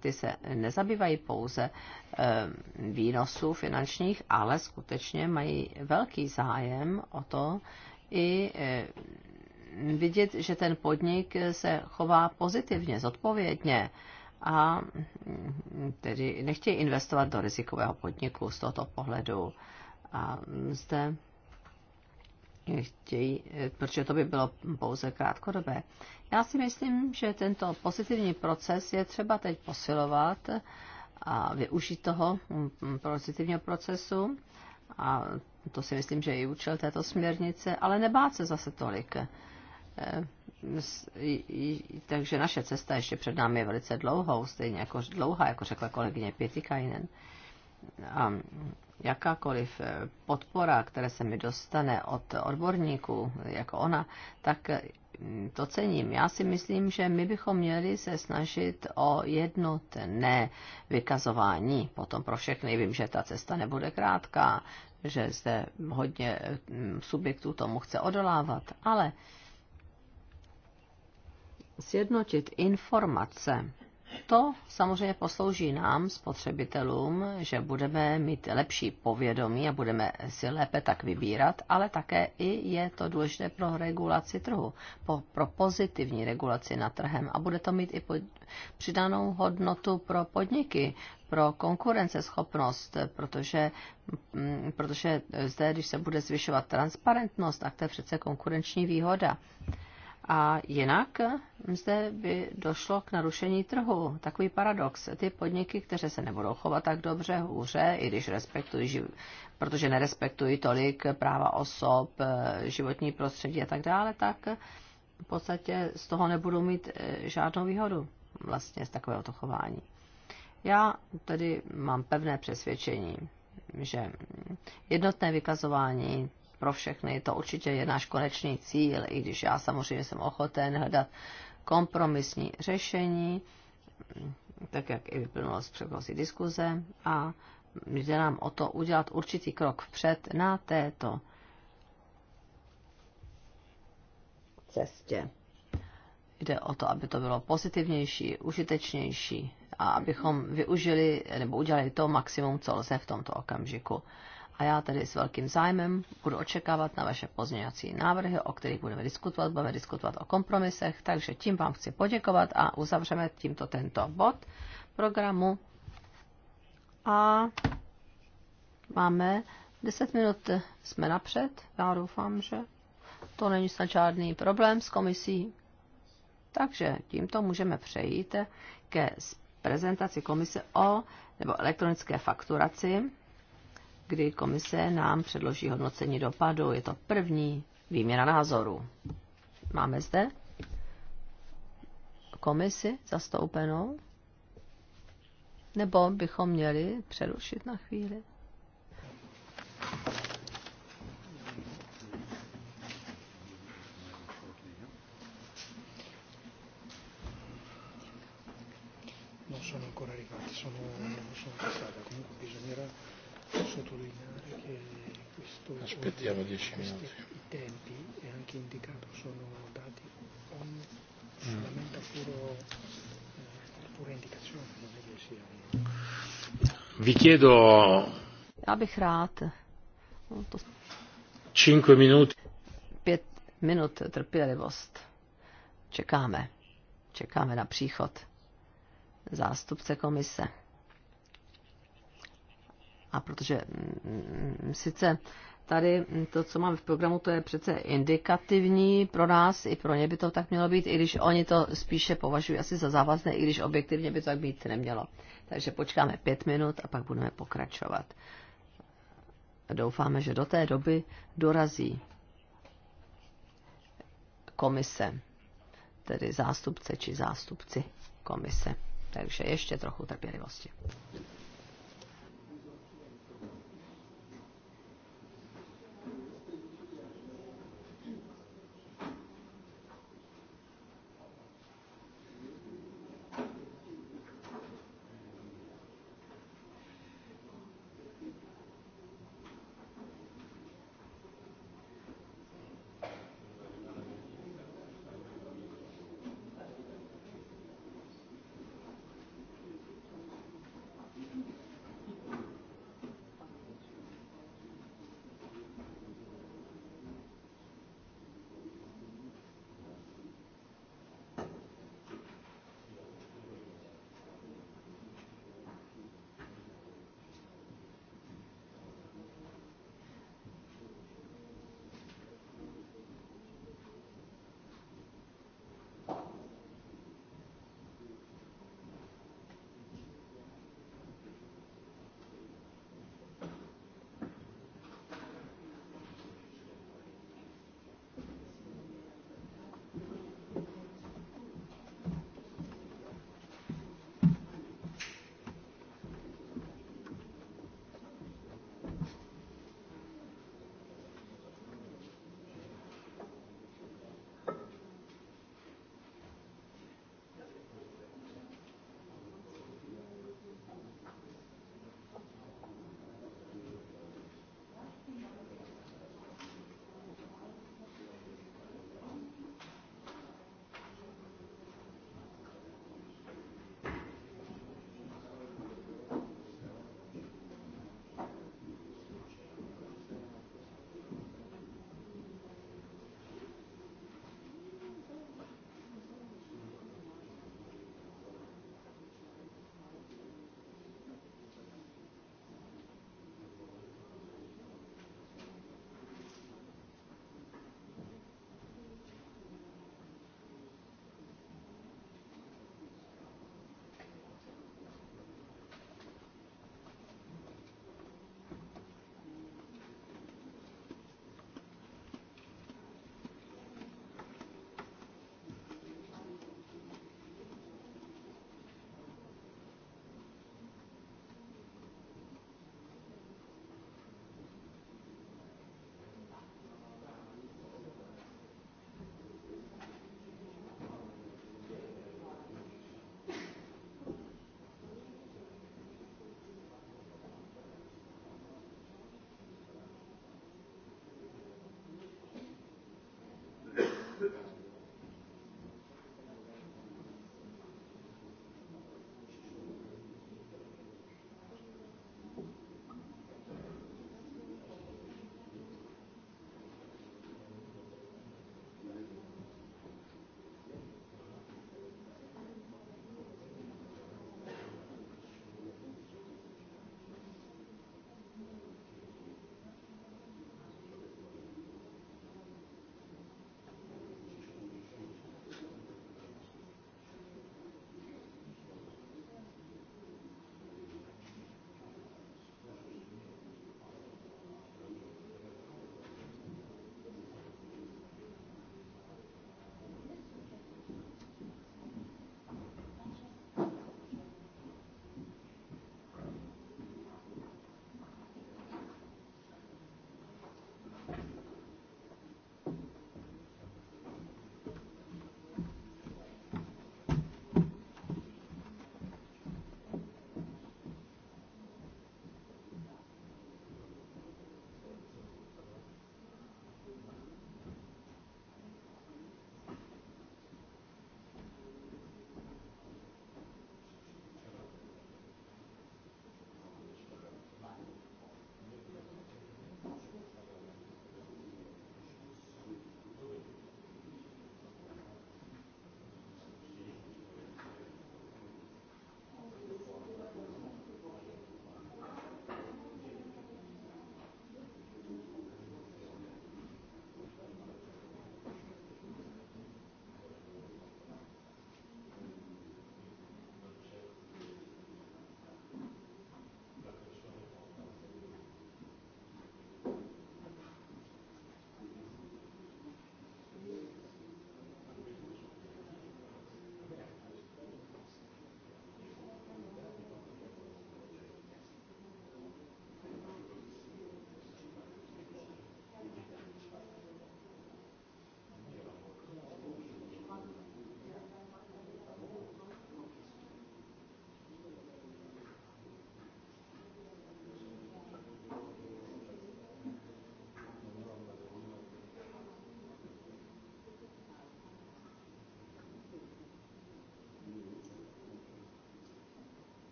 Speaker 5: ty se nezabývají pouze eh, výnosů finančních, ale skutečně mají velký zájem o to i eh, vidět, že ten podnik se chová pozitivně, zodpovědně a hm, tedy nechtějí investovat do rizikového podniku z tohoto pohledu. A zde chtějí, eh, protože to by bylo pouze krátkodobé. Já si myslím, že tento pozitivní proces je třeba teď posilovat a využít toho mm, mm, pozitivního procesu. A to si myslím, že je i účel této směrnice, ale nebát se zase tolik. Eh, takže naše cesta ještě před námi je velice dlouhou, stejně jako dlouhá, jako řekla kolegyně Pětikainen. A jakákoliv eh, podpora, které se mi dostane od odborníků, jako ona, tak to cením. Já si myslím, že my bychom měli se snažit o jednotné vykazování potom pro všechny. Vím, že ta cesta nebude krátká, že zde hodně mm, subjektů tomu chce odolávat, ale sjednotit informace to samozřejmě poslouží nám, spotřebitelům, že budeme mít lepší povědomí a budeme si lépe tak vybírat, ale také i je to důležité pro regulaci trhu, po, pro pozitivní regulaci na trhem a bude to mít i pod, přidanou hodnotu pro podniky, pro konkurenceschopnost, protože, mm, protože zde, když se bude zvyšovat transparentnost, tak to je přece konkurenční výhoda. A jinak zde by došlo k narušení trhu. Takový paradox. Ty podniky, které se nebudou chovat tak dobře, hůře, i když respektují, živ... protože nerespektují tolik práva osob, eh, životní prostředí a tak dále, tak v podstatě z toho nebudou mít eh, žádnou výhodu vlastně z to chování. Já tedy mám pevné přesvědčení, že jednotné vykazování pro všechny. To určitě je náš konečný cíl, i když já samozřejmě jsem ochoten hledat kompromisní řešení, tak jak i vyplnulo z předchozí diskuze. A jde nám o to udělat určitý krok vpřed na této cestě. Jde o to, aby to bylo pozitivnější, užitečnější a abychom využili nebo udělali to maximum, co lze v tomto okamžiku. A já tedy s velkým zájmem budu očekávat na vaše pozměňovací návrhy, o kterých budeme diskutovat, budeme diskutovat o kompromisech, takže tím vám chci poděkovat a uzavřeme tímto tento bod programu. A máme 10 minut, jsme napřed, já doufám, že to není snad žádný problém s komisí. Takže tímto můžeme přejít ke prezentaci komise o nebo elektronické fakturaci kdy komise nám předloží hodnocení dopadu. Je to první výměna názorů. Máme zde komisi zastoupenou? Nebo bychom měli přerušit na chvíli?
Speaker 1: Non sono ancora arrivati, sono, sono passata, comunque bisognerà sottolineare che questo, Aspettiamo dieci minuti. i tempi e anche indicato sono dati con mm. solamente a puro, eh, pura indicazione, non è
Speaker 5: che sia Vi chiedo... Já no
Speaker 4: Cinque minuti.
Speaker 5: Pět minut trpělivost. Čekáme. Čekáme na příchod zástupce komise. A protože mm, mm, sice tady to, co máme v programu, to je přece indikativní pro nás, i pro ně by to tak mělo být, i když oni to spíše považují asi za závazné, i když objektivně by to tak být nemělo. Takže počkáme pět minut a pak budeme pokračovat. Doufáme, že do té doby dorazí komise, tedy zástupce či zástupci komise. Takže ještě trochu trpělivosti.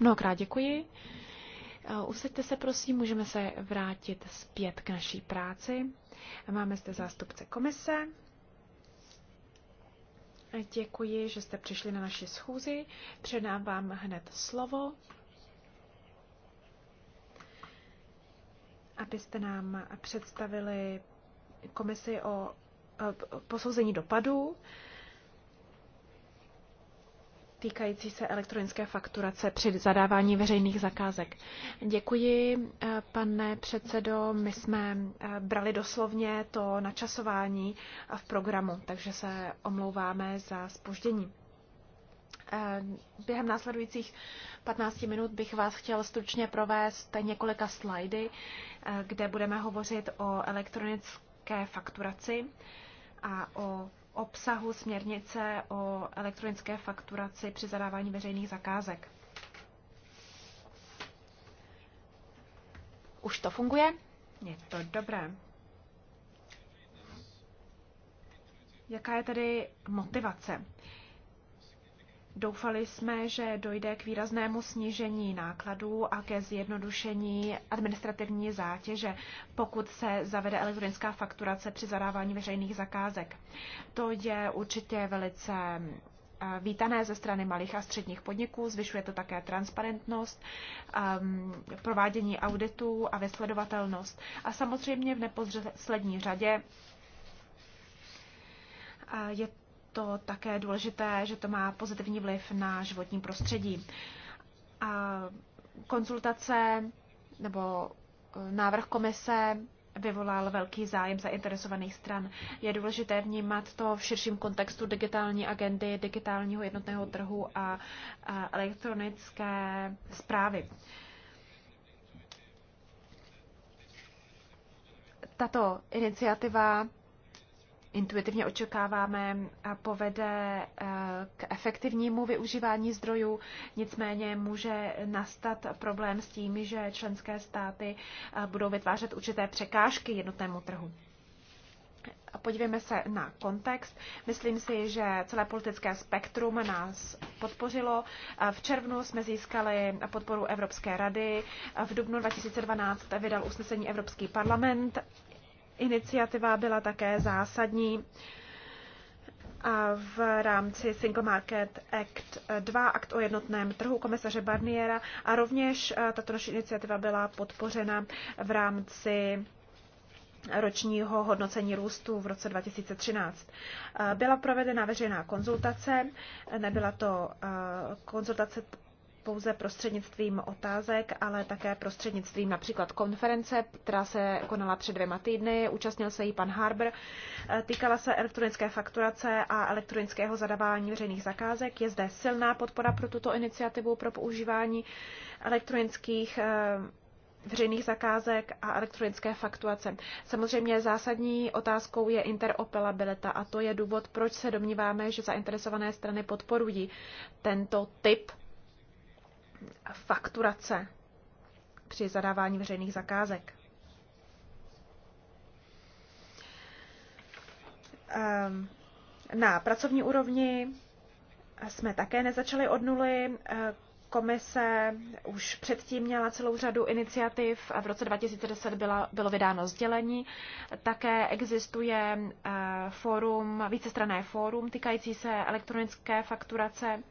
Speaker 3: Mnohokrát děkuji. Eh, usaďte se prosím, můžeme se vrátit zpět k naší práci. Máme zde zástupce komise. Děkuji, že jste přišli na naši schůzi. Předám vám hned slovo, abyste nám představili komisi o eh, posouzení dopadů týkající se elektronické fakturace při zadávání veřejných zakázek. Děkuji, eh, pane předsedo. My jsme eh, brali doslovně to načasování eh, v programu, takže se omlouváme za spoždění. Během následujících 15 minut bych vás chtěl stručně provést několika slajdy, kde budeme hovořit o elektronické fakturaci a o obsahu směrnice o elektronické fakturaci při zadávání veřejných zakázek. Už to funguje? Je to dobré. Jaká je tedy motivace? Doufali jsme, že dojde k výraznému snížení nákladů a ke zjednodušení administrativní zátěže, pokud se zavede elektronická fakturace při zadávání veřejných zakázek. To je určitě velice eh, vítané ze strany malých a středních podniků, zvyšuje to také transparentnost, ehm, provádění auditů a vysledovatelnost. A samozřejmě v neposlední řadě eh, je to také důležité, že to má pozitivní vliv na životní prostředí. A konzultace nebo e, návrh komise vyvolal velký zájem zainteresovaných stran. Je důležité vnímat to v širším kontextu digitální agendy, digitálního jednotného trhu a elektronické zprávy. Tato iniciativa intuitivně očekáváme, povede e, k efektivnímu využívání zdrojů, nicméně může nastat problém s tím, že členské státy e, budou vytvářet určité překážky jednotnému trhu. Podívejme se na kontext. Myslím si, že celé politické spektrum nás podpořilo. V červnu jsme získali podporu Evropské rady. V dubnu 2012 vydal usnesení Evropský parlament iniciativa byla také zásadní v rámci Single Market Act 2, akt o jednotném trhu komisaře Barniera a rovněž eh, tato naše iniciativa byla podpořena v rámci ročního hodnocení růstu v roce 2013. Eh, byla provedena veřejná konzultace, nebyla to eh, konzultace pouze prostřednictvím otázek, ale také prostřednictvím například konference, která se konala před dvěma týdny. Účastnil se jí pan Harbour. Eh, týkala se elektronické fakturace a elektronického zadávání veřejných zakázek. Je zde silná podpora pro tuto iniciativu pro používání elektronických eh, veřejných zakázek a elektronické faktuace. Samozřejmě zásadní otázkou je interoperabilita a to je důvod, proč se domníváme, že zainteresované strany podporují tento typ fakturace při zadávání veřejných zakázek. Ehm, na pracovní úrovni jsme také nezačali od nuly. Ehm, komise už předtím měla celou řadu iniciativ. V roce 2010 byla, bylo vydáno sdělení. Také existuje ehm, fórum, vícestrané fórum týkající se elektronické fakturace.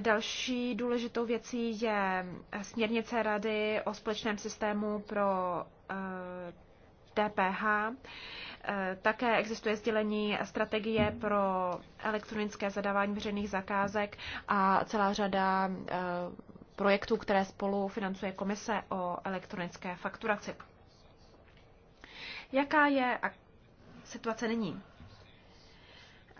Speaker 3: Další důležitou věcí je směrnice Rady o společném systému pro DPH. Eh, eh, také existuje sdělení strategie pro elektronické zadávání veřejných zakázek a celá řada eh, projektů, které spolu financuje komise o elektronické fakturaci. Jaká je situace nyní?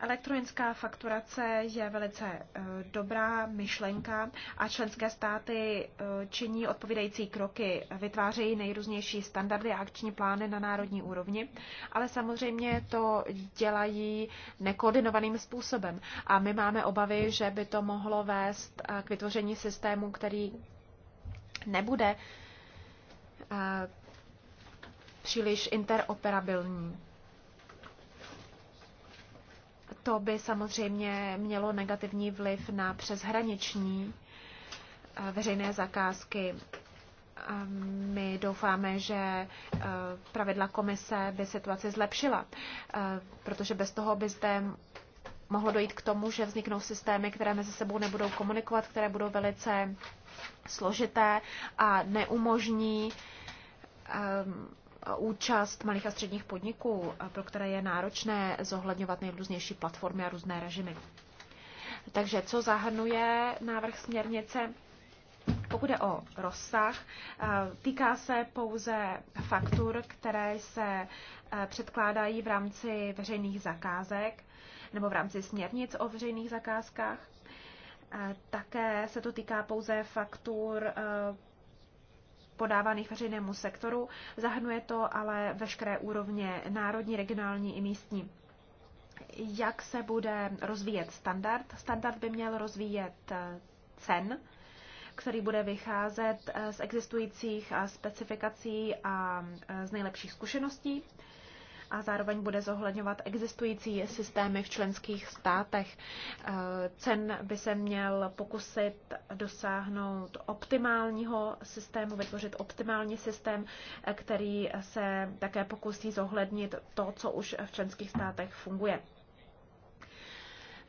Speaker 3: Elektronická fakturace je velice eh, dobrá myšlenka a členské státy eh, činí odpovídající kroky, vytvářejí nejrůznější standardy a akční plány na národní úrovni, ale samozřejmě to dělají nekoordinovaným způsobem. A my máme obavy, že by to mohlo vést eh, k vytvoření systému, který nebude příliš interoperabilní to by samozřejmě mělo negativní vliv na přeshraniční eh, veřejné zakázky. My doufáme, že eh, pravidla komise by situaci zlepšila, eh, protože bez toho by zde mohlo dojít k tomu, že vzniknou systémy, které mezi sebou nebudou komunikovat, které budou velice složité a neumožní ehm, účast malých a středních podniků, pro které je náročné zohledňovat nejrůznější platformy a různé režimy. Takže co zahrnuje návrh směrnice? Pokud je o rozsah, týká se pouze faktur, které se předkládají v rámci veřejných zakázek nebo v rámci směrnic o veřejných zakázkách. Také se to týká pouze faktur podávaných veřejnému sektoru. Zahrnuje to ale veškeré úrovně národní, regionální i místní. Jak se bude rozvíjet standard? Standard by měl rozvíjet eh, cen, který bude vycházet eh, z existujících eh, specifikací a z nejlepších zkušeností a zároveň bude zohledňovat existující systémy v členských státech. Eh, cen by se měl pokusit dosáhnout optimálního systému, vytvořit optimální systém, eh, který se také pokusí zohlednit to, co už v členských státech funguje.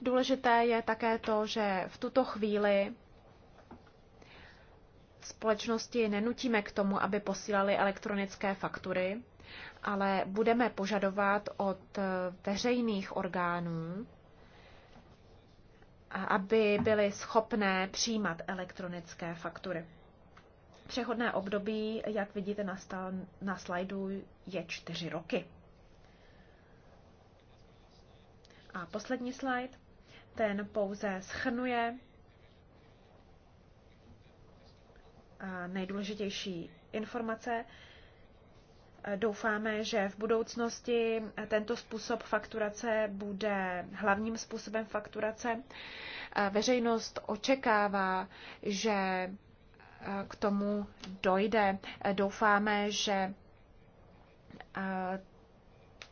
Speaker 3: Důležité je také to, že v tuto chvíli společnosti nenutíme k tomu, aby posílali elektronické faktury, ale budeme požadovat od eh, veřejných orgánů, aby byly schopné přijímat elektronické faktury. Přechodné období, jak vidíte na, na slajdu, je čtyři roky. A poslední slide, ten pouze schrnuje eh, nejdůležitější informace. Doufáme, že v budoucnosti tento způsob fakturace bude hlavním způsobem fakturace. Veřejnost očekává, že k tomu dojde. Doufáme, že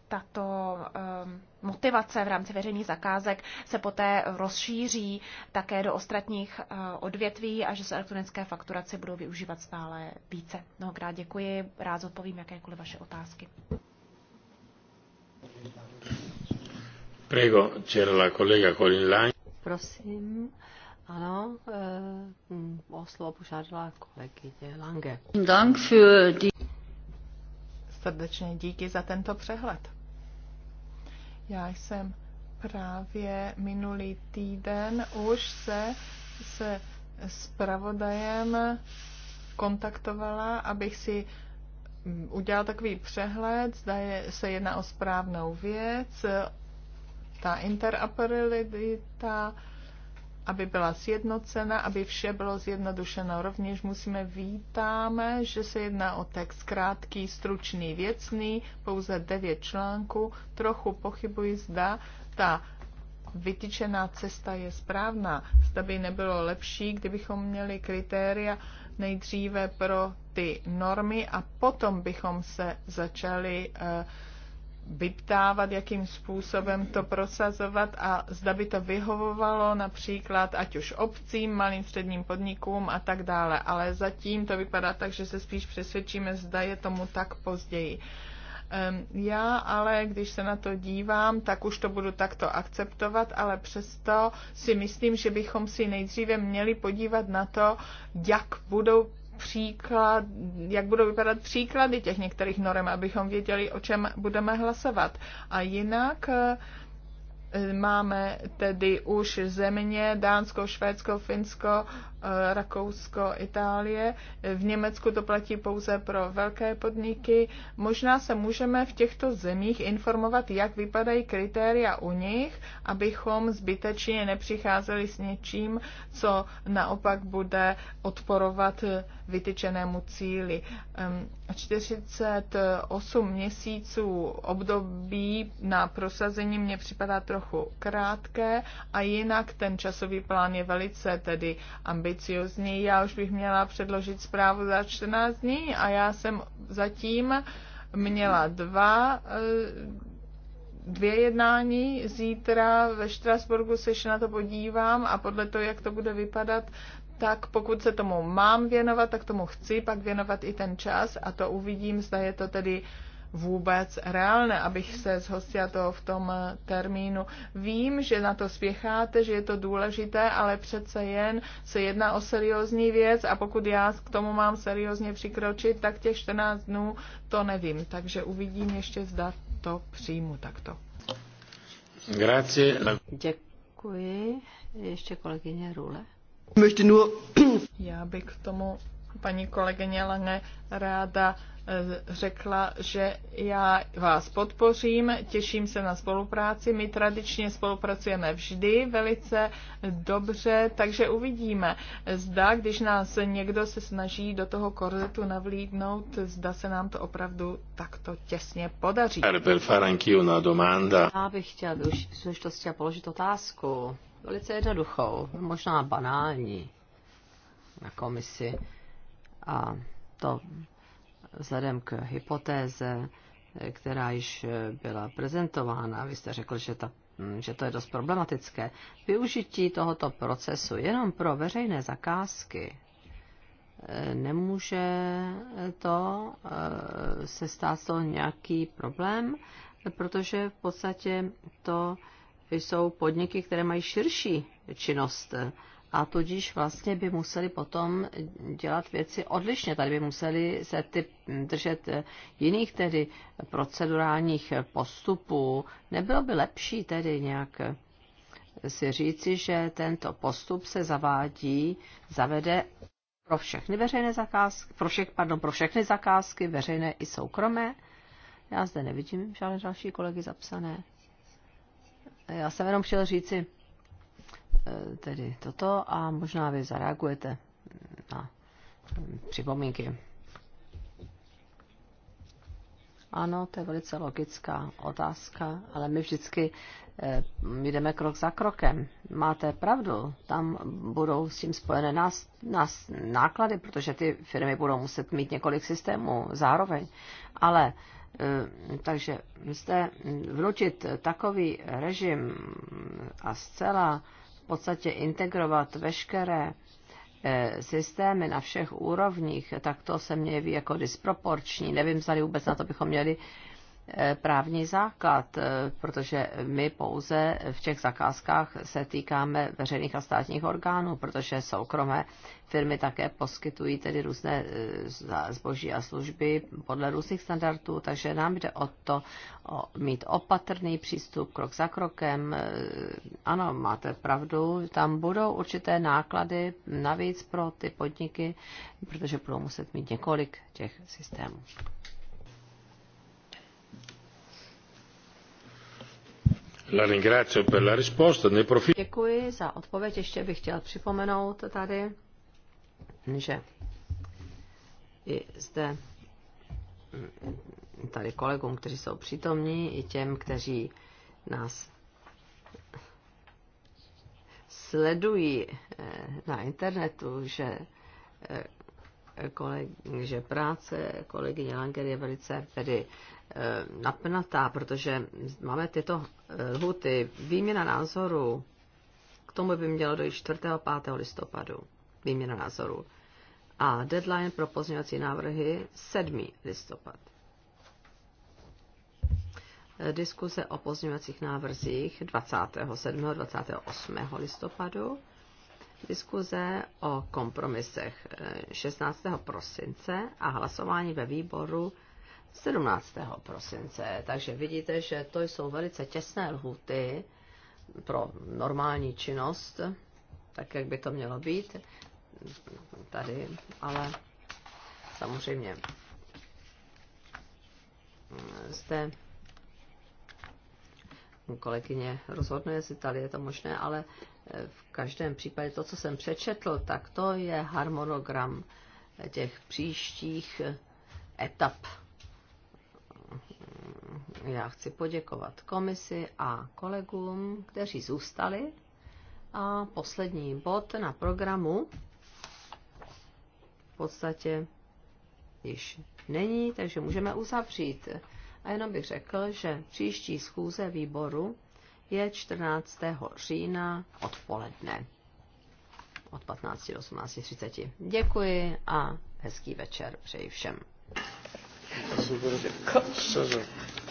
Speaker 3: tato ehm, motivace v rámci veřejných zakázek se poté rozšíří také do ostatních eh, odvětví a že se elektronické fakturace budou využívat stále více. Mnohokrát děkuji, rád odpovím jakékoliv vaše otázky.
Speaker 4: Prego, c'era kolega Colin Lange.
Speaker 5: Prosím, ano, eh, o slovo požádala kolegyně Lange. Dank
Speaker 1: für die...
Speaker 2: Srdečně díky za tento přehled. Já jsem právě minulý týden už se se zpravodajem kontaktovala, abych si mm, udělal takový přehled, zda je, se jedná o správnou věc, ta interoperabilita, aby byla sjednocena, aby vše bylo zjednodušeno. Rovněž musíme vítáme, že se jedná o text krátký, stručný, věcný, pouze devět článků. Trochu pochybuji, zda ta vytyčená cesta je správná. Zda by nebylo lepší, kdybychom měli kritéria nejdříve pro ty normy a potom bychom se začali uh, vyptávat, jakým způsobem to prosazovat a zda by to vyhovovalo například ať už obcím, malým středním podnikům a tak dále. Ale zatím to vypadá tak, že se spíš přesvědčíme, zda je tomu tak později. Já ale, když se na to dívám, tak už to budu takto akceptovat, ale přesto si myslím, že bychom si nejdříve měli podívat na to, jak budou příklad, jak budou vypadat příklady těch některých norm, abychom věděli, o čem budeme hlasovat. A jinak eh, máme tedy už země Dánsko, Švédsko, Finsko, Eh, Rakousko, Itálie. V Německu to platí pouze pro velké podniky. Možná se můžeme v těchto zemích informovat, jak vypadají kritéria u nich, abychom zbytečně nepřicházeli s něčím, co naopak bude odporovat vytyčenému cíli. 48 měsíců období na prosazení mě připadá trochu krátké a jinak ten časový plán je velice tedy ambiciózní ambiciozní. Já už bych měla předložit zprávu za 14 dní a já jsem zatím měla dva eh, dvě jednání. Zítra ve Štrasburgu se ještě na to podívám a podle toho, jak to bude vypadat, tak pokud se tomu mám věnovat, tak tomu chci pak věnovat i ten čas a to uvidím, zda je to tedy uh, vůbec reálné, abych se zhostila to v tom eh, termínu. Vím, že na to spěcháte, že je to důležité, ale přece jen se jedná o seriózní věc a pokud já k tomu mám seriózně přikročit, tak těch 14 dnů to nevím. Takže uvidím ještě, zda to přijmu takto.
Speaker 4: Grazie.
Speaker 2: Děkuji. Ještě kolegyně Rule. Já bych k tomu paní kolegyně Lange ráda e, řekla, že já vás podpořím, těším se na spolupráci. My tradičně spolupracujeme vždy velice dobře, takže uvidíme. Zda, když nás někdo se snaží do toho korzetu navlídnout, zda
Speaker 5: se nám to opravdu takto těsně podaří. Já bych chtěla využít příležitosti a položit otázku. Velice jednoduchou, možná banální na komisi a to vzhledem k hypotéze, která již byla prezentována, vy jste řekl, že, ta, že to je dost problematické. Využití tohoto procesu jenom pro veřejné zakázky eh, nemůže to eh, se stát to nějaký problém, protože v podstatě to jsou podniky, které mají širší činnost a tudíž vlastně by museli potom dělat věci odlišně. Tady by museli se ty hm, držet eh, jiných tedy procedurálních postupů. Nebylo by lepší tedy nějak eh, si říci, že tento postup se zavádí, zavede pro všechny veřejné zakázky, pro, všech, pardon, pro všechny zakázky, veřejné i soukromé. Já zde nevidím žádné další kolegy zapsané. Já jsem jenom chtěl říci, Eh, tedy toto a možná vy zareagujete na mm, připomínky. Ano, to je velice logická otázka, ale my vždycky eh, jdeme krok za krokem. Máte pravdu, tam budou s tím spojené nás, nás, náklady, protože ty firmy budou muset mít několik systémů zároveň. Ale eh, takže jste vnučit takový režim a zcela podstatě integrovat veškeré eh, systémy na všech úrovních, tak to se mě jeví jako disproporční. Nevím, zda vůbec na to bychom měli Eh, právní základ, eh, protože my pouze v těch zakázkách se týkáme veřejných a státních orgánů, protože soukromé firmy také poskytují tedy různé eh, zboží a služby podle různých standardů, takže nám jde o to o mít opatrný přístup krok za krokem. Ano, máte pravdu, tam budou určité náklady navíc pro ty podniky, protože budou muset mít několik těch systémů. Děkuji za odpověď. Ještě bych chtěl připomenout tady, že i zde mm, tady kolegům, kteří jsou přítomní, i těm, kteří nás sledují eh, na internetu, že, eh, koleg, že práce kolegyně Langer je velice tedy Eh, napnatá, protože máme tyto eh, lhuty. Výměna názoru, k tomu by mělo dojít 4. a 5. listopadu. Výměna názoru. A deadline pro pozměňovací návrhy 7. listopad. Eh, Diskuse o pozměňovacích návrzích 27. a 28. listopadu. Diskuze o kompromisech 16. prosince a hlasování ve výboru 17. prosince. Takže vidíte, že to jsou velice těsné lhuty pro normální činnost, tak jak by to mělo být tady, ale samozřejmě zde kolegyně rozhodne, jestli tady je to možné, ale v každém případě to, co jsem přečetl, tak to je harmonogram těch příštích etap já chci poděkovat komisi a kolegům, kteří zůstali. A poslední bod na programu v podstatě již není, takže můžeme uzavřít. A jenom bych řekl, že příští schůze výboru je 14. října odpoledne od 15 do 18.30. Děkuji a hezký večer přeji všem. Super.